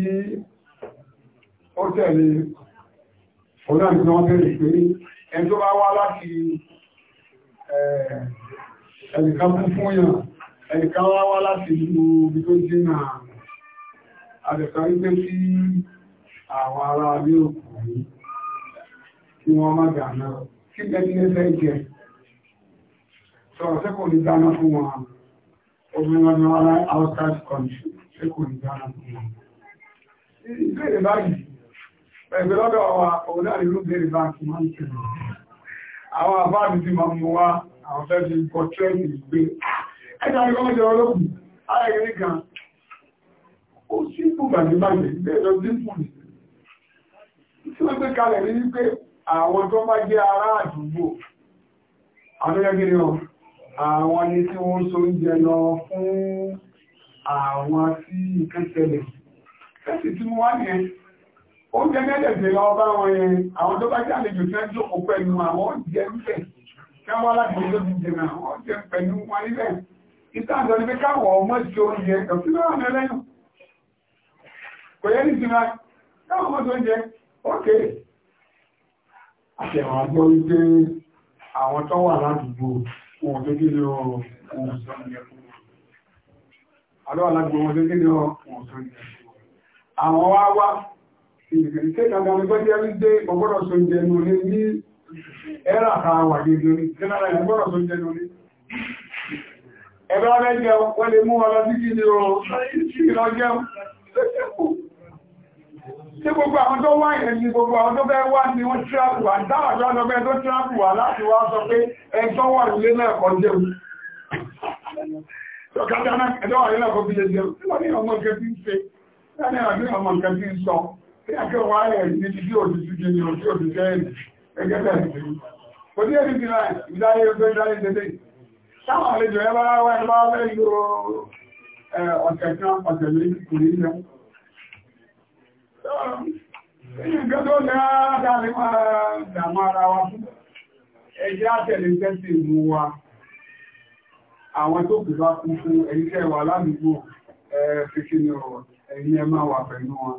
ó tẹ̀lé ọ̀dọ́ ìgbìmọ̀ wọn bẹ̀rẹ̀ pé ẹni tó bá wá láti ẹnìkan fún fún yàn ẹnìkan wá wá láti ìlú ibi tó jìnnà àdẹ̀kan wípé sí àwọn ará ilé òkùnrin tí wọ́n má dáná kí ẹni ẹfẹ́ jẹ sọ̀rọ̀ sẹ́kọ̀ọ́ lè dáná fún wọn obìnrin wọn ní outside country sẹ́kọ̀ọ́ dáná fún wọn ìbéèrè báyìí Ẹgbẹ́ lọ́dọ̀ wa, òun náà nínú bèèrè bá kí máa ń tẹ̀lé. Àwọn àbáàbí ti máa mú wá, àwọn fẹ́ fi kọ tẹ́lì gbé. Ẹja ni kọ́mọ́ jẹ ọlọ́pù, aláìrí kan. Ó sí bùgbà ní bàjẹ́, bẹ́ẹ̀ lọ sí fún mi. Tí wọ́n gbé kalẹ̀ ní wípé àwọn tó bá jẹ́ ará àdúgbò, àwọn yẹ́gẹ́rẹ́ wọn, àwọn ni tí wọ́n so ń jẹ lọ fún tí mo wá nìyẹn, oúnjẹ mẹ́lẹ̀dẹ̀ lọ bá wọn yẹn àwọn tó bá jálejò tí wọ́n jókòó pẹ̀lú àwọn jẹ́ ńlẹ̀ kí wọ́n láti ti jẹ́ náà jẹ́ pẹ̀lú wọn níbẹ̀ ìtàjọ́ ni káwọ̀ ọmọ sí oúnjẹ ẹ̀kí lọ́wọ́ mi kò yẹ ní káwọ̀ ọmọ tó ń jẹ ókè àtẹ̀wọ̀n àjọ wípé àwọn tó wà ládùúgbò wọn tó kéde ọ̀rọ̀ wọn sọ àwọn wá wá Ìgbèrè kàgbà mi gbọ́dọ̀ yẹn dé ọgbọ́dọ̀ sọ jẹ ní olé ní ẹ́rà kan wà ní ìlú ní jẹ́nàrà ìgbọ́dọ̀ sọ jẹ ní olé. Ẹgbẹ́ ọmọ ẹgbẹ́ wọ́n lè mú gbogbo àwọn tó wá ìrìn ní gbogbo àwọn tó bẹ́ wá ní wọ́n tíráàpù wà, dáwà tó lọ́gbẹ́ tó tíráàpù wà láti wá sọ pé ẹjọ́ wà nílé náà kọ́ jẹun. Ṣọ̀kátà náà ẹjọ́ wà nílé náà Ẹgbẹ́ wa rẹ̀ ní ti kí òtútù jẹ́ ní òtútù òtútù ẹ̀rì ẹgbẹ́ bẹ̀rẹ̀ sí. Kò ní èdè ìgbìmọ̀ ìdáyé ọjọ́ ìdáyé tẹ́tẹ́. Táwọn àlejò ẹ bá wá ẹ bá fẹ́ lo ọ̀tẹ̀ kan ọ̀tẹ̀ lórí kò ní ilẹ̀. Nǹkan tó lẹ́ dáadé máa dàmú ara wa fún. Ẹjẹ́ àtẹ̀lé tẹ́sí ìlú wa. Àwọn tó kù bá kú fún ẹ̀yíṣẹ́ wa ládùúgbò ẹ̀ẹ́fẹ́kí ni ọ̀rọ̀ ẹ̀yìn ẹ máa wà pẹ̀lú wọn.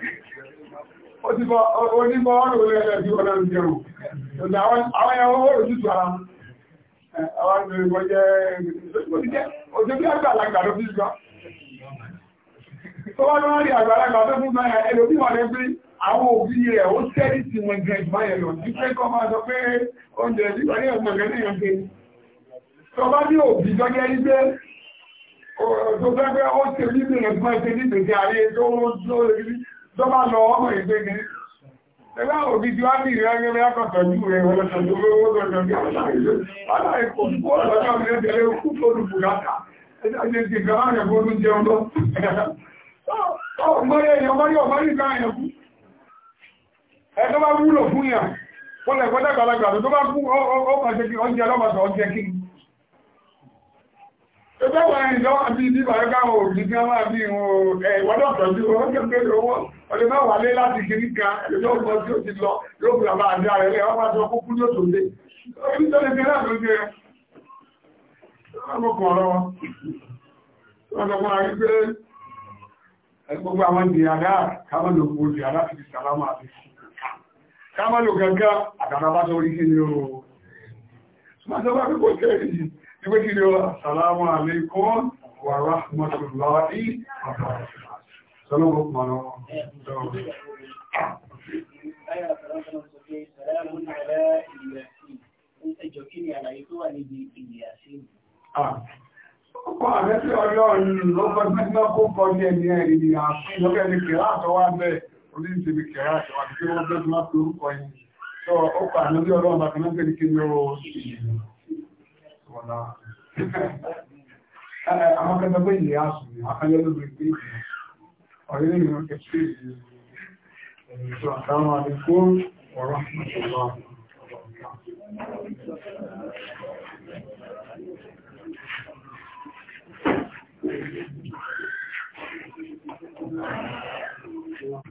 onímọ̀ ọ̀rọ̀ olóòrẹ̀ bí ọ̀nà ìjẹun àwọn ẹ̀wọ̀n oòrùn jùtù ara àwọn ìgbẹ̀rẹ̀ jẹ́ òjòbí àgbàlagbà ló fi gbá tó wá lọ́wọ́ rí àgbàlagbà tó fún máa ẹlò bí wọ́n lẹ́ pé àwọn òbí rẹ̀ ó tẹ́rì sí wọn gẹ̀ ìgbáyẹ̀ lọ sí pé kọ́ máa sọ pé oúnjẹ nígbà ní ọmọ ìgbẹ́ náà gbé tó bá ní òbí tó jẹ́ ibẹ́ tó fẹ́ pé ó ṣe níbi ẹ̀gbọ́n ṣe níbi ìgbé ayé tó lórí tó bá lọ ọmọ ìgbé ní ẹgbẹ́ òbí tí wá ní ìrẹ́gẹ́rẹ́ akọ̀tọ̀jú rẹ̀ ọlọ́tọ̀jú owó lọ́jọ́jú aláìkò ọlọ́jọ́ ìrẹ́gẹ́rẹ́ kú tó dùbù látà ẹjẹ́ ti gbà rẹ̀ bọ́dún jẹun lọ ọmọ èèyàn mọ́ yóò mọ́ nígbà èèyàn kú ẹgbẹ́ bá wúlò fún yà kó lẹ̀kọ́ dàgbàlagbà tó bá kú ó kàn ṣe kí oúnjẹ lọ́mọ̀tọ̀ oúnjẹ kí ni Ẹgbẹ́ wọn ìjọ àbí ìdíbà ẹgbà òbí tí wọ́n àbí ìwọ̀dọ̀ tọ́jú wọ́n jẹ́ pé owó ọdẹ máa wà lé láti kìrí ka ẹ̀lẹ́jọ́ ọgbọ́n tí ó ti lọ yóò gbà bá àjá rẹ̀ lẹ́wọ́n bá jọ kúkú ní òtò lé. Orí tó lè fi náà ló jẹ́ ọgbọ́n ọ̀rọ̀ wọn. Wọ́n sọ fún àrí pé gbogbo àwọn ìdíyàdá kámọ́lò gbogbo ìdíyàdá fi sàlámà àti kámọ́lò gẹ́gẹ́ àdàrà bá sọ orí kí ni ó. Wọ́n sọ fún àrí pé kò ìwé kí ni ó assalamu alaikum wa rahmatullahi wa barakatuh ah. Ọkọ̀ àrẹ́sí ọlọ́run lọ́pọ̀ mẹ́gbẹ́ kó kọ́ ní ẹni ẹ̀rìn ni a fún ìlọ́pẹ́ ní kìrá àtọwà bẹ́ẹ̀ oníṣẹ́bí kẹrà àtọwà tí ó wọ́n bẹ́ẹ̀ tó máa pẹ̀lú kọ́ yìí. Sọ ọkọ̀ àrẹ́sí ọlọ́run wọ̀lá. Eh, àwọn akẹ́kọ̀ọ́ pé ilé àṣù ni akẹ́lẹ́ lórí pé ọ̀rẹ́lẹ́ ìlú ẹ̀ṣẹ́ ìlú àtàwọn àdínkù ọ̀rọ̀ àṣùwà. Thank you.